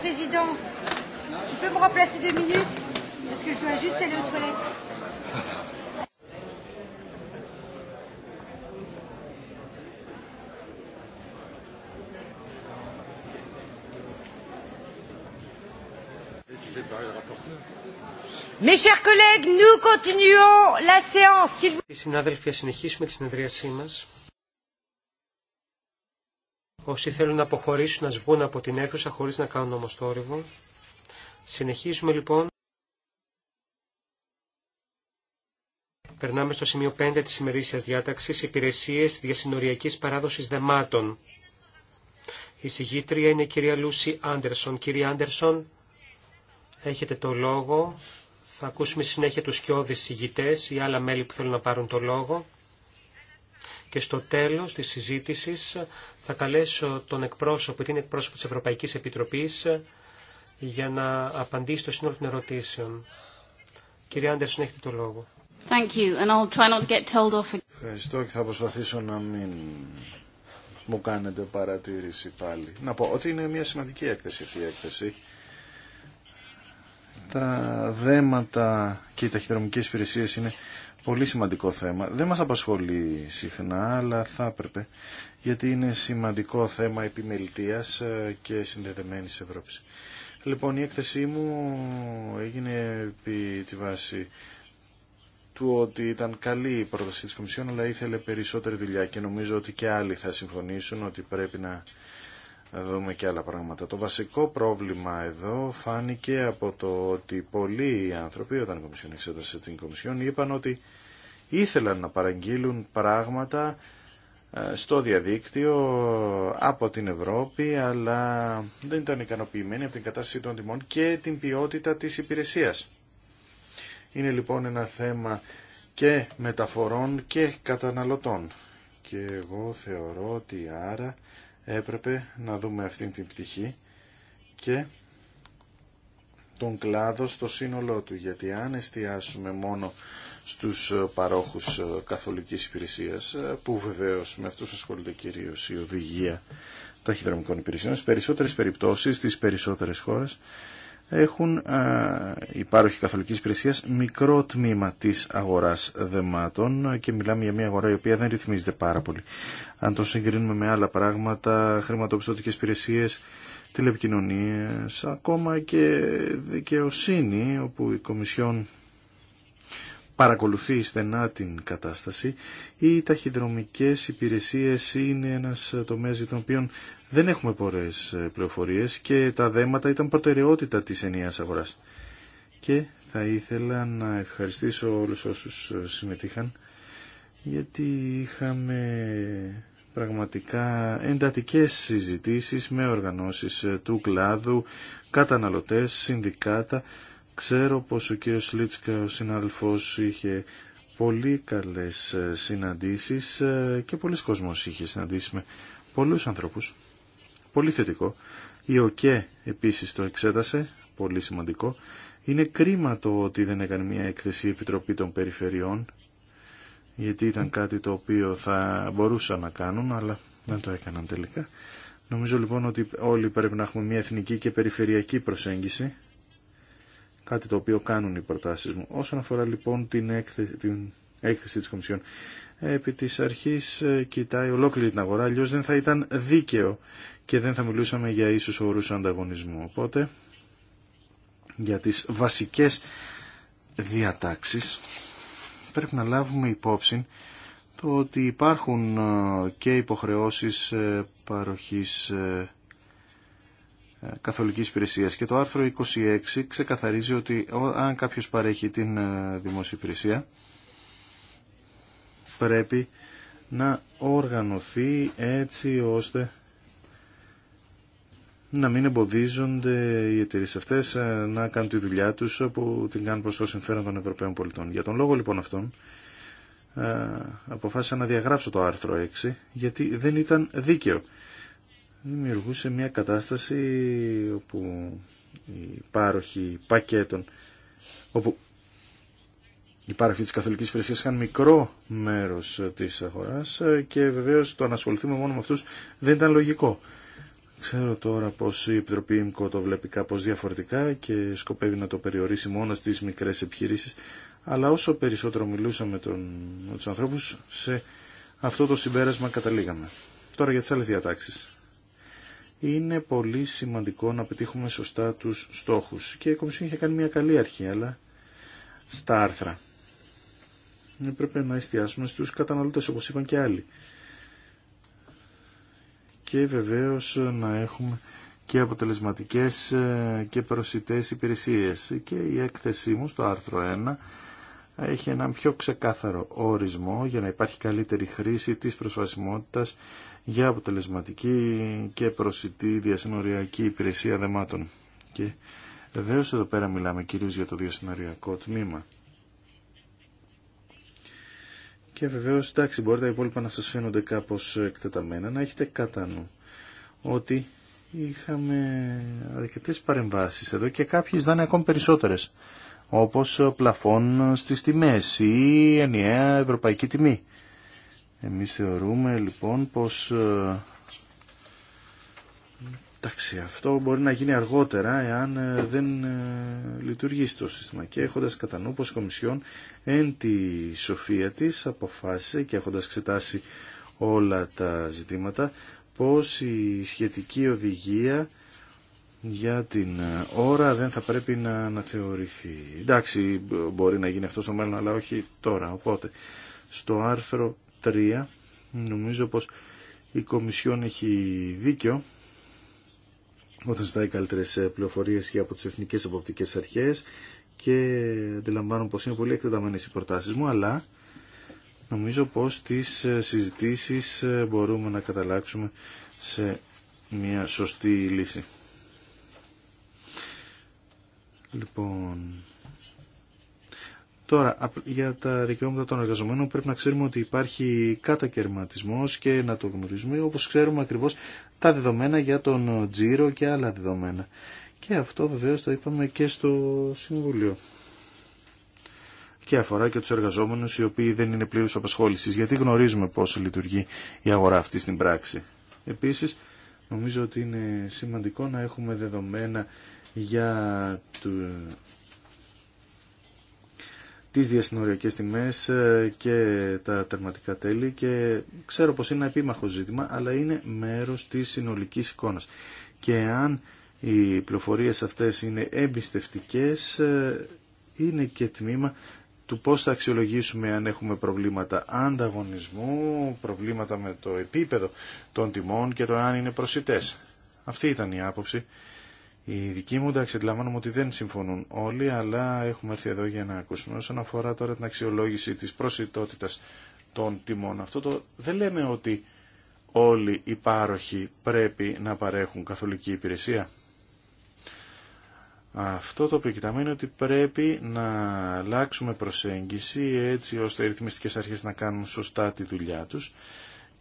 président, tu peux me remplacer deux minutes Parce que je dois juste aller aux toilettes. Mes chers collègues, nous continuons la séance. Συνάδελφοι, συνεχίσουμε τη συνεδρίασή μας. Όσοι θέλουν να αποχωρήσουν να βγουν από την αίθουσα χωρίς να κάνουν όμως τόρυβο. Συνεχίζουμε λοιπόν. Περνάμε στο σημείο 5 της ημερήσιας διάταξης «Υπηρεσίες διασυνοριακής παράδοσης δεμάτων». Η συγγήτρια είναι η κυρία Λούση Άντερσον. Κύριε Άντερσον, έχετε το λόγο. Θα ακούσουμε συνέχεια τους σκιώδεις συγγητές ή άλλα μέλη που θέλουν να πάρουν το λόγο. Και στο τέλος της συζήτησης θα καλέσω τον εκπρόσωπο, την εκπρόσωπο της Ευρωπαϊκής Επιτροπής ε, για να απαντήσει στο σύνολο των ερωτήσεων. Κύριε Άντερσον, έχετε το λόγο. Thank you. And I'll try not to get told off. Ευχαριστώ και θα προσπαθήσω να μην μου κάνετε παρατήρηση πάλι. Να πω ότι είναι μια σημαντική έκθεση αυτή η έκθεση. Τα δέματα και οι ταχυδρομικές υπηρεσίε είναι πολύ σημαντικό θέμα. Δεν μας απασχολεί συχνά, αλλά θα έπρεπε γιατί είναι σημαντικό θέμα επιμελητίας ε, και συνδεδεμένης Ευρώπης. Λοιπόν, η έκθεσή μου έγινε επί τη βάση του ότι ήταν καλή η πρόταση της Κομισιόν, αλλά ήθελε περισσότερη δουλειά και νομίζω ότι και άλλοι θα συμφωνήσουν ότι πρέπει να δούμε και άλλα πράγματα. Το βασικό πρόβλημα εδώ φάνηκε από το ότι πολλοί άνθρωποι, όταν η Κομισιόν εξέτασε την Κομισιόν, είπαν ότι ήθελαν να παραγγείλουν πράγματα ε, στο διαδίκτυο από την Ευρώπη, αλλά δεν ήταν ικανοποιημένοι από την κατάσταση των τιμών και την ποιότητα της υπηρεσίας. Είναι λοιπόν ένα θέμα και μεταφορών και καταναλωτών. Και εγώ θεωρώ ότι άρα έπρεπε να δούμε αυτή την πτυχή και τον κλάδο στο σύνολό του. Γιατί αν εστιάσουμε μόνο στους ε, παρόχους ε, καθολικής υπηρεσίας, ε, που βεβαίως με αυτούς ασχολείται κυρίως η οδηγία ταχυδρομικών υπηρεσιών, στις περισσότερες περιπτώσεις, στις περισσότερες χώρες, έχουν α, οι πάροχοι καθολικής υπηρεσίας μικρό τμήμα της αγοράς δεμάτων και μιλάμε για μια αγορά η οποία δεν ρυθμίζεται πάρα πολύ. Αν το συγκρίνουμε με άλλα πράγματα, χρηματοπιστωτικές υπηρεσίες, τηλεπικοινωνίες, ακόμα και δικαιοσύνη, όπου η Κομισιόν παρακολουθεί στενά την κατάσταση, οι ταχυδρομικές υπηρεσίες είναι ένας τομέας για τον οποίο δεν έχουμε πολλέ ε, πληροφορίε και τα δέματα ήταν προτεραιότητα της ενιαία αγοράς. Και θα ήθελα να ευχαριστήσω όλους όσους ε, συμμετείχαν γιατί είχαμε πραγματικά εντατικές συζητήσεις με οργανώσεις ε, του κλάδου, καταναλωτές, συνδικάτα. Ξέρω πως ο κύριος Σλίτσκα, ο συνάδελφός, είχε πολύ καλές συναντήσεις και πολλοί κόσμος είχε συναντήσει με πολλούς ανθρώπους πολύ θετικό. Η ΟΚΕ επίσης το εξέτασε, πολύ σημαντικό. Είναι κρίμα το ότι δεν έκανε μια έκθεση η Επιτροπή των Περιφερειών, γιατί ήταν κάτι το οποίο θα μπορούσαν να κάνουν, αλλά δεν το έκαναν τελικά. Νομίζω λοιπόν ότι όλοι πρέπει να έχουμε μια εθνική και περιφερειακή προσέγγιση, κάτι το οποίο κάνουν οι προτάσεις μου. Όσον αφορά λοιπόν την, την έκθεση της Κομισιόν, επί της αρχής ε, κοιτάει ολόκληρη την αγορά, αλλιώς δεν θα ήταν δίκαιο και δεν θα μιλούσαμε για ίσους όρους ανταγωνισμού. Οπότε, για τις βασικές διατάξεις πρέπει να λάβουμε υπόψη το ότι υπάρχουν ε, και υποχρεώσεις ε, παροχής ε, καθολικής υπηρεσίας και το άρθρο 26 ξεκαθαρίζει ότι αν κάποιος παρέχει την δημόσια υπηρεσία πρέπει να οργανωθεί έτσι ώστε να μην εμποδίζονται οι εταιρείε αυτέ ε, να κάνουν τη δουλειά του που την κάνουν προ το συμφέρον των Ευρωπαίων πολιτών. Για τον λόγο λοιπόν αυτόν ε, αποφάσισα να διαγράψω το άρθρο 6 γιατί δεν ήταν δίκαιο. Δημιουργούσε μια κατάσταση όπου οι πάροχοι πακέτων όπου οι πάροχοι της Καθολικής Υπηρεσίας είχαν μικρό μέρος της αγοράς ε, και βεβαίως το να ασχοληθούμε μόνο με αυτούς δεν ήταν λογικό. Ξέρω τώρα πως η Επιτροπή ΙΜΚΟ το βλέπει κάπως διαφορετικά και σκοπεύει να το περιορίσει μόνο στις μικρές επιχειρήσεις, αλλά όσο περισσότερο μιλούσαμε με, τον, με τους ανθρώπους, σε αυτό το συμπέρασμα καταλήγαμε. Τώρα για τις άλλες διατάξεις. Είναι πολύ σημαντικό να πετύχουμε σωστά τους στόχους και η Κομισιόν είχε κάνει μια καλή αρχή, αλλά στα άρθρα. Πρέπει να εστιάσουμε στους καταναλωτές, όπως είπαν και άλλοι και βεβαίως να έχουμε και αποτελεσματικές ε, και προσιτές υπηρεσίες. Και η έκθεσή μου στο άρθρο 1 έχει έναν πιο ξεκάθαρο ορισμό για να υπάρχει καλύτερη χρήση της προσβασιμότητας για αποτελεσματική και προσιτή διασυνοριακή υπηρεσία δεμάτων. Και βεβαίως εδώ πέρα μιλάμε κυρίως για το διασυνοριακό τμήμα. Και βεβαίω εντάξει, μπορεί τα υπόλοιπα να σα φαίνονται κάπως εκτεταμένα, να έχετε κατά νου ότι είχαμε αρκετές παρεμβάσεις εδώ και κάποιες δάνε ακόμη περισσότερες, όπως πλαφών στι τιμέ ή ενιαία ευρωπαϊκή τιμή. Εμείς θεωρούμε λοιπόν πως ε, Εντάξει, αυτό μπορεί να γίνει αργότερα εάν ε, δεν ε, λειτουργήσει το σύστημα. Και έχοντας κατά νου πως η Κομισιόν εν τη σοφία της αποφάσισε και έχοντας εξετάσει όλα τα ζητήματα πως η σχετική οδηγία για την ε, ώρα δεν θα πρέπει να αναθεωρηθεί. Εντάξει, μπορεί να γίνει αυτό στο μέλλον, αλλά όχι τώρα. Οπότε, στο άρθρο 3, νομίζω πως η Κομισιόν έχει δίκιο όταν ζητάει καλύτερε πληροφορίε και από τις εθνικές Αποπτικές αρχές και αντιλαμβάνομαι πως είναι πολύ εκτεταμένε οι προτάσει μου, αλλά νομίζω πως τι ε, συζητήσεις ε, μπορούμε να καταλάξουμε σε μια σωστή λύση. Λοιπόν, τώρα για τα δικαιώματα των εργαζομένων πρέπει να ξέρουμε ότι υπάρχει κατακαιρματισμός και να το γνωρίζουμε όπως ξέρουμε ακριβώς τα δεδομένα για τον τζίρο και άλλα δεδομένα. Και αυτό βεβαίως το είπαμε και στο Συμβουλίο. Και αφορά και τους εργαζόμενους οι οποίοι δεν είναι πλήρους απασχόλησης, γιατί γνωρίζουμε πώς λειτουργεί η αγορά αυτή στην πράξη. Επίσης, νομίζω ότι είναι σημαντικό να έχουμε δεδομένα για τις διασυνοριακές τιμές ε, και τα τερματικά τέλη και ξέρω πως είναι ένα επίμαχο ζήτημα αλλά είναι μέρος της συνολικής εικόνας και αν οι πληροφορίες αυτές είναι εμπιστευτικές ε, είναι και τμήμα του πώς θα αξιολογήσουμε αν έχουμε προβλήματα ανταγωνισμού, προβλήματα με το επίπεδο των τιμών και το αν είναι προσιτές. Αυτή ήταν η άποψη οι δικοί μου, εντάξει, αντιλαμβάνομαι ότι δεν συμφωνούν όλοι, αλλά έχουμε έρθει εδώ για να ακούσουμε. Όσον αφορά τώρα την αξιολόγηση της προσιτότητας των τιμών, αυτό το δεν λέμε ότι όλοι οι πάροχοι πρέπει να παρέχουν καθολική υπηρεσία. Αυτό το οποίο κοιτάμε είναι ότι πρέπει να αλλάξουμε προσέγγιση έτσι ώστε οι ρυθμιστικές αρχές να κάνουν σωστά τη δουλειά τους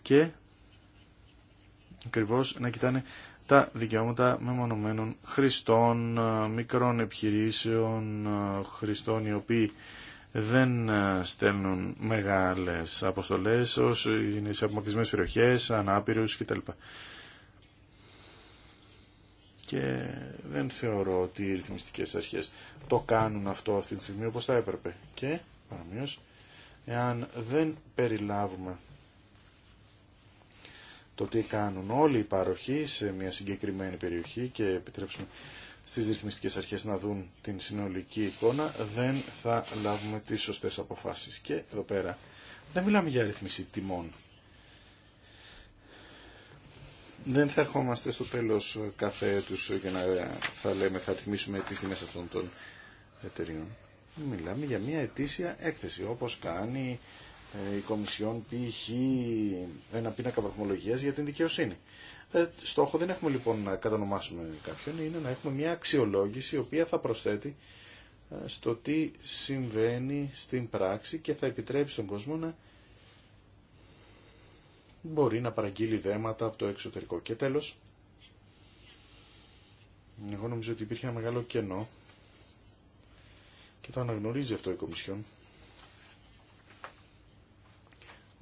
και ακριβώ να κοιτάνε τα δικαιώματα μεμονωμένων χρηστών, ε, μικρών επιχειρήσεων, ε, χρηστών οι οποίοι δεν ε, στέλνουν μεγάλες αποστολές όσο είναι σε απομακρυσμένες περιοχές, ανάπηρους κτλ. Και δεν θεωρώ ότι οι ρυθμιστικές αρχές το κάνουν αυτό αυτή τη στιγμή όπως θα έπρεπε. Και παραμείως, εάν δεν περιλάβουμε το τι κάνουν όλοι οι παροχοί σε μια συγκεκριμένη περιοχή και επιτρέψουμε στις ρυθμιστικές αρχές να δουν την συνολική εικόνα, δεν θα λάβουμε τις σωστές αποφάσεις. Και εδώ πέρα δεν μιλάμε για ρυθμίση τιμών. Δεν θα ερχόμαστε στο τέλος κάθε έτους για να θα λέμε θα ρυθμίσουμε τις τιμές αυτών των εταιριών. Μιλάμε για μια ετήσια έκθεση, όπως κάνει ε, η Κομισιόν π.χ. ένα πίνακα βαθμολογία για την δικαιοσύνη. Ε, στόχο δεν έχουμε λοιπόν να κατανομάσουμε κάποιον, είναι να έχουμε μια αξιολόγηση η οποία θα προσθέτει ε, στο τι συμβαίνει στην πράξη και θα επιτρέψει στον κόσμο να μπορεί να παραγγείλει δέματα από το εξωτερικό. Και τέλος, εγώ νομίζω ότι υπήρχε ένα μεγάλο κενό και το αναγνωρίζει αυτό η Κομισιόν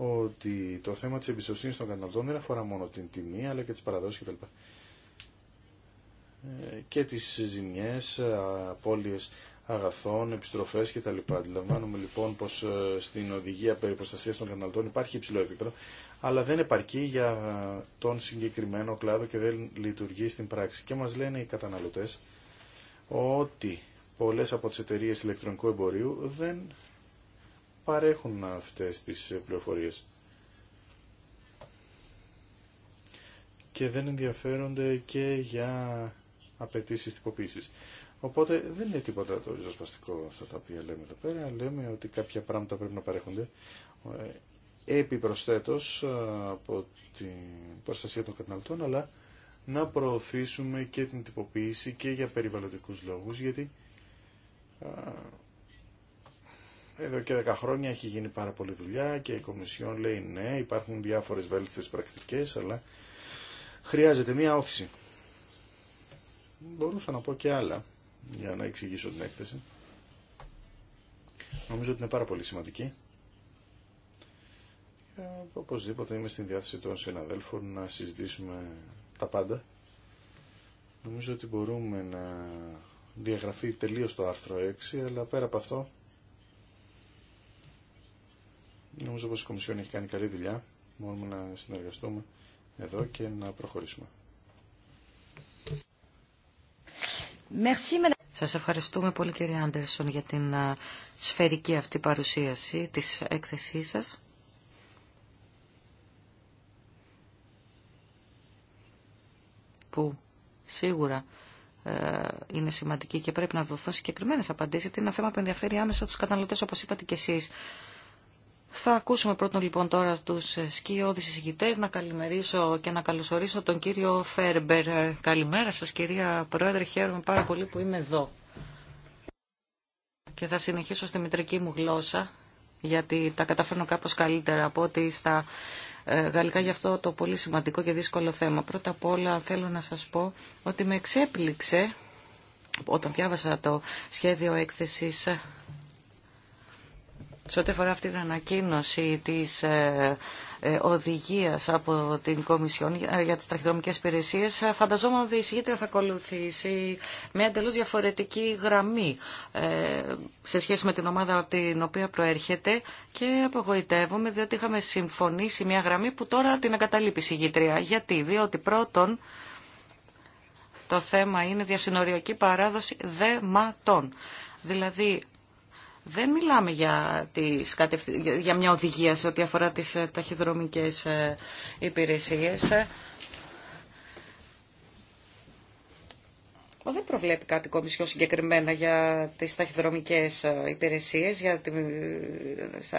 ότι το θέμα της εμπιστοσύνης των καταναλωτών δεν αφορά μόνο την τιμή αλλά και τις παραδόσεις κτλ. Ε, και τις ζημιές, απώλειες αγαθών, επιστροφές κτλ. Αντιλαμβάνουμε λοιπόν πως ε, στην οδηγία περί προστασίας των καταναλωτών υπάρχει υψηλό επίπεδο αλλά δεν επαρκεί για τον συγκεκριμένο κλάδο και δεν λειτουργεί στην πράξη. Και μας λένε οι καταναλωτές ότι πολλές από τις εταιρείε ηλεκτρονικού εμπορίου δεν παρέχουν αυτές τις πληροφορίες. Και δεν ενδιαφέρονται και για απαιτήσει τυποποίησης. Οπότε δεν είναι τίποτα το ριζοσπαστικό αυτά τα οποία λέμε εδώ πέρα. Λέμε ότι κάποια πράγματα πρέπει να παρέχονται ε, επιπροσθέτως από την προστασία των καταναλωτών, αλλά να προωθήσουμε και την τυποποίηση και για περιβαλλοντικούς λόγους, γιατί εδώ και 10 χρόνια έχει γίνει πάρα πολλή δουλειά και η Κομισιόν λέει ναι, υπάρχουν διάφορες βέλτιστες πρακτικές, αλλά χρειάζεται μία όφηση. Μπορούσα να πω και άλλα για να εξηγήσω την έκθεση. Νομίζω ότι είναι πάρα πολύ σημαντική. Ε, οπωσδήποτε είμαι στην διάθεση των συναδέλφων να συζητήσουμε τα πάντα. Νομίζω ότι μπορούμε να διαγραφεί τελείως το άρθρο 6, αλλά πέρα από αυτό Νομίζω πως η Κομισιόν έχει κάνει καλή δουλειά. Μπορούμε να συνεργαστούμε εδώ και να προχωρήσουμε. Σας ευχαριστούμε πολύ κύριε Άντερσον για την σφαιρική αυτή παρουσίαση της έκθεσής σας. Που σίγουρα ε, είναι σημαντική και πρέπει να δοθώ συγκεκριμένε απαντήσει, γιατί είναι ένα θέμα που ενδιαφέρει άμεσα του καταναλωτέ, όπω είπατε και εσείς. Θα ακούσουμε πρώτον λοιπόν τώρα τους σκιώδεις εισηγητές. Να καλημερίσω και να καλωσορίσω τον κύριο Φέρμπερ. Καλημέρα σας κυρία Πρόεδρε, χαίρομαι πάρα πολύ που είμαι εδώ. Και θα συνεχίσω στη μητρική μου γλώσσα, γιατί τα καταφέρνω κάπως καλύτερα από ότι στα ε, γαλλικά για αυτό το πολύ σημαντικό και δύσκολο θέμα. Πρώτα απ' όλα θέλω να σας πω ότι με εξέπληξε όταν διάβασα το σχέδιο έκθεσης σε ό,τι αφορά αυτή την ανακοίνωση της ε, ε, οδηγίας από την Κομισιόν για ε, τις τραχυδρομικές υπηρεσίες, φανταζόμουν ότι η συγγήτρια θα ακολουθήσει μια εντελώς διαφορετική γραμμή σε σχέση με την ομάδα από την οποία προέρχεται και απογοητεύομαι διότι είχαμε συμφωνήσει μια γραμμή που τώρα την εγκαταλείπει η συγγήτρια. Γιατί, διότι πρώτον το θέμα είναι διασυνοριακή παράδοση δεμάτων. Δηλαδή δεν μιλάμε για, τις, για μια οδηγία σε ό,τι αφορά τις ε, ταχυδρομικές ε, υπηρεσίες. Δεν προβλέπει κάτι κομισιό συγκεκριμένα για τις ταχυδρομικές ε, υπηρεσίες, για την,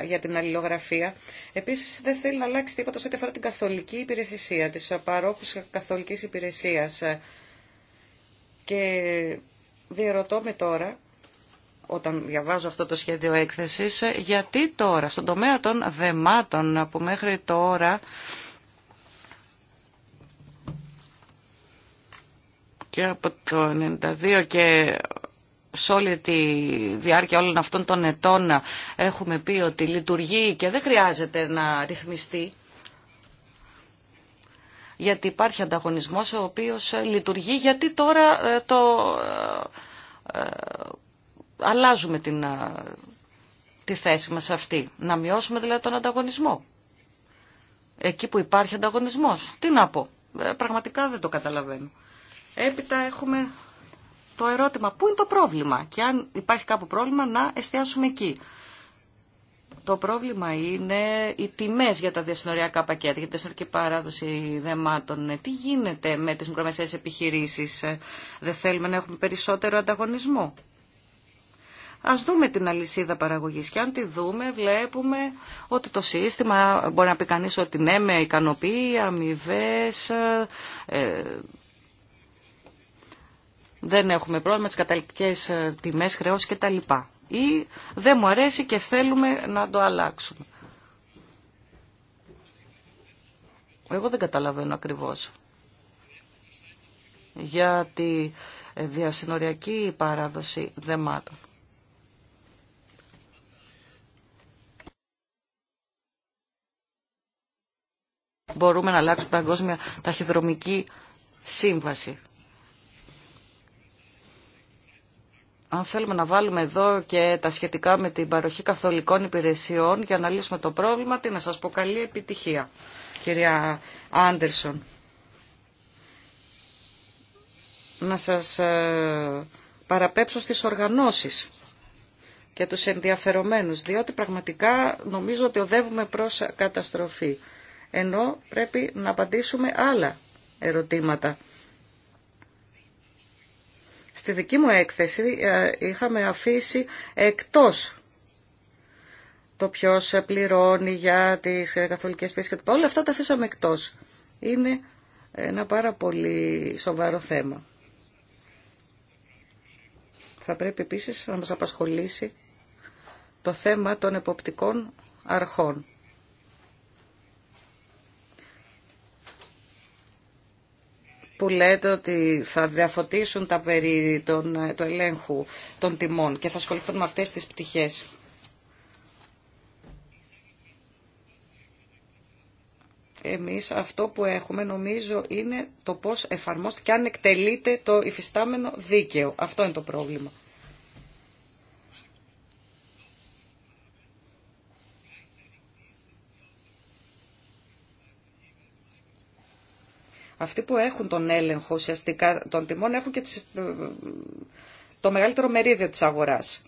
για την αλληλογραφία. Επίσης δεν θέλει να αλλάξει τίποτα σε ό,τι αφορά την καθολική υπηρεσία, τις παρόχους καθολικής υπηρεσίας. Και διερωτώ με τώρα όταν διαβάζω αυτό το σχέδιο έκθεσης, γιατί τώρα στον τομέα των δεμάτων που μέχρι τώρα και από το 92 και σε όλη τη διάρκεια όλων αυτών των ετών έχουμε πει ότι λειτουργεί και δεν χρειάζεται να ρυθμιστεί γιατί υπάρχει ανταγωνισμός ο οποίος λειτουργεί γιατί τώρα ε, το ε, αλλάζουμε την, τη θέση μας αυτή. Να μειώσουμε δηλαδή τον ανταγωνισμό. Εκεί που υπάρχει ανταγωνισμός. Τι να πω. Ε, πραγματικά δεν το καταλαβαίνω. Έπειτα έχουμε το ερώτημα πού είναι το πρόβλημα και αν υπάρχει κάποιο πρόβλημα να εστιάσουμε εκεί. Το πρόβλημα είναι οι τιμές για τα διασυνοριακά πακέτα, για τη διασυνορική παράδοση δεμάτων. Τι γίνεται με τις μικρομεσαίες επιχειρήσει, ε, Δεν θέλουμε να έχουμε περισσότερο ανταγωνισμό. Ας δούμε την αλυσίδα παραγωγής και αν τη δούμε βλέπουμε ότι το σύστημα μπορεί να πει κανείς ότι ναι με ικανοποιεί, αμοιβέ. Ε, ε, δεν έχουμε πρόβλημα τις καταληκτικές ε, τιμές χρεώσεις κτλ. Ή δεν μου αρέσει και θέλουμε να το αλλάξουμε. Εγώ δεν καταλαβαίνω ακριβώς. Για τη διασυνοριακή παράδοση δεμάτων. μπορούμε να αλλάξουμε την παγκόσμια ταχυδρομική σύμβαση. Αν θέλουμε να βάλουμε εδώ και τα σχετικά με την παροχή καθολικών υπηρεσιών για να λύσουμε το πρόβλημα, τι να σας πω, καλή επιτυχία, κυρία Άντερσον. Να σας ε, παραπέψω στις οργανώσεις και τους ενδιαφερομένους, διότι πραγματικά νομίζω ότι οδεύουμε προς καταστροφή ενώ πρέπει να απαντήσουμε άλλα ερωτήματα. Στη δική μου έκθεση ε, είχαμε αφήσει εκτός το ποιος πληρώνει για τις ε, καθολικές πίσεις και τα όλα αυτά τα αφήσαμε εκτός. Είναι ένα πάρα πολύ σοβαρό θέμα. Θα πρέπει επίσης να μας απασχολήσει το θέμα των εποπτικών αρχών. που λέτε ότι θα διαφωτίσουν τα περί των, το ελέγχου των τιμών και θα ασχοληθούν με αυτές τις πτυχές. Εμείς αυτό που έχουμε νομίζω είναι το πώς εφαρμόστε και αν εκτελείται το υφιστάμενο δίκαιο. Αυτό είναι το πρόβλημα. αυτοί που έχουν τον έλεγχο ουσιαστικά των τιμών έχουν και τις, ε, το μεγαλύτερο μερίδιο της αγοράς.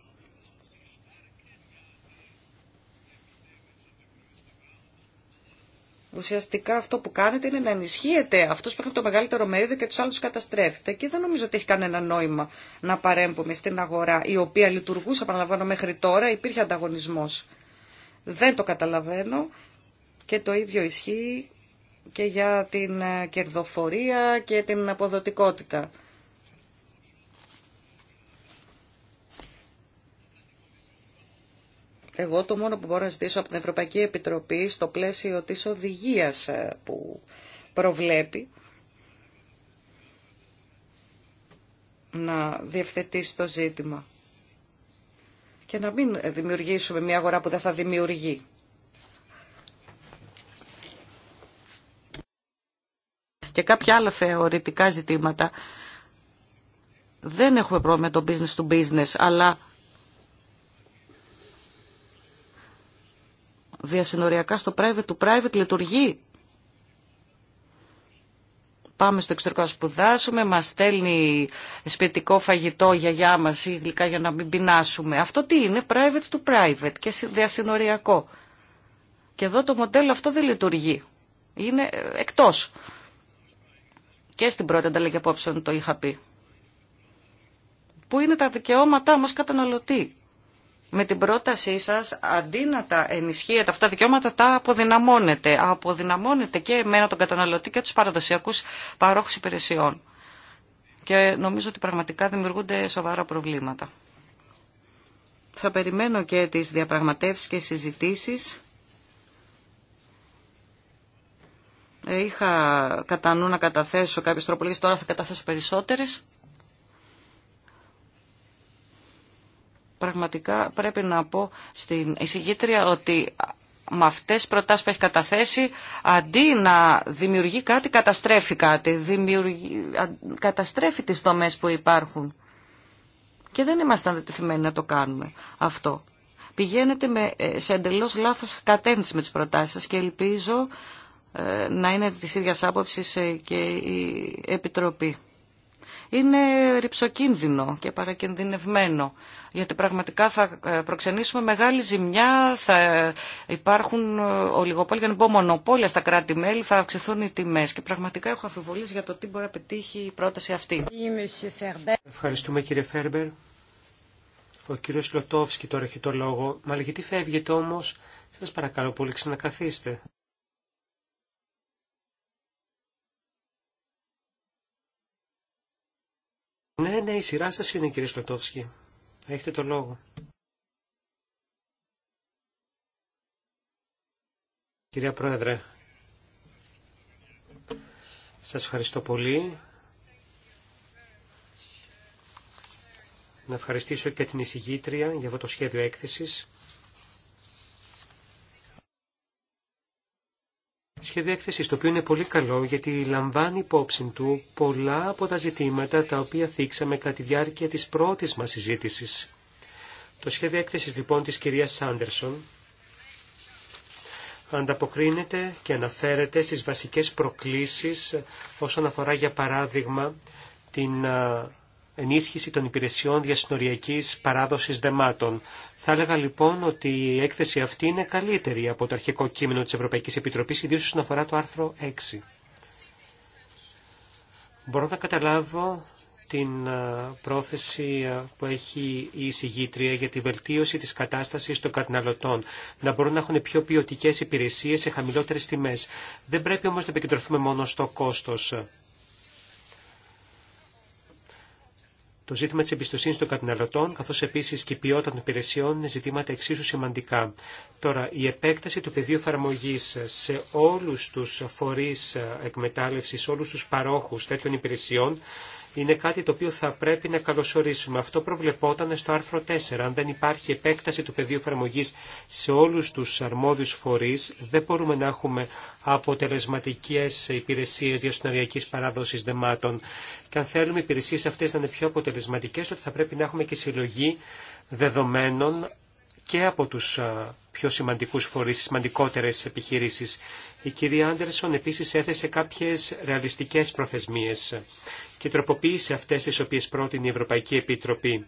Ουσιαστικά αυτό που κάνετε είναι να ενισχύετε αυτούς που έχουν το μεγαλύτερο μερίδιο και του άλλους καταστρέφετε. Και δεν νομίζω ότι έχει κανένα νόημα να παρέμβουμε στην αγορά η οποία λειτουργούσε, επαναλαμβάνω, μέχρι τώρα, υπήρχε ανταγωνισμός. Δεν το καταλαβαίνω και το ίδιο ισχύει και για την ε, κερδοφορία και την αποδοτικότητα. Εγώ το μόνο που μπορώ να ζητήσω από την Ευρωπαϊκή Επιτροπή στο πλαίσιο της οδηγίας ε, που προβλέπει να διευθετήσει το ζήτημα και να μην δημιουργήσουμε μια αγορά που δεν θα δημιουργεί. και κάποια άλλα θεωρητικά ζητήματα. Δεν έχουμε πρόβλημα με το business to business, αλλά διασυνοριακά στο private to private λειτουργεί. Πάμε στο εξωτερικό να σπουδάσουμε, μας στέλνει σπιτικό φαγητό για γιαγιά μας ή γλυκά για να μην πεινάσουμε. Αυτό τι είναι, private to private και διασυνοριακό. Και εδώ το μοντέλο αυτό δεν λειτουργεί. Είναι ε, εκτός και στην πρώτη ανταλλαγή απόψεων το είχα πει. Πού είναι τα δικαιώματά μας καταναλωτή. Με την πρότασή σας, αντί να τα ενισχύετε αυτά τα δικαιώματα, τα αποδυναμώνετε. Αποδυναμώνετε και εμένα τον καταναλωτή και τους παραδοσιακούς παρόχους υπηρεσιών. Και νομίζω ότι πραγματικά δημιουργούνται σοβαρά προβλήματα. Θα περιμένω και τις διαπραγματεύσεις και συζητήσεις Είχα κατά νου να καταθέσω κάποιες τροπολογίες, τώρα θα καταθέσω περισσότερες. Πραγματικά πρέπει να πω στην εισηγήτρια ότι με αυτές τις προτάσεις που έχει καταθέσει, αντί να δημιουργεί κάτι, καταστρέφει κάτι. Δημιουργεί, καταστρέφει τις δομές που υπάρχουν. Και δεν είμαστε δετεθειμένοι να το κάνουμε αυτό. Πηγαίνετε με, ε, σε εντελώς λάθος κατεύθυνση με τις προτάσεις και ελπίζω ε, να είναι της ίδιας άποψης ε, και η Επιτροπή. Είναι ρηψοκίνδυνο και παρακινδυνευμένο, γιατί πραγματικά θα ε, προξενήσουμε μεγάλη ζημιά, θα υπάρχουν ολιγοπόλια, να πω μονοπόλια στα κράτη-μέλη, θα αυξηθούν οι τιμές και πραγματικά έχω αφιβολίες για το τι μπορεί να πετύχει η πρόταση αυτή. Ευχαριστούμε κύριε Φέρμπερ. Ο κύριος Λοτόφσκι τώρα έχει το λόγο. Μα λέγει τι φεύγετε όμως. Σας παρακαλώ πολύ ξανακαθίστε. Ναι, ναι, η σειρά σας είναι κύριε Σλοτόφσκι. Έχετε το λόγο. Κυρία Πρόεδρε, σας ευχαριστώ πολύ. Να ευχαριστήσω και την εισηγήτρια για αυτό το σχέδιο έκθεσης. σχέδιο έκθεση, το οποίο είναι πολύ καλό γιατί λαμβάνει υπόψη του πολλά από τα ζητήματα τα οποία θίξαμε κατά τη διάρκεια της πρώτης μας συζήτησης. Το σχέδιο έκθεση λοιπόν της κυρίας Σάντερσον ανταποκρίνεται και αναφέρεται στις βασικές προκλήσεις όσον αφορά για παράδειγμα την ενίσχυση των υπηρεσιών διασυνοριακής παράδοσης δεμάτων. Θα έλεγα λοιπόν ότι η έκθεση αυτή είναι καλύτερη από το αρχικό κείμενο της Ευρωπαϊκής Επιτροπής, ιδίως όσον αφορά το άρθρο 6. Μπορώ να καταλάβω την πρόθεση που έχει η εισηγήτρια για τη βελτίωση της κατάστασης των καταναλωτών, να μπορούν να έχουν πιο ποιοτικές υπηρεσίες σε χαμηλότερες τιμές. Δεν πρέπει όμως να επικεντρωθούμε μόνο στο κόστος. Το ζήτημα τη εμπιστοσύνη των καταναλωτών, καθώ επίση και η ποιότητα των υπηρεσιών, είναι ζητήματα εξίσου σημαντικά. Τώρα, η επέκταση του πεδίου εφαρμογή σε όλου του φορεί εκμετάλλευση, όλου του παρόχου τέτοιων υπηρεσιών, είναι κάτι το οποίο θα πρέπει να καλωσορίσουμε. Αυτό προβλεπόταν στο άρθρο 4. Αν δεν υπάρχει επέκταση του πεδίου εφαρμογή σε όλου του αρμόδιους φορεί. δεν μπορούμε να έχουμε αποτελεσματικέ υπηρεσίε διασυνοριακή παράδοση δεμάτων. Και αν θέλουμε οι υπηρεσίες αυτές να είναι πιο αποτελεσματικέ, τότε θα πρέπει να έχουμε και συλλογή δεδομένων και από του πιο σημαντικού φορεί, τι σημαντικότερε επιχειρήσει. Η κυρία Άντερσον επίσης έθεσε κάποιες ρεαλιστικές προθεσμίε και τροποποίησε αυτές τις οποίες πρότεινε η Ευρωπαϊκή Επιτροπή.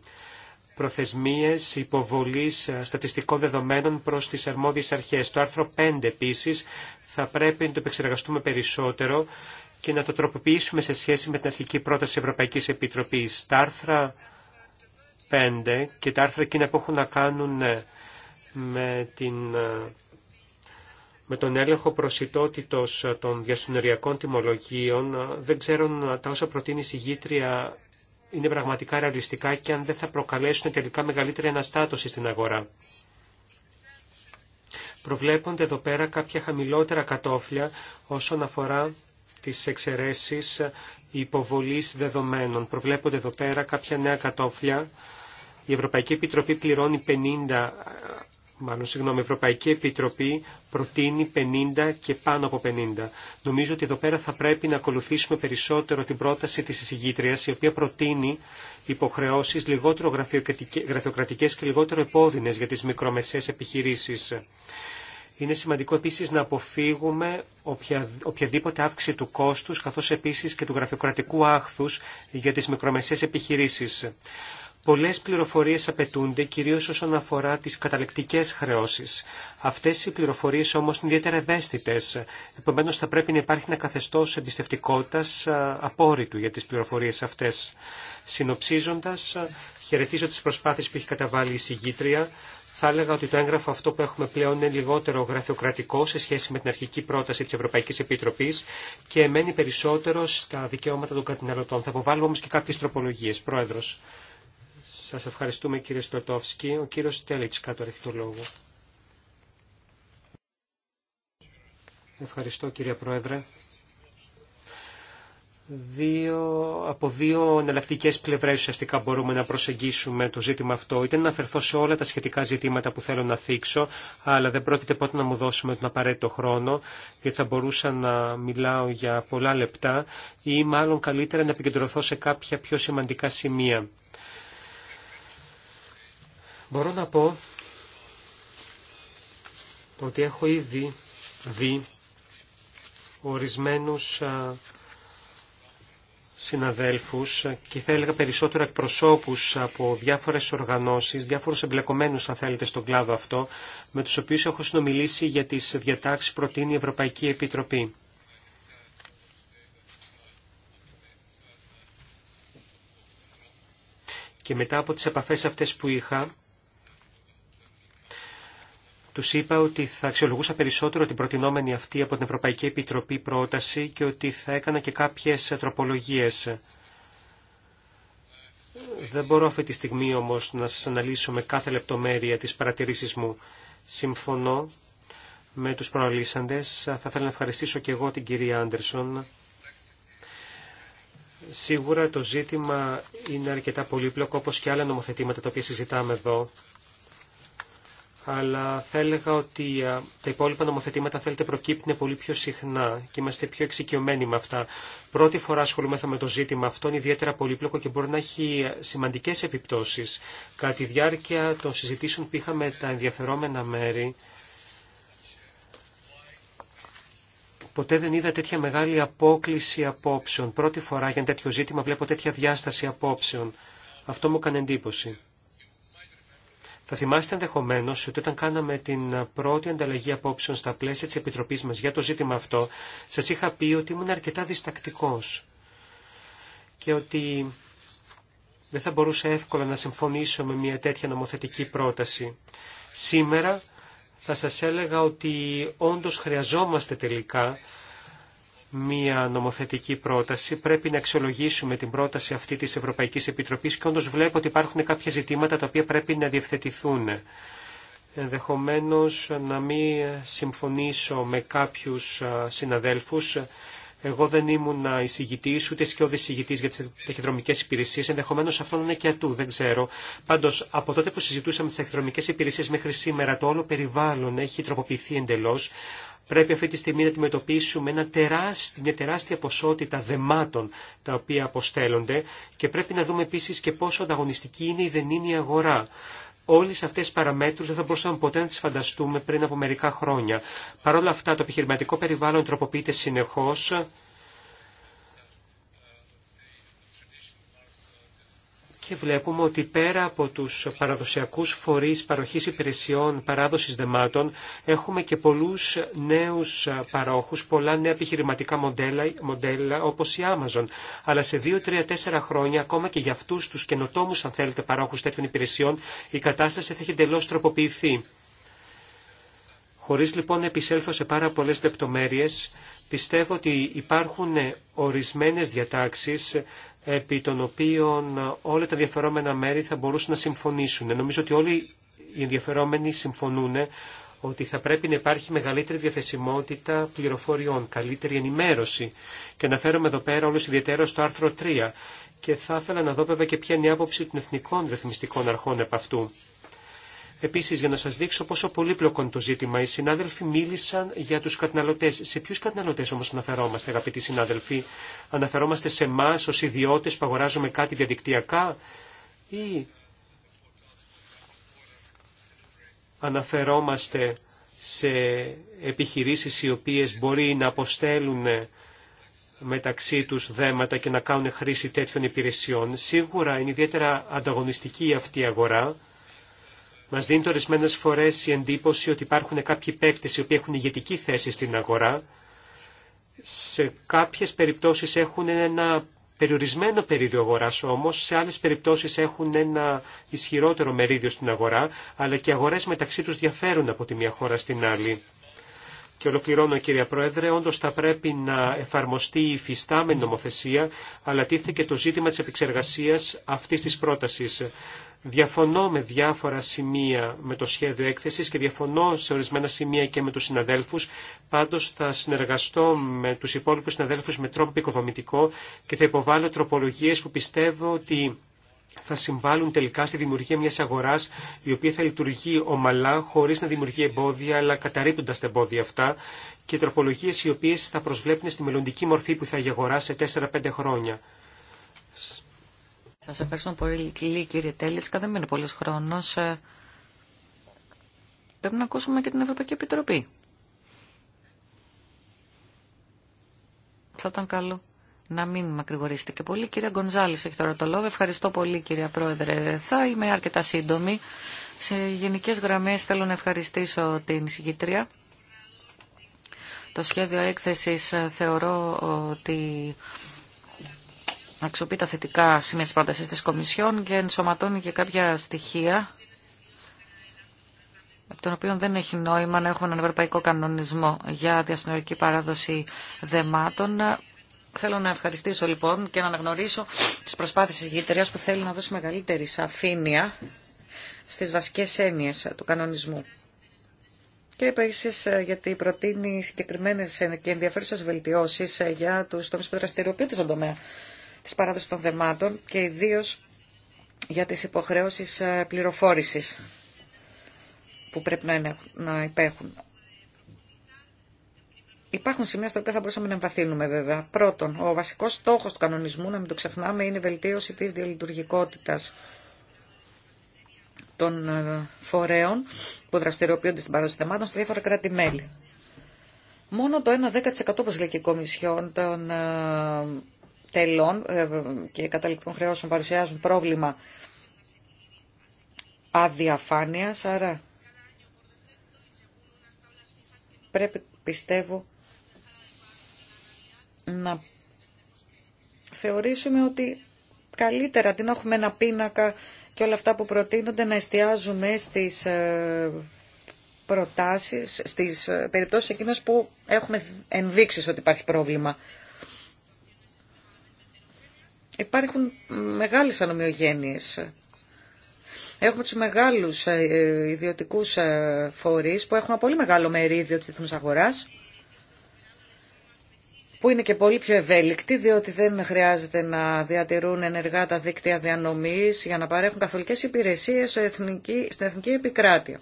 Προθεσμίες υποβολής ε, στατιστικών δεδομένων προς τις αρμόδιες αρχές. Το άρθρο 5 επίσης θα πρέπει να το επεξεργαστούμε περισσότερο και να το τροποποιήσουμε σε σχέση με την αρχική πρόταση Ευρωπαϊκής Επιτροπής. Τα άρθρα 5 και τα άρθρα εκείνα που έχουν να κάνουν ε, με την ε, με τον έλεγχο προσιτότητος των διασυνοριακών τιμολογίων, δεν ξέρω τα όσα προτείνει η συγγήτρια είναι πραγματικά ρεαλιστικά και αν δεν θα προκαλέσουν τελικά μεγαλύτερη αναστάτωση στην αγορά. Προβλέπονται εδώ πέρα κάποια χαμηλότερα κατόφλια όσον αφορά τις εξαιρέσεις υποβολής δεδομένων. Προβλέπονται εδώ πέρα κάποια νέα κατόφλια. Η Ευρωπαϊκή Επιτροπή πληρώνει 50 μάλλον συγγνώμη, η Ευρωπαϊκή Επιτροπή προτείνει 50 και πάνω από 50. Νομίζω ότι εδώ πέρα θα πρέπει να ακολουθήσουμε περισσότερο την πρόταση της εισηγήτριας, η οποία προτείνει υποχρεώσεις λιγότερο γραφειοκρατικές και λιγότερο επώδυνες για τις μικρομεσαίες επιχειρήσεις. Είναι σημαντικό επίσης να αποφύγουμε οποια, οποιαδήποτε αύξηση του κόστους, καθώς επίσης και του γραφειοκρατικού άχθους για τις μικρομεσαίες επιχειρήσεις. Πολλές πληροφορίες απαιτούνται, κυρίως όσον αφορά τις καταλεκτικές χρεώσεις. Αυτές οι πληροφορίες όμως είναι ιδιαίτερα ευαίσθητες. Επομένως θα πρέπει να υπάρχει ένα καθεστώς εμπιστευτικότητας απόρριτου για τις πληροφορίες αυτές. Συνοψίζοντας, χαιρετίζω τις προσπάθειες που έχει καταβάλει η συγγήτρια, θα έλεγα ότι το έγγραφο αυτό που έχουμε πλέον είναι λιγότερο γραφειοκρατικό σε σχέση με την αρχική πρόταση της Ευρωπαϊκής Επιτροπής και μένει περισσότερο στα δικαιώματα των καταναλωτών. Θα αποβάλουμε όμως και κάποιες τροπολογίες. Πρόεδρος. Σας ευχαριστούμε κύριε Στοτόφσκι. Ο κύριος Στέλιτς κάτω έχει το λόγο. Ευχαριστώ κύριε Πρόεδρε. Δύο, από δύο εναλλακτικέ πλευρέ ουσιαστικά μπορούμε να προσεγγίσουμε το ζήτημα αυτό. Είτε να αφαιρθώ σε όλα τα σχετικά ζητήματα που θέλω να θίξω, αλλά δεν πρόκειται πότε να μου δώσουμε τον απαραίτητο χρόνο, γιατί θα μπορούσα να μιλάω για πολλά λεπτά, ή μάλλον καλύτερα να επικεντρωθώ σε κάποια πιο σημαντικά σημεία. Μπορώ να πω ότι έχω ήδη δει ορισμένους συναδέλφους και θα έλεγα περισσότερο εκπροσώπους από διάφορες οργανώσεις, διάφορους εμπλεκομένους θα θέλετε στον κλάδο αυτό, με τους οποίους έχω συνομιλήσει για τις διατάξεις προτείνει η Ευρωπαϊκή Επιτροπή. Και μετά από τις επαφές αυτές που είχα, τους είπα ότι θα αξιολογούσα περισσότερο την προτινόμενη αυτή από την Ευρωπαϊκή Επιτροπή πρόταση και ότι θα έκανα και κάποιες τροπολογίε. Δεν μπορώ αυτή τη στιγμή όμω να σα αναλύσω με κάθε λεπτομέρεια της παρατηρήσει μου. Συμφωνώ με τους προαλήσαντες. Θα ήθελα να ευχαριστήσω και εγώ την κυρία Άντερσον. Σίγουρα το ζήτημα είναι αρκετά πολύπλοκο όπως και άλλα νομοθετήματα τα οποία συζητάμε εδώ αλλά θα έλεγα ότι τα υπόλοιπα νομοθετήματα θέλετε προκύπτουν πολύ πιο συχνά και είμαστε πιο εξοικειωμένοι με αυτά. Πρώτη φορά ασχολούμαστε με το ζήτημα αυτό, είναι ιδιαίτερα πολύπλοκο και μπορεί να έχει σημαντικές επιπτώσεις. Κατά τη διάρκεια των συζητήσεων που είχαμε τα ενδιαφερόμενα μέρη, Ποτέ δεν είδα τέτοια μεγάλη απόκληση απόψεων. Πρώτη φορά για ένα τέτοιο ζήτημα βλέπω τέτοια διάσταση απόψεων. Αυτό μου έκανε εντύπωση. Θα θυμάστε ενδεχομένω ότι όταν κάναμε την πρώτη ανταλλαγή απόψεων στα πλαίσια τη Επιτροπή μα για το ζήτημα αυτό, σα είχα πει ότι ήμουν αρκετά διστακτικό και ότι δεν θα μπορούσα εύκολα να συμφωνήσω με μια τέτοια νομοθετική πρόταση. Σήμερα θα σας έλεγα ότι όντως χρειαζόμαστε τελικά μία νομοθετική πρόταση, πρέπει να αξιολογήσουμε την πρόταση αυτή της Ευρωπαϊκής Επιτροπής και όντως βλέπω ότι υπάρχουν κάποια ζητήματα τα οποία πρέπει να διευθετηθούν. Ενδεχομένως να μην συμφωνήσω με κάποιους συναδέλφους. Εγώ δεν ήμουν εισηγητή ούτε σκιώδη εισηγητή για τι ταχυδρομικέ υπηρεσίε. Ενδεχομένω αυτό να είναι και ατού, δεν ξέρω. Πάντω, από τότε που συζητούσαμε τι ταχυδρομικέ υπηρεσίε μέχρι σήμερα, το όλο περιβάλλον έχει τροποποιηθεί εντελώ. Πρέπει αυτή τη στιγμή να αντιμετωπίσουμε ένα μια τεράστια ποσότητα δεμάτων τα οποία αποστέλλονται και πρέπει να δούμε επίσης και πόσο ανταγωνιστική είναι η η αγορά. Όλες αυτές τις παραμέτρους δεν θα μπορούσαμε ποτέ να τις φανταστούμε πριν από μερικά χρόνια. Παρ' όλα αυτά το επιχειρηματικό περιβάλλον τροποποιείται συνεχώς και βλέπουμε ότι πέρα από τους παραδοσιακούς φορείς παροχής υπηρεσιών παράδοσης δεμάτων έχουμε και πολλούς νέους παρόχους, πολλά νέα επιχειρηματικά μοντέλα, μοντέλα όπως η Amazon. Αλλά σε 2, 3, 4 χρόνια ακόμα και για αυτούς τους καινοτόμους αν θέλετε παρόχους τέτοιων υπηρεσιών η κατάσταση θα έχει εντελώ τροποποιηθεί. Χωρίς λοιπόν να επισέλθω σε πάρα πολλές λεπτομέρειες, πιστεύω ότι υπάρχουν ορισμένες διατάξεις επί των οποίων όλα τα διαφερόμενα μέρη θα μπορούσαν να συμφωνήσουν. Νομίζω ότι όλοι οι ενδιαφερόμενοι συμφωνούν ότι θα πρέπει να υπάρχει μεγαλύτερη διαθεσιμότητα πληροφοριών, καλύτερη ενημέρωση. Και αναφέρομαι εδώ πέρα όλους ιδιαίτερα στο άρθρο 3. Και θα ήθελα να δω βέβαια και ποια είναι η άποψη των εθνικών ρυθμιστικών αρχών επ' αυτού. Επίσης, για να σας δείξω πόσο πολύπλοκο είναι το ζήτημα, οι συνάδελφοι μίλησαν για τους καταναλωτές. Σε ποιους καταναλωτές όμως αναφερόμαστε, αγαπητοί συνάδελφοι. Αναφερόμαστε σε εμά ως ιδιώτες που αγοράζουμε κάτι διαδικτυακά ή αναφερόμαστε σε επιχειρήσεις οι οποίες μπορεί να αποστέλουν μεταξύ τους δέματα και να κάνουν χρήση τέτοιων υπηρεσιών. Σίγουρα είναι ιδιαίτερα ανταγωνιστική αυτή η αγορά Μα δίνει ορισμένε φορέ η εντύπωση ότι υπάρχουν κάποιοι παίκτε οι οποίοι έχουν ηγετική θέση στην αγορά. Σε κάποιε περιπτώσει έχουν ένα περιορισμένο περίδιο αγορά όμω, σε άλλε περιπτώσει έχουν ένα ισχυρότερο μερίδιο στην αγορά, αλλά και οι αγορέ μεταξύ του διαφέρουν από τη μία χώρα στην άλλη. Και ολοκληρώνω, κύριε Πρόεδρε, όντω θα πρέπει να εφαρμοστεί η φυστάμενη νομοθεσία, αλλά τίθεται και το ζήτημα τη επεξεργασία αυτή τη πρόταση. Διαφωνώ με διάφορα σημεία με το σχέδιο έκθεσης και διαφωνώ σε ορισμένα σημεία και με τους συναδέλφους. Πάντως θα συνεργαστώ με τους υπόλοιπους συναδέλφους με τρόπο οικοδομητικό και θα υποβάλω τροπολογίες που πιστεύω ότι θα συμβάλλουν τελικά στη δημιουργία μιας αγοράς η οποία θα λειτουργεί ομαλά χωρίς να δημιουργεί εμπόδια αλλά καταρρύπτοντας τα εμπόδια αυτά και τροπολογίες οι οποίες θα προσβλέπουν στη μελλοντική μορφή που θα έχει αγορά σε 4-5 χρόνια. Σα ευχαριστώ πολύ κύριε Τέλητσκα. Δεν μείνει πολύ χρόνο ε, Πρέπει να ακούσουμε και την Ευρωπαϊκή Επιτροπή. Θα ήταν καλό να μην μακρηγορήσετε και πολύ. Κύριε Γκονζάλη, έχει τώρα το λόγο. Ευχαριστώ πολύ κυρία Πρόεδρε. Θα είμαι αρκετά σύντομη. Σε γενικές γραμμές θέλω να ευχαριστήσω την συγκήτρια. Το σχέδιο έκθεσης θεωρώ ότι να αξιοποιεί τα θετικά σημεία της πρότασης της Κομισιόν και ενσωματώνει και κάποια στοιχεία από τον οποίο δεν έχει νόημα να έχουμε έναν ευρωπαϊκό κανονισμό για διασυνορική παράδοση δεμάτων. Θέλω να ευχαριστήσω λοιπόν και να αναγνωρίσω τις προσπάθειες της Γητεριάς που θέλει να δώσει μεγαλύτερη σαφήνεια στις βασικές έννοιες του κανονισμού. Και επίση ε, γιατί προτείνει συγκεκριμένε και ενδιαφέρουσε βελτιώσει ε, για του τομεί που δραστηριοποιούνται στον τομέα της παράδοσης των δεμάτων και ιδίως για τις υποχρεώσεις ε, πληροφόρησης που πρέπει να υπέχουν. Υπάρχουν σημεία στα οποία θα μπορούσαμε να εμβαθύνουμε βέβαια. Πρώτον, ο βασικός στόχος του κανονισμού, να μην το ξεχνάμε, είναι η βελτίωση της διαλειτουργικότητας των ε, φορέων που δραστηριοποιούνται στην παράδοση θεμάτων στα διάφορα κράτη-μέλη. Μόνο το 1-10% όπως των ε, τελών ε, και καταληκτικών χρεώσεων παρουσιάζουν πρόβλημα αδιαφάνειας, άρα πρέπει πιστεύω να θεωρήσουμε ότι καλύτερα αντί να έχουμε ένα πίνακα και όλα αυτά που προτείνονται να εστιάζουμε στις ε, προτάσεις, στις ε, περιπτώσεις εκείνες που έχουμε ενδείξεις ότι υπάρχει πρόβλημα. Υπάρχουν μεγάλες ανομοιογένειες. Έχουμε τους μεγάλους ε, ιδιωτικούς ε, φορείς που έχουν πολύ μεγάλο μερίδιο της διεθνούς αγοράς που είναι και πολύ πιο ευέλικτοι, διότι δεν χρειάζεται να διατηρούν ενεργά τα δίκτυα διανομής για να παρέχουν καθολικές υπηρεσίες στην εθνική, στην εθνική επικράτεια.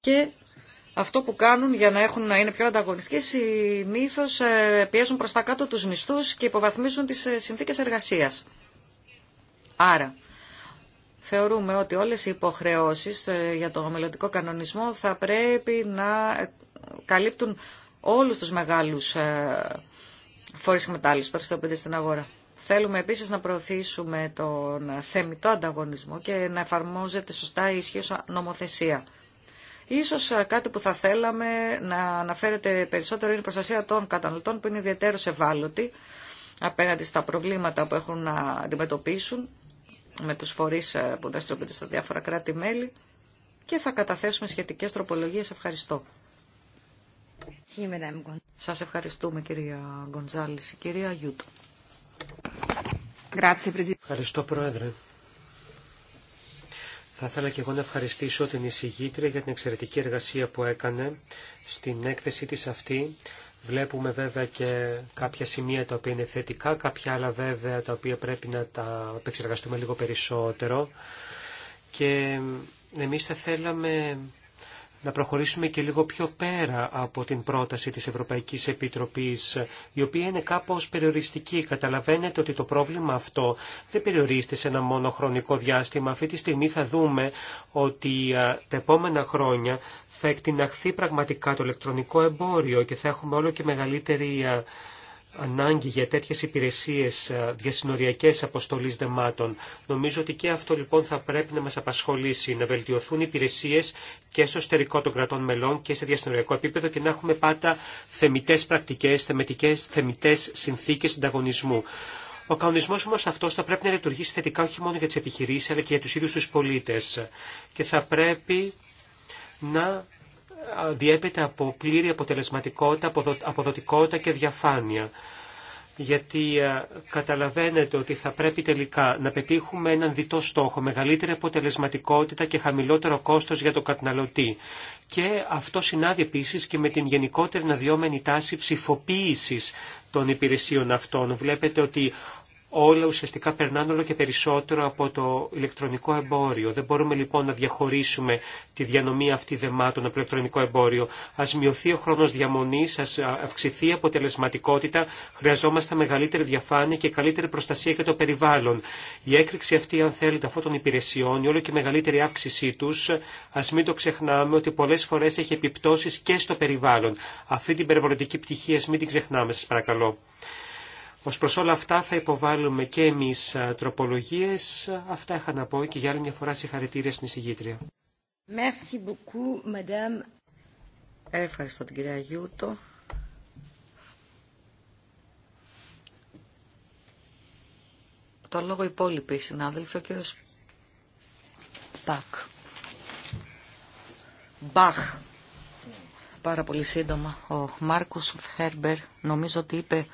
Και αυτό που κάνουν για να, έχουν, να είναι πιο ανταγωνιστικοί συνήθω ε, πιέζουν προς τα κάτω τους μισθού και υποβαθμίζουν τις ε, συνθήκες εργασία. Άρα, θεωρούμε ότι όλες οι υποχρεώσεις ε, για το μελλοντικό κανονισμό θα πρέπει να καλύπτουν όλους τους μεγάλους και προς που χρησιμοποιούνται στην αγορά. Θέλουμε επίσης να προωθήσουμε τον θεμητό ανταγωνισμό και να εφαρμόζεται σωστά η ισχύουσα νομοθεσία. Ίσως κάτι που θα θέλαμε να αναφέρεται περισσότερο είναι η προστασία των καταναλωτών που είναι ιδιαίτερως ευάλωτοι απέναντι στα προβλήματα που έχουν να αντιμετωπίσουν με τους φορείς που δραστηριοποιούνται στα διάφορα κράτη-μέλη και θα καταθέσουμε σχετικές τροπολογίες. Ευχαριστώ. Σας ευχαριστούμε κυρία Γκοντζάλης. Κυρία Γιούτο. Ευχαριστώ Πρόεδρε. Θα ήθελα και εγώ να ευχαριστήσω την εισηγήτρια για την εξαιρετική εργασία που έκανε στην έκθεση της αυτή. Βλέπουμε βέβαια και κάποια σημεία τα οποία είναι θετικά, κάποια άλλα βέβαια τα οποία πρέπει να τα επεξεργαστούμε λίγο περισσότερο. Και εμείς θα θέλαμε να προχωρήσουμε και λίγο πιο πέρα από την πρόταση της Ευρωπαϊκής Επιτροπής, η οποία είναι κάπως περιοριστική. Καταλαβαίνετε ότι το πρόβλημα αυτό δεν περιορίζεται σε ένα μόνο χρονικό διάστημα. Αυτή τη στιγμή θα δούμε ότι τα επόμενα χρόνια θα εκτιναχθεί πραγματικά το ηλεκτρονικό εμπόριο και θα έχουμε όλο και μεγαλύτερη ανάγκη για τέτοιες υπηρεσίες ε, διασυνοριακές αποστολής δεμάτων. Νομίζω ότι και αυτό λοιπόν θα πρέπει να μας απασχολήσει, να βελτιωθούν οι υπηρεσίες και στο εσωτερικό των κρατών μελών και σε διασυνοριακό επίπεδο και να έχουμε πάντα θεμητές πρακτικές, θεμετικές, θεμητές συνθήκες συνταγωνισμού. Ο κανονισμό όμω αυτό θα πρέπει να λειτουργήσει θετικά όχι μόνο για τι επιχειρήσει αλλά και για του ίδιου του πολίτε. Και θα πρέπει να διέπεται από πλήρη αποτελεσματικότητα, αποδοτικότητα και διαφάνεια. Γιατί ε, καταλαβαίνετε ότι θα πρέπει τελικά να πετύχουμε έναν διτό στόχο, μεγαλύτερη αποτελεσματικότητα και χαμηλότερο κόστος για τον καταναλωτή. Και αυτό συνάδει επίσης και με την γενικότερη αναδυόμενη τάση ψηφοποίησης των υπηρεσίων αυτών. Βλέπετε ότι όλα ουσιαστικά περνάνε όλο και περισσότερο από το ηλεκτρονικό εμπόριο. Δεν μπορούμε λοιπόν να διαχωρίσουμε τη διανομή αυτή δεμάτων από το ηλεκτρονικό εμπόριο. Α μειωθεί ο χρόνο διαμονή, α αυξηθεί η αποτελεσματικότητα, χρειαζόμαστε μεγαλύτερη διαφάνεια και καλύτερη προστασία για το περιβάλλον. Η έκρηξη αυτή, αν θέλετε, αυτών των υπηρεσιών, η όλο και μεγαλύτερη αύξησή του, α μην το ξεχνάμε ότι πολλέ φορέ έχει επιπτώσει και στο περιβάλλον. Αυτή την περιβαλλοντική πτυχή μην την ξεχνάμε, σα παρακαλώ. Ως προς όλα αυτά θα υποβάλουμε και εμείς τροπολογίες. Αυτά είχα να πω και για άλλη μια φορά συγχαρητήρια στην εισηγήτρια. Ευχαριστώ την κυρία Γιούτο. Το λόγο υπόλοιπη συνάδελφοι, ο κύριος Πακ. Μπαχ. Πάρα πολύ σύντομα. Ο Μάρκους Φέρμπερ νομίζω ότι είπε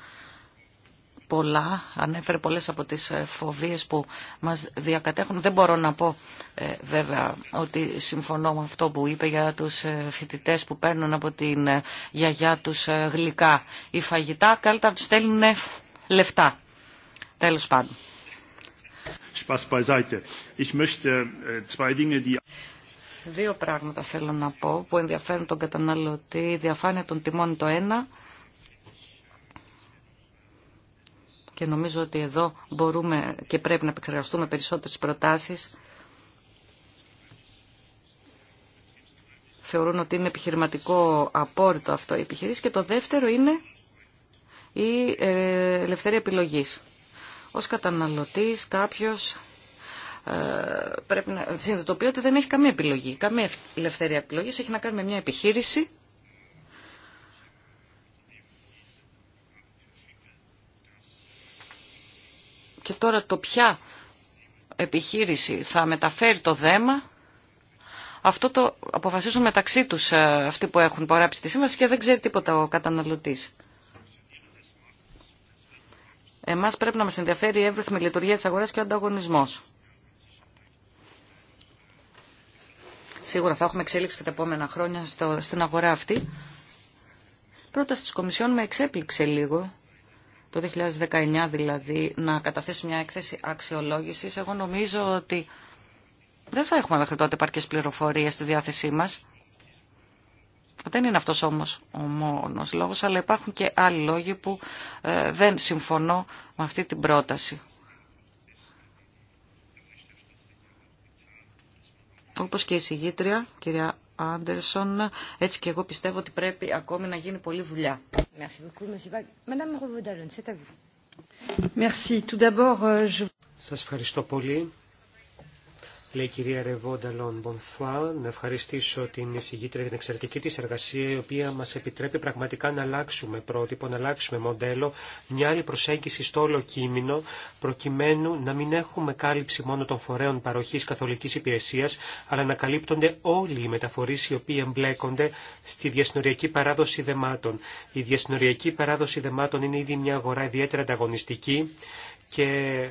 πολλά, ανέφερε πολλές από τις ε, φοβίες που μας διακατέχουν. Δεν μπορώ να πω ε, βέβαια ότι συμφωνώ με αυτό που είπε για τους ε, φοιτητές που παίρνουν από την γιαγιά τους γλυκά ή φαγητά, καλύτερα τους στέλνουν λεφτά. Τέλος πάντων. Äh, Δύο πράγματα θέλω να πω που ενδιαφέρουν τον καταναλωτή. Η διαφάνεια των τιμών το ένα και νομίζω ότι εδώ μπορούμε και πρέπει να επεξεργαστούμε περισσότερες προτάσεις θεωρούν ότι είναι επιχειρηματικό απόρριτο αυτό η επιχειρήση και το δεύτερο είναι η ε, ελευθερία επιλογής. Ως καταναλωτής κάποιος ε, πρέπει να συνειδητοποιεί ότι δεν έχει καμία επιλογή, καμία ελευθερία επιλογής, έχει να κάνει με μια επιχείρηση Και τώρα το ποια επιχείρηση θα μεταφέρει το δέμα, αυτό το αποφασίζουν μεταξύ τους ε, αυτοί που έχουν παράψει τη σύμβαση και δεν ξέρει τίποτα ο καταναλωτής. Εμάς πρέπει να μας ενδιαφέρει η εύρυθμη λειτουργία της αγοράς και ο ανταγωνισμός. Σίγουρα θα έχουμε εξέλιξη και τα επόμενα χρόνια στο, στην αγορά αυτή. Πρόταση της Κομισιόν με εξέπληξε λίγο το 2019 δηλαδή, να καταθέσει μια έκθεση αξιολόγησης. Εγώ νομίζω ότι δεν θα έχουμε μέχρι τότε επαρκέ πληροφορίες στη διάθεσή μας. Δεν είναι αυτός όμως ο μόνος λόγος, αλλά υπάρχουν και άλλοι λόγοι που ε, δεν συμφωνώ με αυτή την πρόταση. Όπως και η συγγήτρια, κυρία Άντερσον. Έτσι και εγώ πιστεύω ότι πρέπει ακόμη να γίνει πολλή δουλειά. Σας ευχαριστώ πολύ λέει η κυρία Ρεβόντα Λον να ευχαριστήσω την εισηγήτρια για την εξαιρετική της εργασία, η οποία μας επιτρέπει πραγματικά να αλλάξουμε πρότυπο, να αλλάξουμε μοντέλο, μια άλλη προσέγγιση στο όλο κείμενο, προκειμένου να μην έχουμε κάλυψη μόνο των φορέων παροχής καθολικής υπηρεσίας, αλλά να καλύπτονται όλοι οι μεταφορείς οι οποίοι εμπλέκονται στη διασυνοριακή παράδοση δεμάτων. Η διασυνοριακή παράδοση δεμάτων είναι ήδη μια αγορά ιδιαίτερα ανταγωνιστική και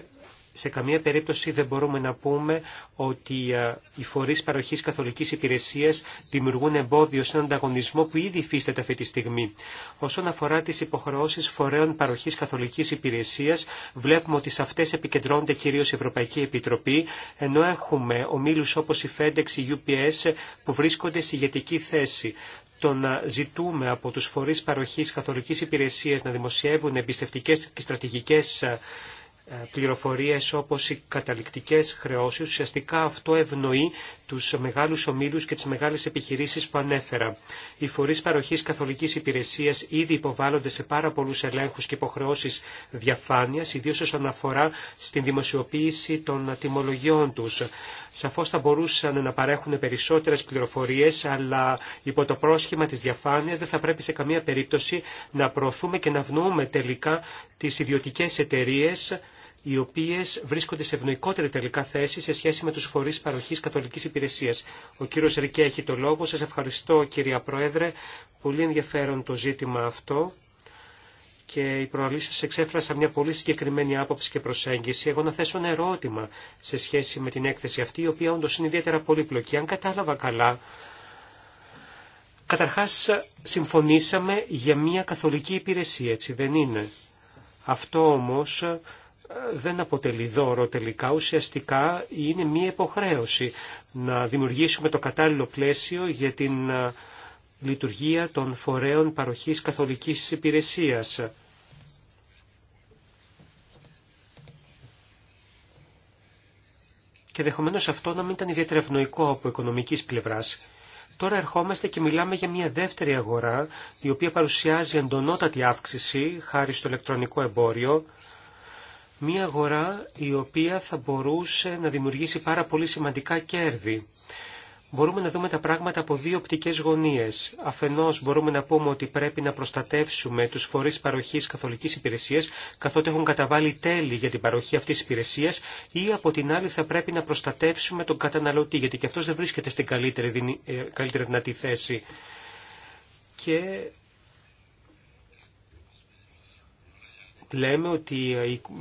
σε καμία περίπτωση δεν μπορούμε να πούμε ότι ε, οι φορείς παροχής καθολικής υπηρεσίας δημιουργούν εμπόδιο σε έναν ανταγωνισμό που ήδη υφίσταται αυτή τη στιγμή. Όσον αφορά τις υποχρεώσεις φορέων παροχής καθολικής υπηρεσίας, βλέπουμε ότι σε αυτές επικεντρώνεται κυρίως η Ευρωπαϊκή Επιτροπή, ενώ έχουμε ομίλους όπως η FedEx, η UPS που βρίσκονται σε ηγετική θέση το να ζητούμε από τους φορείς παροχής καθολικής υπηρεσίας να δημοσιεύουν εμπιστευτικές και στρατηγικές ε, ε, πληροφορίες όπως οι καταληκτικές χρεώσεις. Ουσιαστικά αυτό ευνοεί τους μεγάλους ομίλους και τις μεγάλες επιχειρήσεις που ανέφερα. Οι φορείς παροχής καθολικής υπηρεσίας ήδη υποβάλλονται σε πάρα πολλούς ελέγχους και υποχρεώσεις διαφάνειας, ιδίως όσον αφορά στην δημοσιοποίηση των τιμολογιών τους. Σαφώς θα μπορούσαν να παρέχουν περισσότερες πληροφορίες, αλλά υπό το πρόσχημα της διαφάνειας δεν θα πρέπει σε καμία περίπτωση να προωθούμε και να βνοούμε τελικά τις ιδιωτικές εταιρείες οι οποίες βρίσκονται σε ευνοϊκότερη τελικά θέση σε σχέση με τους φορείς παροχής καθολική υπηρεσία. Ο κύριος Ρικέ έχει το λόγο. Σας ευχαριστώ, κυρία Πρόεδρε. Πολύ ενδιαφέρον το ζήτημα αυτό και οι προαλήσει εξέφρασαν μια πολύ συγκεκριμένη άποψη και προσέγγιση. Εγώ να θέσω ένα ερώτημα σε σχέση με την έκθεση αυτή, η οποία όντω είναι ιδιαίτερα πολύπλοκη. Αν κατάλαβα καλά, καταρχά συμφωνήσαμε για μια καθολική υπηρεσία, έτσι δεν είναι. Αυτό όμως ε, δεν αποτελεί δώρο τελικά, ουσιαστικά είναι μία υποχρέωση να δημιουργήσουμε το κατάλληλο πλαίσιο για την ε, λειτουργία των φορέων παροχής καθολικής υπηρεσίας. Και δεχομένως αυτό να μην ήταν ιδιαίτερα ευνοϊκό από οικονομικής πλευράς. Τώρα ερχόμαστε και μιλάμε για μια δεύτερη αγορά, η οποία παρουσιάζει εντονότατη αύξηση χάρη στο ηλεκτρονικό εμπόριο, μια αγορά η οποία θα μπορούσε να δημιουργήσει πάρα πολύ σημαντικά κέρδη μπορούμε να δούμε τα πράγματα από δύο οπτικές γωνίες. Αφενός μπορούμε να πούμε ότι πρέπει να προστατεύσουμε τους φορείς παροχής καθολικής υπηρεσίας, καθότι έχουν καταβάλει τέλη για την παροχή αυτής της υπηρεσίας, ή από την άλλη θα πρέπει να προστατεύσουμε τον καταναλωτή, γιατί και αυτός δεν βρίσκεται στην καλύτερη, ε, καλύτερη δυνατή θέση. Και λέμε ότι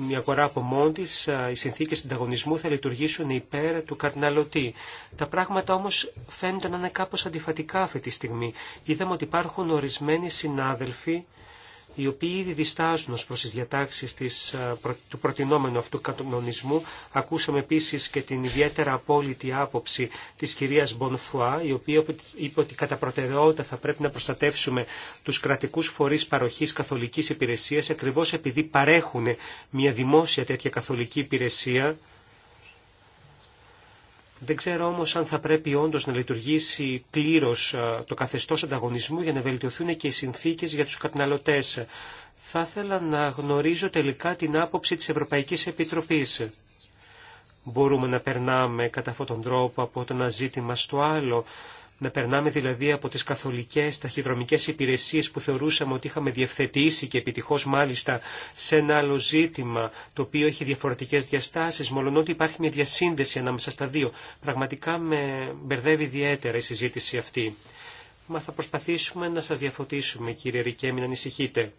η αγορά από μόνη της, οι συνθήκες συνταγωνισμού θα λειτουργήσουν υπέρ του καρναλωτή. Τα πράγματα όμως φαίνονται να είναι κάπως αντιφατικά αυτή τη στιγμή. Είδαμε ότι υπάρχουν ορισμένοι συνάδελφοι οι οποίοι ήδη διστάζουν ως προς τις διατάξεις της, του προτινόμενου αυτού κανονισμού. Ακούσαμε επίσης και την ιδιαίτερα απόλυτη άποψη της κυρίας Μπονφουά, η οποία είπε ότι κατά προτεραιότητα θα πρέπει να προστατεύσουμε τους κρατικούς φορείς παροχής καθολικής υπηρεσίας, ακριβώς επειδή παρέχουν μια δημόσια τέτοια καθολική υπηρεσία, δεν ξέρω όμως αν θα πρέπει όντως να λειτουργήσει πλήρως ε, το καθεστώς ανταγωνισμού για να βελτιωθούν και οι συνθήκες για τους καταναλωτές. Θα ήθελα να γνωρίζω τελικά την άποψη της Ευρωπαϊκής Επιτροπής. Μπορούμε να περνάμε κατά αυτόν τον τρόπο από το ένα ζήτημα στο άλλο να περνάμε δηλαδή από τις καθολικές ταχυδρομικές υπηρεσίες που θεωρούσαμε ότι είχαμε διευθετήσει και επιτυχώς μάλιστα σε ένα άλλο ζήτημα το οποίο έχει διαφορετικές διαστάσεις, μόλον ότι υπάρχει μια διασύνδεση ανάμεσα στα δύο. Πραγματικά με μπερδεύει ιδιαίτερα η συζήτηση αυτή. Μα θα προσπαθήσουμε να σας διαφωτίσουμε κύριε Ρικέ, μην ανησυχείτε.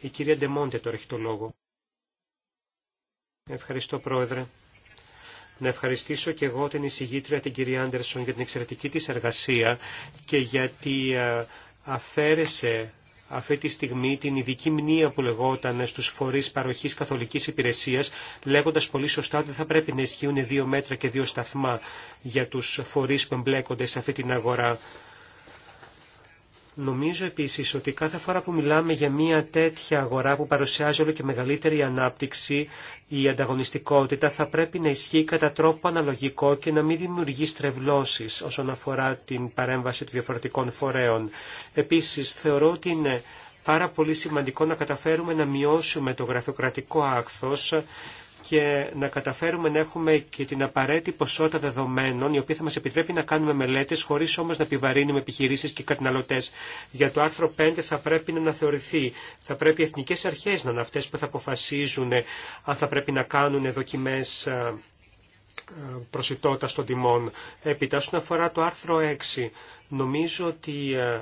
Η κυρία Ντεμόντε τώρα έχει το λόγο. Ευχαριστώ πρόεδρε. Να ευχαριστήσω και εγώ την εισηγήτρια την κυρία Άντερσον για την εξαιρετική της εργασία και γιατί ε, αφαίρεσε αυτή τη στιγμή την ειδική μνήμα που λεγόταν στους φορείς παροχής καθολικής υπηρεσίας, λέγοντας πολύ σωστά ότι θα πρέπει να ισχύουν δύο μέτρα και δύο σταθμά για τους φορείς που εμπλέκονται σε αυτή την αγορά. Νομίζω επίσης ότι κάθε φορά που μιλάμε για μια τέτοια αγορά που παρουσιάζει όλο και μεγαλύτερη ανάπτυξη, η ανταγωνιστικότητα θα πρέπει να ισχύει κατά τρόπο αναλογικό και να μην δημιουργεί στρεβλώσεις όσον αφορά την παρέμβαση των διαφορετικών φορέων. Επίσης θεωρώ ότι είναι πάρα πολύ σημαντικό να καταφέρουμε να μειώσουμε το γραφειοκρατικό άκθος και να καταφέρουμε να έχουμε και την απαραίτητη ποσότητα δεδομένων, η οποία θα μα επιτρέπει να κάνουμε μελέτε, χωρί όμω να επιβαρύνουμε επιχειρήσει και καταναλωτέ. Για το άρθρο 5 θα πρέπει να αναθεωρηθεί. Θα πρέπει οι εθνικέ αρχέ να είναι αυτέ που θα αποφασίζουν αν θα πρέπει να κάνουν δοκιμέ ε, ε, προσιτότητα των τιμών. Έπειτα, όσον αφορά το άρθρο 6, νομίζω ότι ε,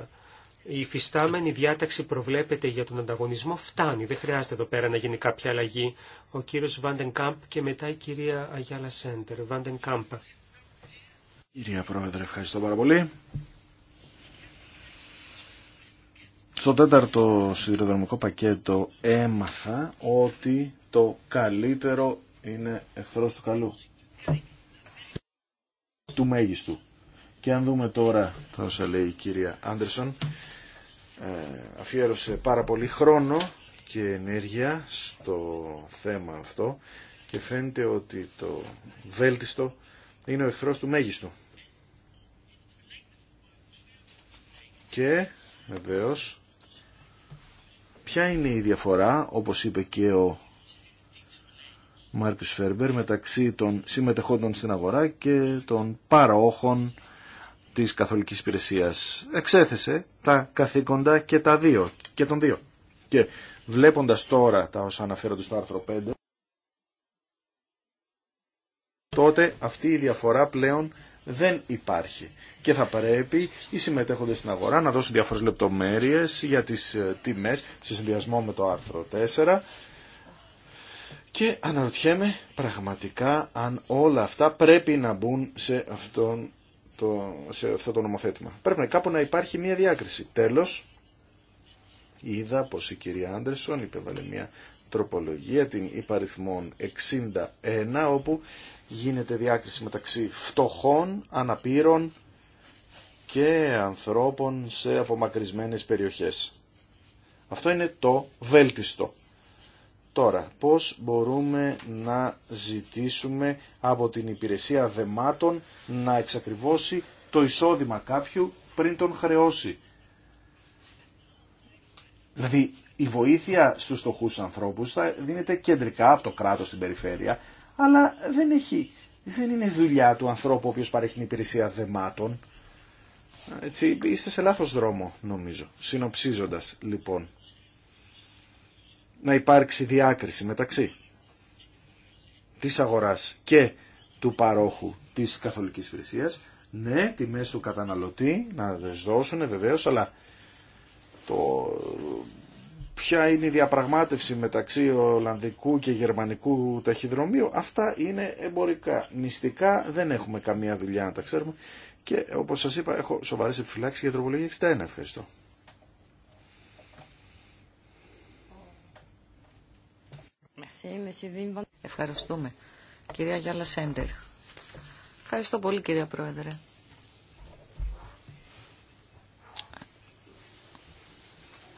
η υφιστάμενη διάταξη προβλέπεται για τον ανταγωνισμό φτάνει. Δεν χρειάζεται εδώ πέρα να γίνει κάποια αλλαγή. Ο κύριο Βάντεν Κάμπ και μετά η κυρία Αγιάλα Σέντερ. Βάντεν Κάμπ. Κυρία Πρόεδρε, ευχαριστώ πάρα πολύ. Στο τέταρτο σιδηροδρομικό πακέτο έμαθα ότι το καλύτερο είναι εχθρός του καλού. Του μέγιστου. Και αν δούμε τώρα τα όσα λέει η κυρία Άντερσον, ε, αφιέρωσε πάρα πολύ χρόνο και ενέργεια στο θέμα αυτό και φαίνεται ότι το βέλτιστο είναι ο εχθρός του μέγιστου. Και βεβαίω, ποια είναι η διαφορά, όπως είπε και ο Μάρκους Φέρμπερ, μεταξύ των συμμετεχόντων στην αγορά και των παρόχων της Καθολικής Υπηρεσίας εξέθεσε τα καθήκοντα και τα δύο, και τον δύο. Και βλέποντας τώρα τα όσα αναφέρονται στο άρθρο 5, τότε αυτή η διαφορά πλέον δεν υπάρχει. Και θα πρέπει οι συμμετέχοντες στην αγορά να δώσουν διάφορες λεπτομέρειες για τις ε, τιμές σε συνδυασμό με το άρθρο 4 και αναρωτιέμαι πραγματικά αν όλα αυτά πρέπει να μπουν σε αυτόν το, σε αυτό το νομοθέτημα. Πρέπει κάπου να υπάρχει μια διάκριση. Τέλος, είδα πως η κυρία Άντρεσον υπέβαλε μια τροπολογία, την υπαριθμών 61, όπου γίνεται διάκριση μεταξύ φτωχών, αναπήρων και ανθρώπων σε απομακρυσμένες περιοχές. Αυτό είναι το βέλτιστο. Τώρα, πώς μπορούμε να ζητήσουμε από την υπηρεσία δεμάτων να εξακριβώσει το εισόδημα κάποιου πριν τον χρεώσει. Δηλαδή, η βοήθεια στους στοχούς ανθρώπους θα δίνεται κεντρικά από το κράτος στην περιφέρεια, αλλά δεν, έχει, δεν είναι δουλειά του ανθρώπου ο οποίος παρέχει την υπηρεσία δεμάτων. Έτσι, είστε σε λάθος δρόμο, νομίζω. Συνοψίζοντας, λοιπόν, να υπάρξει διάκριση μεταξύ της αγοράς και του παρόχου της καθολικής υπηρεσίας. Ναι, τιμές του καταναλωτή να τις δώσουν βεβαίως, αλλά το ποια είναι η διαπραγμάτευση μεταξύ Ολλανδικού και Γερμανικού ταχυδρομείου, αυτά είναι εμπορικά. Μυστικά δεν έχουμε καμία δουλειά να τα ξέρουμε και όπως σας είπα έχω σοβαρές επιφυλάξεις για τροπολογία 61. Ευχαριστώ. Ευχαριστούμε. Κυρία Γιάλα Σέντερ. Ευχαριστώ πολύ κυρία Πρόεδρε.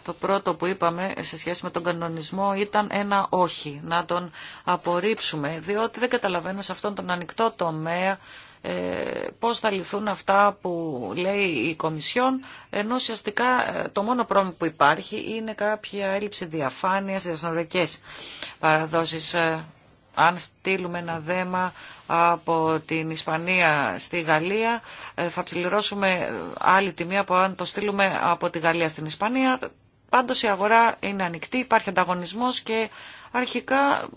Το πρώτο που είπαμε σε σχέση με τον κανονισμό ήταν ένα όχι, να τον απορρίψουμε, διότι δεν καταλαβαίνω σε αυτόν τον ανοιχτό τομέα ε, πώς θα λυθούν αυτά που λέει η Κομισιόν, ενώ ουσιαστικά ε, το μόνο πρόβλημα που υπάρχει είναι κάποια έλλειψη διαφάνειας στις παραδόσεις. Ε, αν στείλουμε ένα δέμα από την Ισπανία στη Γαλλία, θα πληρώσουμε άλλη τιμή από αν το στείλουμε από τη Γαλλία στην Ισπανία. Πάντως η αγορά είναι ανοιχτή, υπάρχει ανταγωνισμός και Αρχικά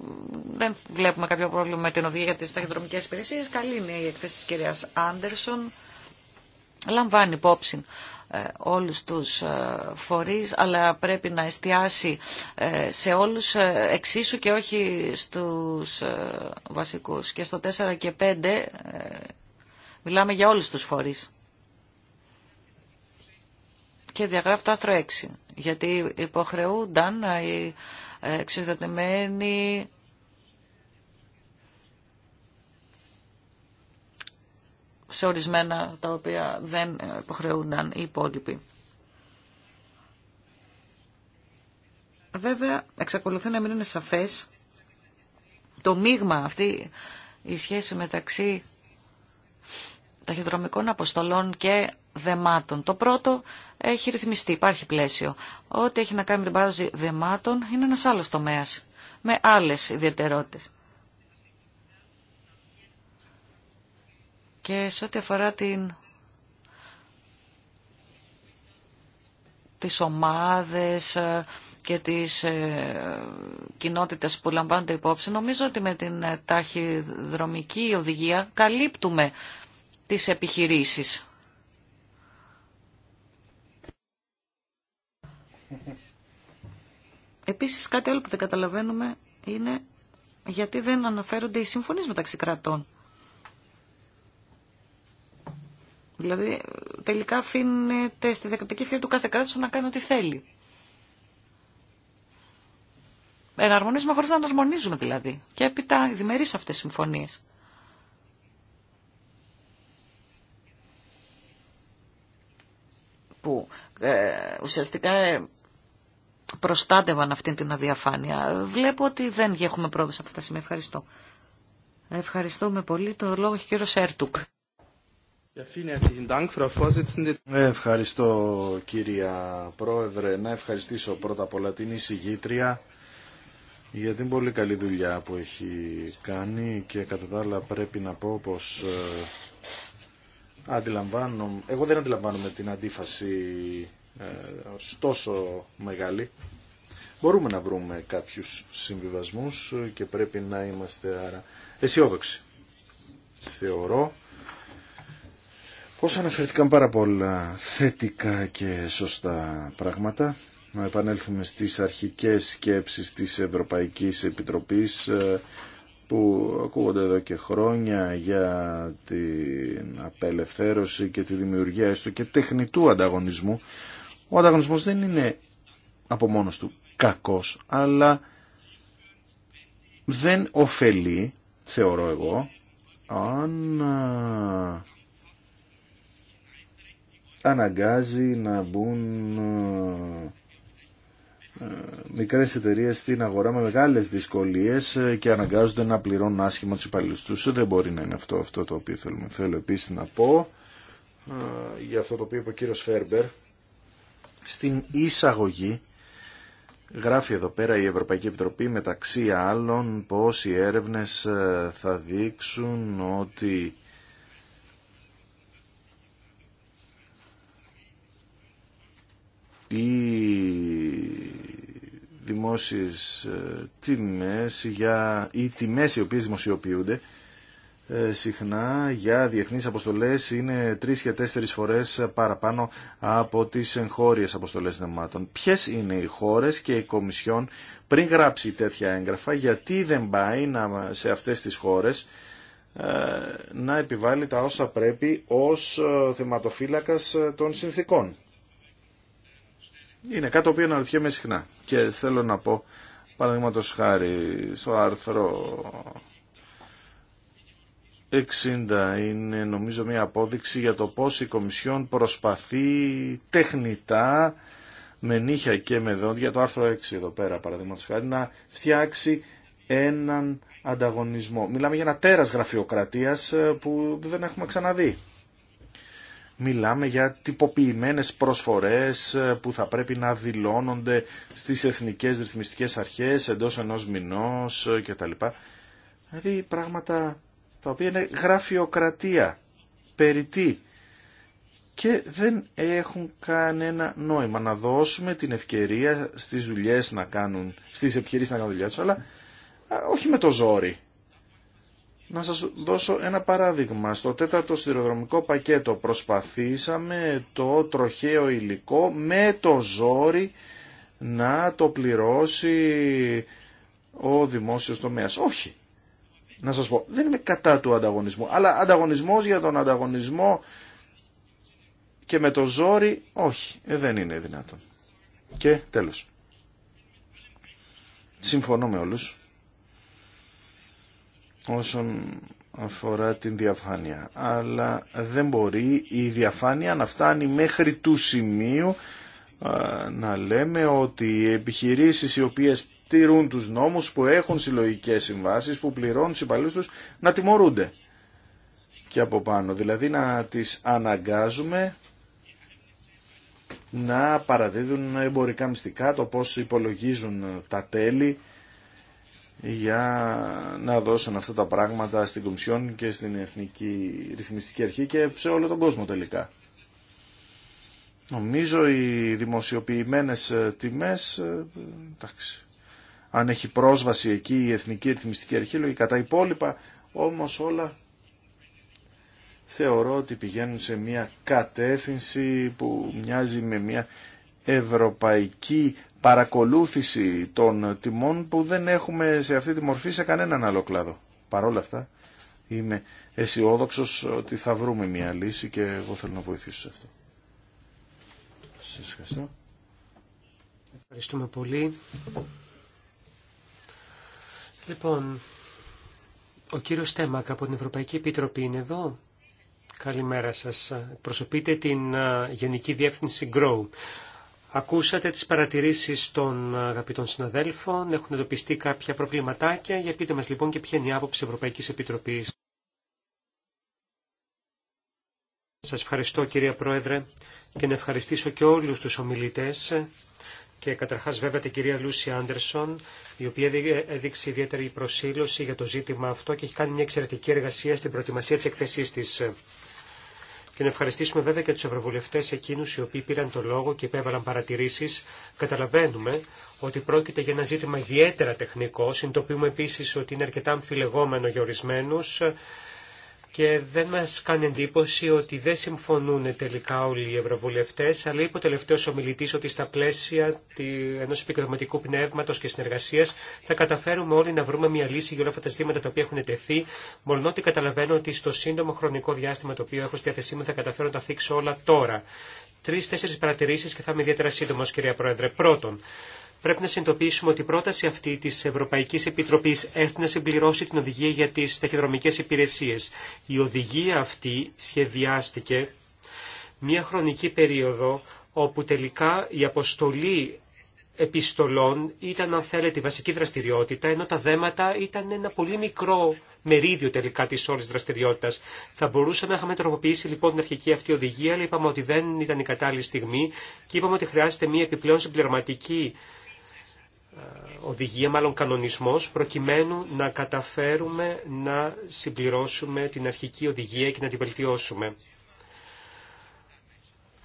δεν βλέπουμε κάποιο πρόβλημα με την οδηγία για τις ταχυδρομικές υπηρεσίες. Καλή είναι η εκθέση της κυρίας Άντερσον. Λαμβάνει υπόψη ε, όλους τους ε, φορείς, αλλά πρέπει να εστιάσει ε, σε όλους εξίσου και όχι στους βασικούς. Και στο 4 και 5 μιλάμε για όλους τους φορείς. Και διαγράφει το άθρο 6, γιατί υποχρεούνταν οι εξετατεμένη σε ορισμένα τα οποία δεν υποχρεούνταν οι υπόλοιποι. Βέβαια, εξακολουθεί να μην είναι σαφές το μείγμα αυτή η σχέση μεταξύ ταχυδρομικών αποστολών και δεμάτων. Το πρώτο έχει ρυθμιστεί, υπάρχει πλαίσιο. Ό,τι έχει να κάνει με την παράδοση δεμάτων είναι ένας άλλος τομέας, με άλλες ιδιαιτερότητες. Και σε ό,τι αφορά την... τις ομάδες ε, και τις ε, κοινότητες που λαμβάνονται υπόψη, νομίζω ότι με την ε, ταχυδρομική οδηγία καλύπτουμε τις επιχειρήσεις Επίσης κάτι άλλο που δεν καταλαβαίνουμε είναι γιατί δεν αναφέρονται οι συμφωνίες μεταξύ κρατών. Δηλαδή τελικά αφήνεται στη δεκατική φύση του κάθε κράτους να κάνει ό,τι θέλει. Εναρμονίζουμε χωρίς να αναρμονίζουμε δηλαδή. Και έπειτα διμερείς αυτές τις συμφωνίες. Που ε, ουσιαστικά ε, προστάτευαν αυτήν την αδιαφάνεια. Βλέπω ότι δεν έχουμε πρόοδο σε αυτά τα σημεία. Ευχαριστώ. Ευχαριστούμε πολύ. Το λόγο έχει ο κ. Ευχαριστώ κυρία Πρόεδρε. Να ευχαριστήσω πρώτα απ' όλα την εισηγήτρια για την πολύ καλή δουλειά που έχει κάνει και κατά τα άλλα πρέπει να πω πως ε, αντιλαμβάνομαι, εγώ δεν αντιλαμβάνομαι την αντίφαση ε, τόσο μεγάλη. Μπορούμε να βρούμε κάποιους συμβιβασμούς και πρέπει να είμαστε άρα αισιόδοξοι. Θεωρώ πως αναφερθήκαν πάρα πολλά θετικά και σωστά πράγματα. Να επανέλθουμε στις αρχικές σκέψεις της Ευρωπαϊκής Επιτροπής ε, που ακούγονται εδώ και χρόνια για την απελευθέρωση και τη δημιουργία έστω και τεχνητού ανταγωνισμού ο ανταγωνισμός δεν είναι από μόνος του κακός, αλλά δεν ωφελεί, θεωρώ εγώ, αν αναγκάζει να μπουν ε, μικρές εταιρείες στην αγορά με μεγάλες δυσκολίες ε, και αναγκάζονται να πληρώνουν άσχημα τους υπαλλήλους τους. Δεν μπορεί να είναι αυτό, αυτό το οποίο θέλουμε. Θέλω επίσης να πω ε, για αυτό το οποίο είπε ο κύριος Φέρμπερ στην εισαγωγή γράφει εδώ πέρα η Ευρωπαϊκή Επιτροπή μεταξύ άλλων πως οι έρευνες ε, θα δείξουν ότι οι δημόσιες ε, τιμές για, οι τιμές οι οποίες δημοσιοποιούνται ε, συχνά για διεθνείς αποστολές είναι τρεις και τέσσερις φορές παραπάνω από τις εγχώριες αποστολές δεμάτων. Ποιες είναι οι χώρες και οι Κομισιόν πριν γράψει τέτοια έγγραφα, γιατί δεν πάει σε αυτές τις χώρες ε, να επιβάλλει τα όσα πρέπει ως ε, θεματοφύλακας των συνθήκων. Είναι κάτι το οποίο αναρωτιέμαι συχνά και θέλω να πω παραδείγματος χάρη στο άρθρο 60 είναι νομίζω μια απόδειξη για το πώς η Κομισιόν προσπαθεί τεχνητά με νύχια και με δόντια το άρθρο 6 εδώ πέρα παραδείγματος χάρη να φτιάξει έναν ανταγωνισμό. Μιλάμε για ένα τέρας γραφειοκρατίας ε, που δεν έχουμε ξαναδεί. Μιλάμε για τυποποιημένες προσφορές ε, που θα πρέπει να δηλώνονται στις εθνικές ρυθμιστικές αρχές εντός ενός μηνός ε, κτλ. Δηλαδή πράγματα τα οποία είναι γραφειοκρατία, περιττή και δεν έχουν κανένα νόημα να δώσουμε την ευκαιρία στις δουλειές να κάνουν, στις επιχειρήσεις να κάνουν δουλειά τους, αλλά όχι με το ζόρι. Να σας δώσω ένα παράδειγμα. Στο τέταρτο σιδηροδρομικό πακέτο προσπαθήσαμε το τροχαίο υλικό με το ζόρι να το πληρώσει ο δημόσιος τομέας. Όχι να σας πω, δεν είμαι κατά του ανταγωνισμού, αλλά ανταγωνισμός για τον ανταγωνισμό και με το ζόρι, όχι, ε, δεν είναι δυνατόν. Και τέλος. Συμφωνώ με όλους όσον αφορά την διαφάνεια, αλλά δεν μπορεί η διαφάνεια να φτάνει μέχρι του σημείου να λέμε ότι οι επιχειρήσεις οι οποίες τηρούν τους νόμους, που έχουν συλλογικές συμβάσεις, που πληρώνουν τους υπαλλήλους τους, να τιμωρούνται και από πάνω. Δηλαδή να τις αναγκάζουμε να παραδίδουν εμπορικά μυστικά το πώς υπολογίζουν τα τέλη για να δώσουν αυτά τα πράγματα στην Κομισιόν και στην Εθνική Ρυθμιστική Αρχή και σε όλο τον κόσμο τελικά. Νομίζω οι δημοσιοποιημένες τιμές ε, εντάξει, αν έχει πρόσβαση εκεί η Εθνική Ρυθμιστική Αρχή, λογικά κατά υπόλοιπα όμως όλα θεωρώ ότι πηγαίνουν σε μια κατεύθυνση που μοιάζει με μια ευρωπαϊκή παρακολούθηση των τιμών που δεν έχουμε σε αυτή τη μορφή σε κανέναν άλλο κλάδο. Παρ' όλα αυτά είμαι αισιόδοξο ότι θα βρούμε μια λύση και εγώ θέλω να βοηθήσω σε αυτό. Σας ευχαριστώ. Ευχαριστούμε πολύ. Λοιπόν, ο κύριος Στέμακα από την Ευρωπαϊκή Επιτροπή είναι εδώ. Καλημέρα σας. Προσωπείτε την Γενική Διεύθυνση GROW. Ακούσατε τις παρατηρήσεις των αγαπητών συναδέλφων, έχουν εντοπιστεί κάποια προβληματάκια. Για πείτε μας λοιπόν και ποια είναι η άποψη Ευρωπαϊκής Επιτροπής. Σας ευχαριστώ κυρία Πρόεδρε και να ευχαριστήσω και όλους τους ομιλητές και καταρχά βέβαια την κυρία Λούση Άντερσον, η οποία έδειξε ιδιαίτερη προσήλωση για το ζήτημα αυτό και έχει κάνει μια εξαιρετική εργασία στην προετοιμασία τη εκθεσή τη. Και να ευχαριστήσουμε βέβαια και του ευρωβουλευτέ εκείνου οι οποίοι πήραν το λόγο και επέβαλαν παρατηρήσει. Καταλαβαίνουμε ότι πρόκειται για ένα ζήτημα ιδιαίτερα τεχνικό. Συντοποιούμε επίση ότι είναι αρκετά αμφιλεγόμενο για ορισμένου και δεν μας κάνει εντύπωση ότι δεν συμφωνούν τελικά όλοι οι ευρωβουλευτές, αλλά είπε ο τελευταίος ομιλητής ότι στα πλαίσια ενός επικοδοματικού πνεύματος και συνεργασίας θα καταφέρουμε όλοι να βρούμε μια λύση για όλα αυτά τα ζητήματα τα οποία έχουν τεθεί, μόνο ότι καταλαβαίνω ότι στο σύντομο χρονικό διάστημα το οποίο έχω στη διάθεσή μου θα καταφέρω να τα θίξω όλα τώρα. Τρει-τέσσερι παρατηρήσει και θα είμαι ιδιαίτερα σύντομο, κυρία Πρόεδρε. Πρώτον, πρέπει να συνειδητοποιήσουμε ότι η πρόταση αυτή τη Ευρωπαϊκή Επιτροπή έρθει να συμπληρώσει την οδηγία για τι ταχυδρομικέ υπηρεσίε. Η οδηγία αυτή σχεδιάστηκε μία χρονική περίοδο όπου τελικά η αποστολή επιστολών ήταν αν θέλετε η βασική δραστηριότητα, ενώ τα δέματα ήταν ένα πολύ μικρό μερίδιο τελικά τη όλη δραστηριότητα. Θα μπορούσαμε να είχαμε τροποποιήσει λοιπόν την αρχική αυτή οδηγία, αλλά είπαμε ότι δεν ήταν η κατάλληλη στιγμή και είπαμε ότι χρειάζεται μια επιπλέον συμπληρωματική ε, οδηγία, μάλλον κανονισμός, προκειμένου να καταφέρουμε να συμπληρώσουμε την αρχική οδηγία και να την βελτιώσουμε.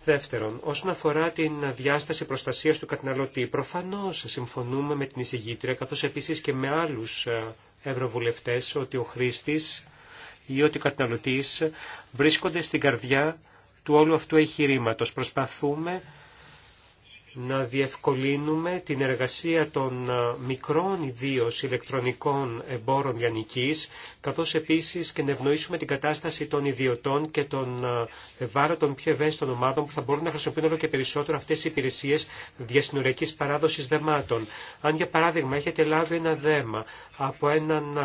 Δεύτερον, όσον αφορά την διάσταση προστασίας του καταναλωτή, προφανώς συμφωνούμε με την εισηγήτρια, καθώς επίσης και με άλλους ε, ευρωβουλευτές, ότι ο χρήστης ή ότι ο καταναλωτής βρίσκονται στην καρδιά του όλου αυτού εγχειρήματο. Προσπαθούμε να διευκολύνουμε την εργασία των ε, μικρών ιδίω ηλεκτρονικών εμπόρων λιανικής, καθώς επίσης και να ευνοήσουμε την κατάσταση των ιδιωτών και των ε, ευάλωτων πιο ευαίσθητων ομάδων που θα μπορούν να χρησιμοποιούν όλο και περισσότερο αυτές οι υπηρεσίες διασυνοριακής παράδοσης δεμάτων. Αν για παράδειγμα έχετε λάβει ένα δέμα από έναν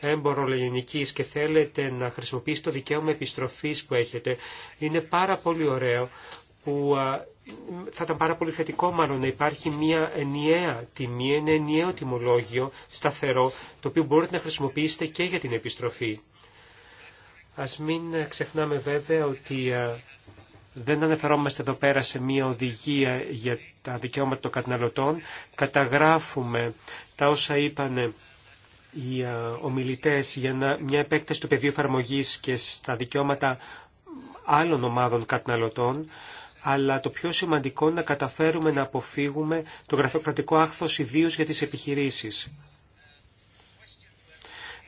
ε, έμπορο λιανικής και θέλετε να χρησιμοποιήσετε το δικαίωμα επιστροφής που έχετε, είναι πάρα πολύ ωραίο που θα ήταν πάρα πολύ θετικό μάλλον να υπάρχει μια ενιαία τιμή, ένα ενιαίο τιμολόγιο σταθερό, το οποίο μπορείτε να χρησιμοποιήσετε και για την επιστροφή. Ας μην ξεχνάμε βέβαια ότι δεν αναφερόμαστε εδώ πέρα σε μια οδηγία για τα δικαιώματα των καταναλωτών. Καταγράφουμε τα όσα είπαν οι ομιλητές για μια επέκταση του πεδίου εφαρμογή και στα δικαιώματα άλλων ομάδων καταναλωτών αλλά το πιο σημαντικό είναι να καταφέρουμε να αποφύγουμε το γραφειοκρατικό άχθος ιδίως για τις επιχειρήσεις.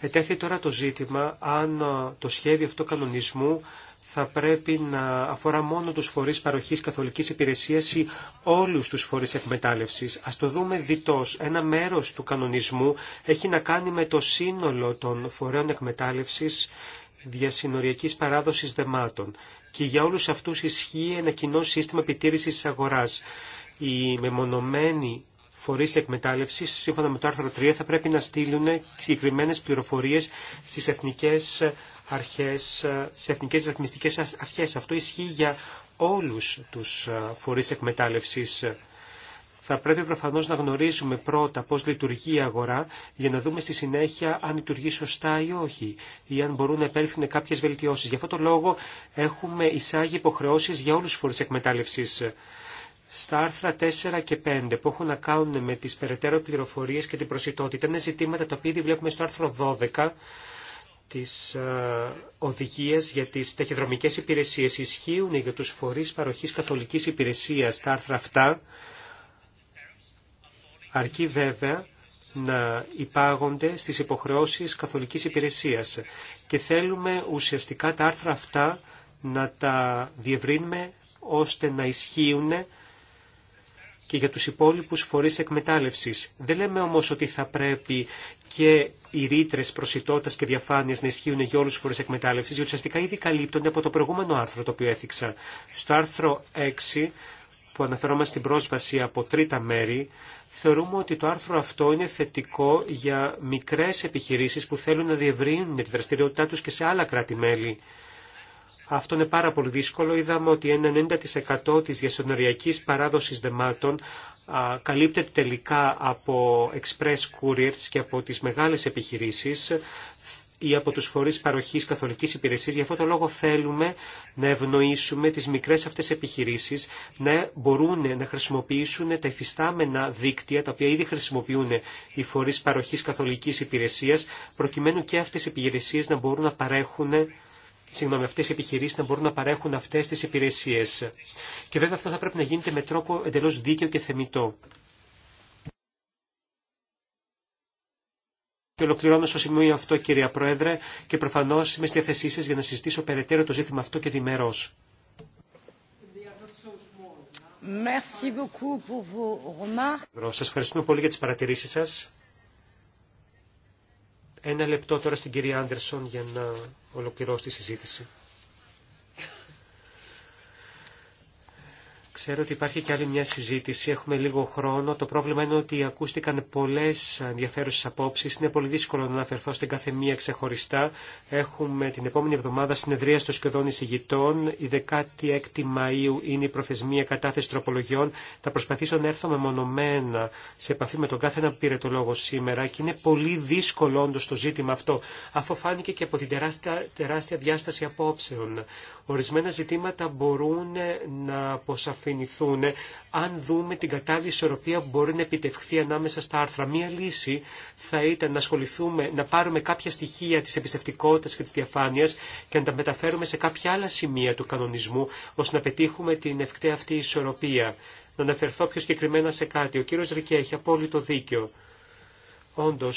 Ετέθη τώρα το ζήτημα αν ε, το σχέδιο αυτό κανονισμού θα πρέπει να αφορά μόνο τους φορείς παροχής καθολικής υπηρεσίας ή όλους τους φορείς εκμετάλλευσης. Ας το δούμε διτός. Ένα μέρος του κανονισμού έχει να κάνει με το σύνολο των φορέων εκμετάλλευσης διασυνοριακής παράδοσης δεμάτων και για όλους αυτούς ισχύει ένα κοινό σύστημα επιτήρησης της αγοράς. Οι μεμονωμένοι φορείς εκμετάλλευσης, σύμφωνα με το άρθρο 3, θα πρέπει να στείλουν συγκεκριμένε πληροφορίες στις εθνικές αρχές, στις εθνικές ρυθμιστικές αρχές. Αυτό ισχύει για όλους τους φορείς εκμετάλλευσης θα πρέπει προφανώς να γνωρίζουμε πρώτα πώς λειτουργεί η αγορά για να δούμε στη συνέχεια αν λειτουργεί σωστά ή όχι ή αν μπορούν να επέλθουν κάποιες βελτιώσεις. Γι' αυτό το λόγο έχουμε εισάγει υποχρεώσεις για όλους τους φορείς εκμετάλλευσης. Στα άρθρα 4 και 5 που έχουν να κάνουν με τις περαιτέρω πληροφορίες και την προσιτότητα είναι ζητήματα τα οποία βλέπουμε στο άρθρο 12 τις ε, οδηγίες για τις ταχυδρομικές υπηρεσίες ισχύουν για τους φορεί παροχή καθολικής υπηρεσίας στα άρθρα αυτά αρκεί βέβαια να υπάγονται στις υποχρεώσεις καθολικής υπηρεσίας και θέλουμε ουσιαστικά τα άρθρα αυτά να τα διευρύνουμε ώστε να ισχύουν και για τους υπόλοιπους φορείς εκμετάλλευσης. Δεν λέμε όμως ότι θα πρέπει και οι ρήτρε προσιτότητα και διαφάνεια να ισχύουν για όλου του φορεί εκμετάλλευση, γιατί ουσιαστικά ήδη καλύπτονται από το προηγούμενο άρθρο το οποίο έθιξα. Στο άρθρο 6 που αναφερόμαστε στην πρόσβαση από τρίτα μέρη, θεωρούμε ότι το άρθρο αυτό είναι θετικό για μικρές επιχειρήσεις που θέλουν να διευρύνουν τη δραστηριότητά τους και σε άλλα κράτη-μέλη. Αυτό είναι πάρα πολύ δύσκολο. Είδαμε ότι ένα 90% της διασωνοριακής παράδοσης δεμάτων καλύπτεται τελικά από express couriers και από τις μεγάλες επιχειρήσεις ή από τους φορείς παροχής καθολικής υπηρεσίας. Γι' αυτό το λόγο θέλουμε να ευνοήσουμε τις μικρές αυτές επιχειρήσεις να μπορούν να χρησιμοποιήσουν τα εφιστάμενα δίκτυα τα οποία ήδη χρησιμοποιούν οι φορείς παροχής καθολικής υπηρεσίας προκειμένου και αυτές οι να μπορούν να παρέχουν συγγνώμη, αυτέ οι επιχειρήσεις να μπορούν να παρέχουν αυτές τις υπηρεσίες. Και βέβαια αυτό θα πρέπει να γίνεται με τρόπο εντελώ δίκαιο και θεμητό. Και ολοκληρώνω στο σημείο αυτό, κυρία Πρόεδρε, και προφανώ είμαι στη διάθεσή σα για να συζητήσω περαιτέρω το ζήτημα αυτό και διμερό. Σα ευχαριστούμε πολύ για τι παρατηρήσει σα. Ένα λεπτό τώρα στην κυρία Άντερσον για να ολοκληρώσει τη συζήτηση. Ξέρω ότι υπάρχει και άλλη μια συζήτηση, έχουμε λίγο χρόνο. Το πρόβλημα είναι ότι ακούστηκαν πολλέ ενδιαφέρουσε απόψει. Είναι πολύ δύσκολο να αναφερθώ στην κάθε μία ξεχωριστά. Έχουμε την επόμενη εβδομάδα συνεδρία στο σχεδόν εισηγητών. Η 16η Μαου είναι η προθεσμία κατάθεση τροπολογιών. Θα προσπαθήσω να έρθω μεμονωμένα σε επαφή με τον κάθε ένα που πήρε το λόγο σήμερα και είναι πολύ δύσκολο όντω το ζήτημα αυτό. αφού φάνηκε και από την τεράστια, τεράστια διάσταση απόψεων. Ορισμένα ζητήματα μπορούν να αν δούμε την κατάλληλη ισορροπία που μπορεί να επιτευχθεί ανάμεσα στα άρθρα. Μία λύση θα ήταν να ασχοληθούμε, να πάρουμε κάποια στοιχεία της εμπιστευτικότητας και της διαφάνειας και να τα μεταφέρουμε σε κάποια άλλα σημεία του κανονισμού, ώστε να πετύχουμε την ευκταία αυτή ισορροπία. Να αναφερθώ πιο συγκεκριμένα σε κάτι. Ο κύριος Ρικέ έχει απόλυτο δίκιο. Όντω,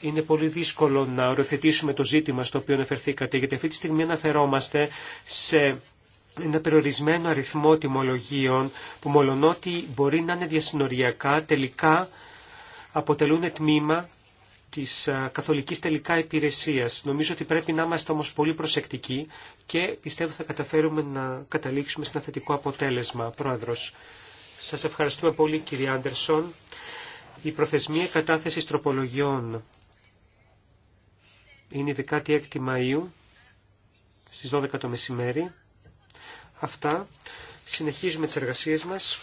είναι πολύ δύσκολο να οριοθετήσουμε το ζήτημα στο οποίο αναφερθήκατε, γιατί αυτή τη στιγμή αναφερόμαστε σε ένα περιορισμένο αριθμό τιμολογίων που μολονότι μπορεί να είναι διασυνοριακά τελικά αποτελούν τμήμα της καθολικής τελικά υπηρεσίας. Νομίζω ότι πρέπει να είμαστε όμως πολύ προσεκτικοί και πιστεύω θα καταφέρουμε να καταλήξουμε σε ένα θετικό αποτέλεσμα. Πρόεδρος, σας ευχαριστούμε πολύ κύριε Άντερσον. Η προθεσμία κατάθεσης τροπολογιών είναι η 16 Μαΐου στις 12 το μεσημέρι αυτά, συνεχίζουμε τις εργασίες μας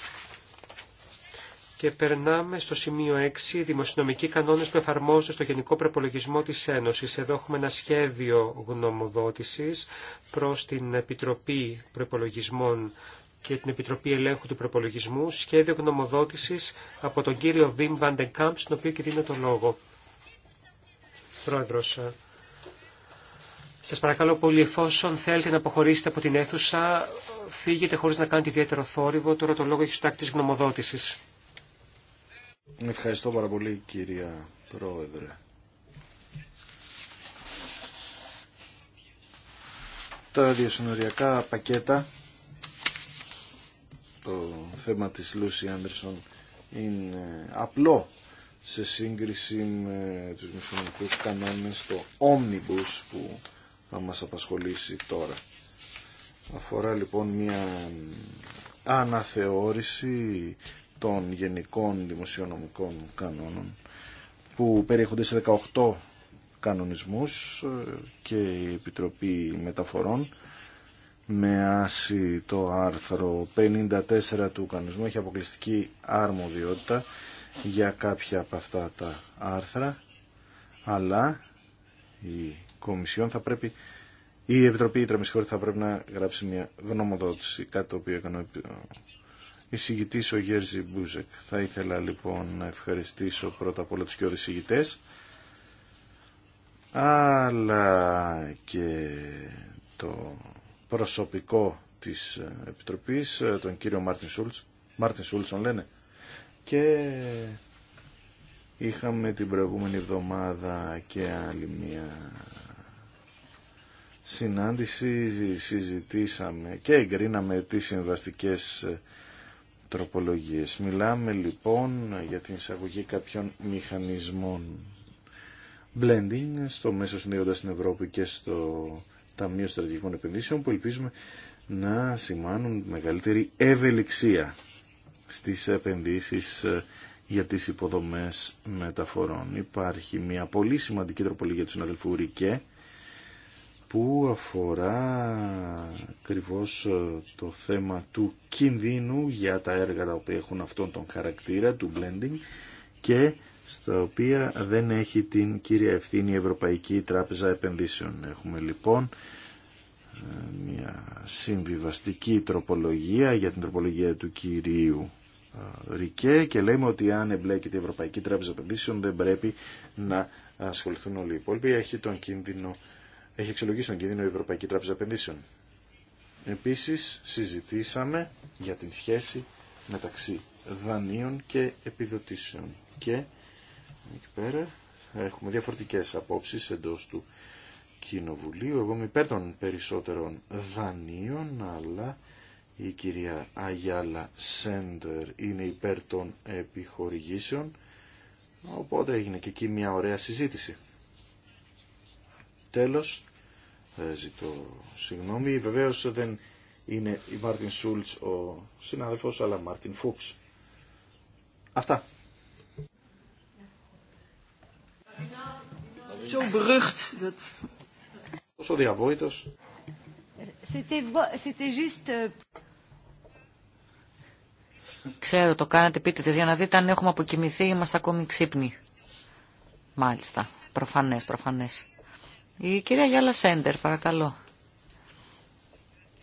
και περνάμε στο σημείο 6, δημοσιονομικοί κανόνες που εφαρμόζονται στο Γενικό Προπολογισμό της Ένωσης. Εδώ έχουμε ένα σχέδιο γνωμοδότησης προς την Επιτροπή Προπολογισμών και την Επιτροπή Ελέγχου του Προπολογισμού, σχέδιο γνωμοδότησης από τον κύριο Βιμ Βαντεγκάμπ, στον οποίο και δίνω το λόγο. Πρόεδρος, σας παρακαλώ πολύ, εφόσον θέλετε να αποχωρήσετε από την αίθουσα, φύγετε χωρίς να κάνετε ιδιαίτερο θόρυβο. Τώρα το λόγο έχει στο τάκτη γνωμοδότησης. Ευχαριστώ πάρα πολύ, κυρία Πρόεδρε. Τα διασυνοριακά πακέτα, το θέμα της Λούση Άντερσον είναι απλό σε σύγκριση με τους μουσουλμικούς κανόνες, το Omnibus που θα μας απασχολήσει τώρα. Αφορά λοιπόν μια αναθεώρηση των γενικών δημοσιονομικών κανόνων που περιέχονται σε 18 κανονισμούς ε, και η Επιτροπή Μεταφορών με άση το άρθρο 54 του κανονισμού έχει αποκλειστική αρμοδιότητα για κάποια από αυτά τα άρθρα αλλά η Κομισιόν θα πρέπει η Επιτροπή Ήτρα, θα πρέπει να γράψει μια γνωμοδότηση, κάτι το οποίο έκανε εισηγητής ο Γέρζι Μπούζεκ. Θα ήθελα λοιπόν να ευχαριστήσω πρώτα απ' όλα του και εισηγητές, αλλά και το προσωπικό της Επιτροπής, τον κύριο Μάρτιν Σούλτς. Μάρτιν Σούλτς λένε. Και είχαμε την προηγούμενη εβδομάδα και άλλη μια συνάντηση συζητήσαμε και εγκρίναμε τις συμβαστικές τροπολογίες. Μιλάμε λοιπόν για την εισαγωγή κάποιων μηχανισμών blending στο μέσο συνδέοντα στην Ευρώπη και στο Ταμείο Στρατηγικών Επενδύσεων που ελπίζουμε να σημάνουν μεγαλύτερη ευελιξία στις επενδύσεις ε, για τις υποδομές μεταφορών. Υπάρχει μια πολύ σημαντική τροπολογία του συναδελφού Ρικέ που αφορά ακριβώ ε, το θέμα του κινδύνου για τα έργα τα οποία έχουν αυτόν τον χαρακτήρα του blending και στα οποία δεν έχει την κύρια ευθύνη η Ευρωπαϊκή Τράπεζα Επενδύσεων. Έχουμε λοιπόν ε, μια συμβιβαστική τροπολογία για την τροπολογία του κυρίου ε, Ρικέ και λέμε ότι αν εμπλέκεται η Ευρωπαϊκή Τράπεζα Επενδύσεων δεν πρέπει να ασχοληθούν όλοι οι υπόλοιποι. Έχει τον κίνδυνο έχει εξολογήσει τον κίνδυνο η Ευρωπαϊκή Τράπεζα Επενδύσεων. Επίσης συζητήσαμε για την σχέση μεταξύ δανείων και επιδοτήσεων. Και εκεί πέρα έχουμε διαφορετικές απόψεις εντό του Κοινοβουλίου. Εγώ είμαι υπέρ των περισσότερων δανείων, αλλά η κυρία Αγιάλα Σέντερ είναι υπέρ των επιχορηγήσεων, οπότε έγινε και εκεί μια ωραία συζήτηση. Τέλος, ε, ζητώ συγγνώμη. Βεβαίω δεν είναι η Μάρτιν Σούλτ ο συνάδελφο, αλλά Μάρτιν Φούξ. Αυτά. Euh, Ξέρω, το κάνατε τη για να δείτε αν έχουμε αποκοιμηθεί ή είμαστε ακόμη ξύπνοι. Μάλιστα. Προφανές, προφανές. Η κυρία Γιάλα Σέντερ, παρακαλώ.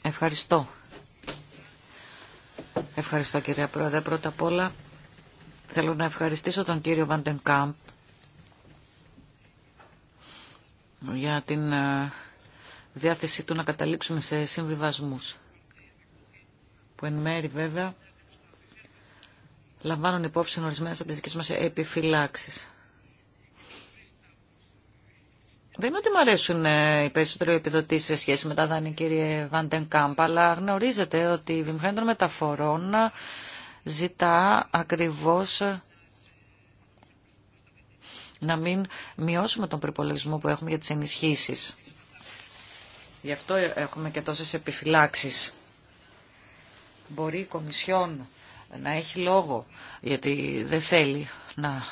Ευχαριστώ. Ευχαριστώ κυρία Πρόεδρε. Πρώτα απ' όλα θέλω να ευχαριστήσω τον κύριο Κάμπ για την ε, διάθεσή του να καταλήξουμε σε συμβιβασμούς που εν μέρη βέβαια λαμβάνουν υπόψη ορισμένες από τις δικές μας επιφυλάξεις. Δεν είναι ότι μου αρέσουν ε, οι περισσότερο επιδοτήσει σε σχέση με τα δάνεια, κύριε Βαντεν Κάμπ, αλλά γνωρίζετε ότι η βιομηχανία των μεταφορών ζητά ακριβώς να μην μειώσουμε τον προπολογισμό που έχουμε για τις ενισχύσεις. Γι' αυτό έχουμε και τόσε επιφυλάξεις. Μπορεί η Κομισιόν να έχει λόγο, γιατί δεν θέλει να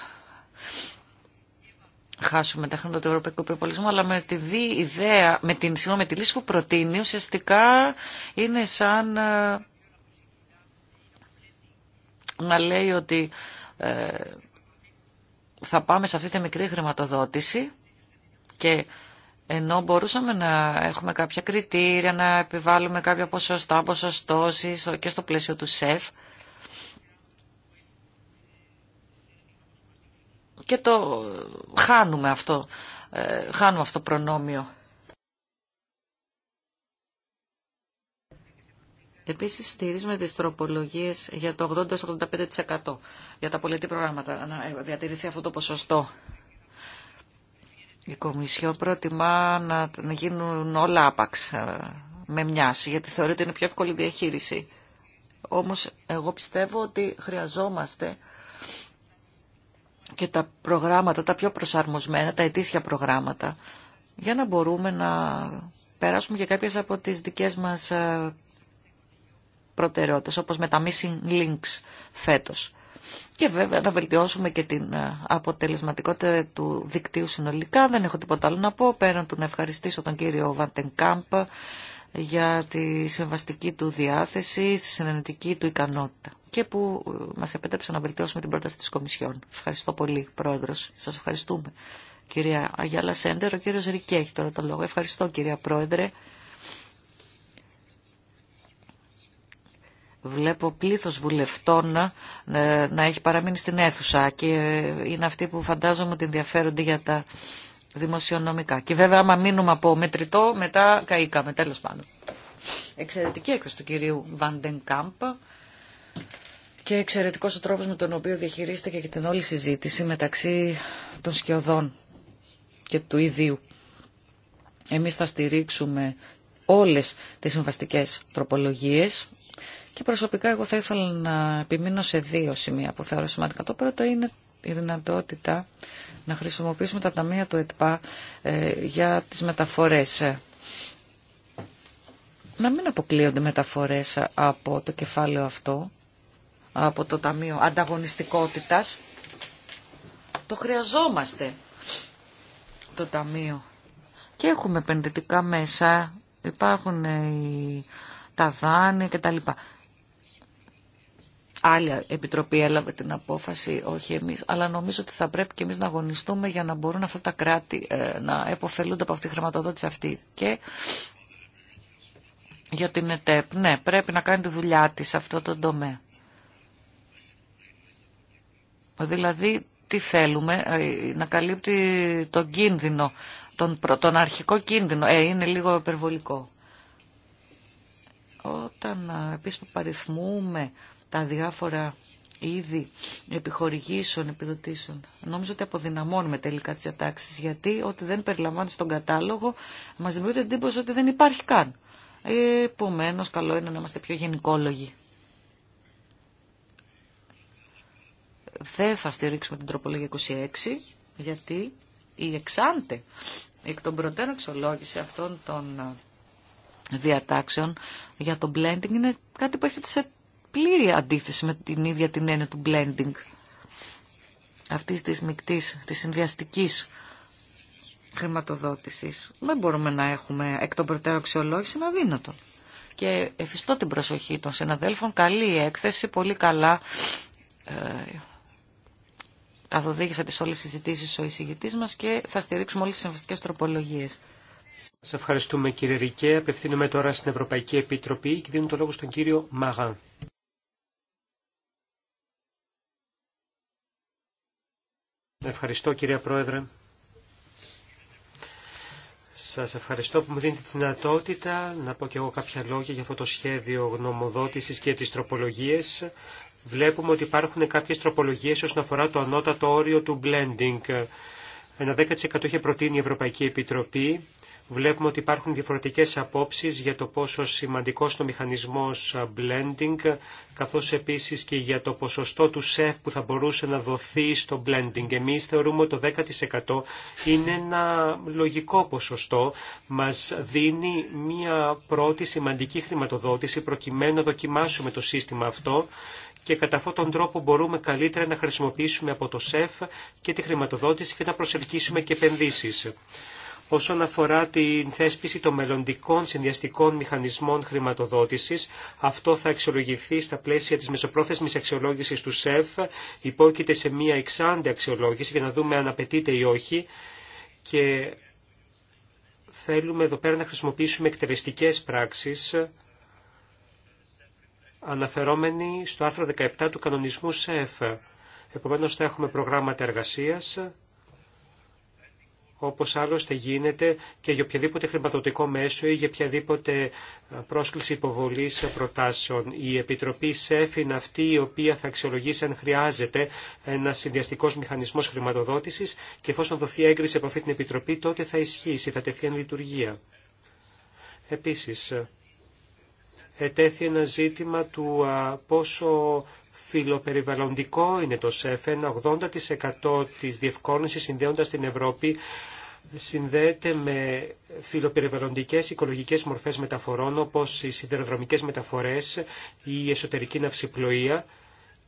χάσουμε τα χρήματα του ευρωπαϊκού προπολισμού, αλλά με τη, δι, ιδέα, με, την, τη λύση που προτείνει ουσιαστικά είναι σαν ε, να λέει ότι ε, θα πάμε σε αυτή τη μικρή χρηματοδότηση και ενώ μπορούσαμε να έχουμε κάποια κριτήρια, να επιβάλλουμε κάποια ποσοστά, ποσοστώσεις και στο πλαίσιο του ΣΕΦ, και το χάνουμε αυτό, ε, χάνουμε αυτό το προνόμιο. Επίσης στηρίζουμε τις τροπολογίες για το 80-85% για τα πολιτικά προγράμματα, να διατηρηθεί αυτό το ποσοστό. Η Κομισιό προτιμά να, να γίνουν όλα άπαξ ε, με μιας, γιατί θεωρείται είναι πιο εύκολη διαχείριση. Όμως εγώ πιστεύω ότι χρειαζόμαστε και τα προγράμματα, τα πιο προσαρμοσμένα, τα ετήσια προγράμματα, για να μπορούμε να περάσουμε και κάποιες από τις δικές μας ε, προτεραιότητες, όπως με τα missing links φέτος. Και βέβαια να βελτιώσουμε και την ε, αποτελεσματικότητα του δικτύου συνολικά. Δεν έχω τίποτα άλλο να πω, πέραν του να ευχαριστήσω τον κύριο Βαντενκάμπ για τη συμβαστική του διάθεση, τη συνενετική του ικανότητα και που ε, μας επέτρεψε να βελτιώσουμε την πρόταση της Κομισιόν. Ευχαριστώ πολύ, Πρόεδρος. Σας ευχαριστούμε. Κυρία Αγιάλα Σέντερ, ο κύριος Ρικέ έχει τώρα το λόγο. Ευχαριστώ, κυρία Πρόεδρε. Βλέπω πλήθος βουλευτών ε, να έχει παραμείνει στην αίθουσα και ε, είναι αυτοί που φαντάζομαι ότι ενδιαφέρονται για τα δημοσιονομικά. Και βέβαια άμα μείνουμε από μετρητό μετά καήκαμε, τέλος πάντων. Εξαιρετική έκθεση του κυρίου Βαντεν Κάμπ και εξαιρετικό ο τρόπος με τον οποίο διαχειρίστηκε και την όλη συζήτηση μεταξύ των σκιωδών και του ιδίου. Εμείς θα στηρίξουμε όλες τις συμβαστικέ τροπολογίες και προσωπικά εγώ θα ήθελα να επιμείνω σε δύο σημεία που θεωρώ σημαντικά. Το πρώτο είναι η δυνατότητα να χρησιμοποιήσουμε τα ταμεία του ΕΤΠΑ ε, για τις μεταφορές. Να μην αποκλείονται μεταφορές από το κεφάλαιο αυτό από το Ταμείο Ανταγωνιστικότητας. Το χρειαζόμαστε το Ταμείο. Και έχουμε επενδυτικά μέσα, υπάρχουν ε, οι, τα δάνεια κτλ. Άλλη επιτροπή έλαβε την απόφαση, όχι εμείς, αλλά νομίζω ότι θα πρέπει και εμείς να αγωνιστούμε για να μπορούν αυτά τα κράτη ε, να εποφελούνται από αυτή τη χρηματοδότηση αυτή. Και για την ΕΤΕΠ, ναι, πρέπει να κάνει τη δουλειά της σε αυτό το τομέα. Δηλαδή, τι θέλουμε, ε, να καλύπτει τον κίνδυνο, τον, αρχικό κίνδυνο. Ε, είναι λίγο υπερβολικό. Όταν επίσης παριθμούμε τα διάφορα είδη επιχορηγήσεων, επιδοτήσεων. Νομίζω ότι αποδυναμώνουμε τελικά τις διατάξει, γιατί ό,τι δεν περιλαμβάνει στον κατάλογο μας δημιουργείται εντύπωση ότι δεν υπάρχει καν. Ε, Επομένω, καλό είναι να είμαστε πιο γενικόλογοι. δεν θα στηρίξουμε την τροπολογία 26, γιατί η εξάντε εκ των προτέρων αξιολόγηση αυτών των ε, διατάξεων για το blending είναι κάτι που έχετε σε πλήρη αντίθεση με την ίδια την έννοια του blending αυτής της μικτής, της συνδυαστικής χρηματοδότησης. Δεν μπορούμε να έχουμε εκ των προτέρων αξιολόγηση, είναι Και εφιστώ την προσοχή των συναδέλφων, καλή έκθεση, πολύ καλά ε, καθοδήγησα τις όλες τις συζητήσεις ο εισηγητής μας και θα στηρίξουμε όλες τις συμβαστικές τροπολογίες. Σας ευχαριστούμε κύριε Ρικέ. Απευθύνουμε τώρα στην Ευρωπαϊκή Επιτροπή και δίνω το λόγο στον κύριο Μαγάν. Ευχαριστώ κύριε Πρόεδρε. Σας ευχαριστώ που μου δίνετε τη δυνατότητα να πω και εγώ κάποια λόγια για αυτό το σχέδιο γνωμοδότησης και τις τροπολογίες βλέπουμε ότι υπάρχουν κάποιες τροπολογίες όσον αφορά το ανώτατο όριο του blending. Ένα 10% είχε προτείνει η Ευρωπαϊκή Επιτροπή. Βλέπουμε ότι υπάρχουν διαφορετικές απόψεις για το πόσο σημαντικός ο μηχανισμός blending, καθώς επίσης και για το ποσοστό του σεφ που θα μπορούσε να δοθεί στο blending. Εμείς θεωρούμε ότι το 10% είναι ένα λογικό ποσοστό. Μας δίνει μια πρώτη σημαντική χρηματοδότηση προκειμένου να δοκιμάσουμε το σύστημα αυτό και κατά αυτόν τον τρόπο μπορούμε καλύτερα να χρησιμοποιήσουμε από το ΣΕΦ και τη χρηματοδότηση και να προσελκύσουμε και επενδύσει. Όσον αφορά την θέσπιση των μελλοντικών συνδυαστικών μηχανισμών χρηματοδότηση, αυτό θα αξιολογηθεί στα πλαίσια τη μεσοπρόθεσμη αξιολόγηση του ΣΕΦ, υπόκειται σε μία εξάντια αξιολόγηση για να δούμε αν απαιτείται ή όχι και θέλουμε εδώ πέρα να χρησιμοποιήσουμε εκτελεστικές πράξει αναφερόμενοι στο άρθρο 17 του κανονισμού ΣΕΦ. Επομένως θα έχουμε προγράμματα εργασίας, όπως άλλωστε γίνεται και για οποιαδήποτε χρηματοδοτικό μέσο ή για οποιαδήποτε ε, πρόσκληση υποβολής προτάσεων. Η Επιτροπή ΣΕΦ είναι αυτή η οποία θα αξιολογήσει αν χρειάζεται ένα συνδυαστικό μηχανισμό χρηματοδότησης και εφόσον δοθεί έγκριση από αυτή την Επιτροπή τότε θα ισχύσει, θα τεθεί εν λειτουργία. Επίσης, ετέθη ένα ζήτημα του πόσο φιλοπεριβαλλοντικό είναι το ΣΕΦΕΝ. 80% της διευκόλυνσης συνδέοντας την Ευρώπη συνδέεται με φιλοπεριβαλλοντικές οικολογικές μορφές μεταφορών όπως οι σιδηροδρομικές μεταφορές, η εσωτερική ναυσιπλοεία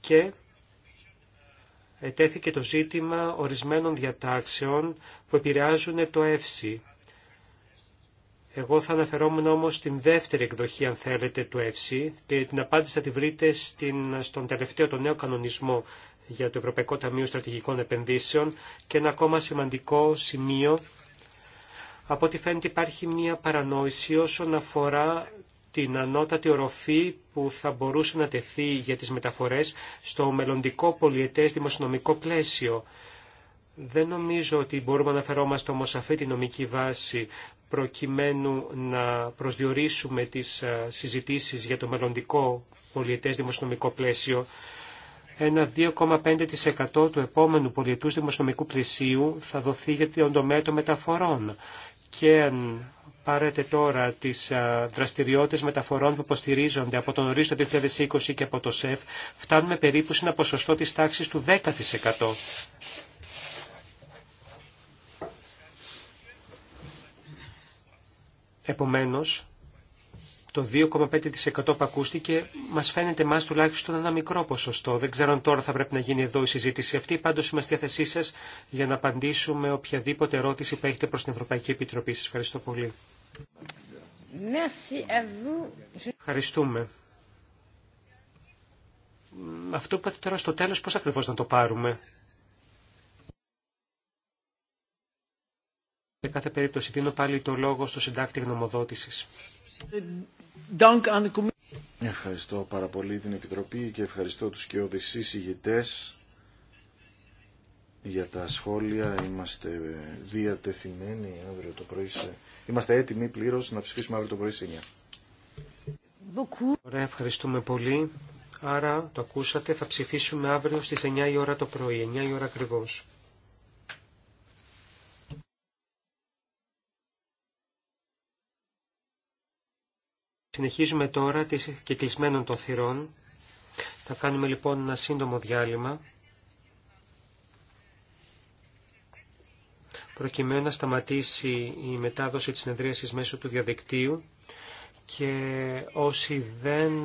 και ετέθηκε το ζήτημα ορισμένων διατάξεων που επηρεάζουν το ΕΦΣΥ εγώ θα αναφερόμουν όμως στην δεύτερη εκδοχή, αν θέλετε, του ΕΦΣΥ και την απάντηση θα τη βρείτε στον τελευταίο, τον νέο κανονισμό για το Ευρωπαϊκό Ταμείο Στρατηγικών Επενδύσεων και ένα ακόμα σημαντικό σημείο. Από ό,τι φαίνεται υπάρχει μια παρανόηση όσον αφορά την ανώτατη οροφή που θα μπορούσε να τεθεί για τις μεταφορές στο μελλοντικό πολιετές δημοσιονομικό πλαίσιο. Δεν νομίζω ότι μπορούμε να αναφερόμαστε όμως σε αυτή τη νομική βάση προκειμένου να προσδιορίσουμε τις ε, συζητήσεις για το μελλοντικό πολιετές δημοσιονομικό πλαίσιο, ένα 2,5% του επόμενου πολιετούς δημοσιονομικού πλαισίου θα δοθεί για τον τομέα των μεταφορών. Και αν πάρετε τώρα τις ε, δραστηριότητες μεταφορών που υποστηρίζονται από τον Ορίστο 2020 και από το ΣΕΦ, φτάνουμε περίπου σε ένα ποσοστό της τάξης του 10%. Επομένως, το 2,5% που ακούστηκε μας φαίνεται εμάς τουλάχιστον ένα μικρό ποσοστό. Δεν ξέρω αν τώρα θα πρέπει να γίνει εδώ η συζήτηση αυτή. Πάντως είμαστε στη θέση για να απαντήσουμε οποιαδήποτε ερώτηση που έχετε προς την Ευρωπαϊκή Επιτροπή. Σας ευχαριστώ πολύ. Ευχαριστούμε. Αυτό που είπατε τώρα στο τέλος, πώς ακριβώς να το πάρουμε. κάθε περίπτωση δίνω πάλι το λόγο στο συντάκτη γνωμοδότησης. Ευχαριστώ πάρα πολύ την Επιτροπή και ευχαριστώ τους και ηγητές για τα σχόλια. Είμαστε διατεθειμένοι αύριο το πρωί. Είμαστε έτοιμοι πλήρως να ψηφίσουμε αύριο το πρωί σε 9. Ωραία, ευχαριστούμε πολύ. Άρα το ακούσατε, θα ψηφίσουμε αύριο στις 9 η ώρα το πρωί, 9 η ώρα ακριβώς. Συνεχίζουμε τώρα τις κυκλισμένων των θυρών. Θα κάνουμε λοιπόν ένα σύντομο διάλειμμα. προκειμένου να σταματήσει η μετάδοση της συνεδρίασης μέσω του διαδικτύου και όσοι δεν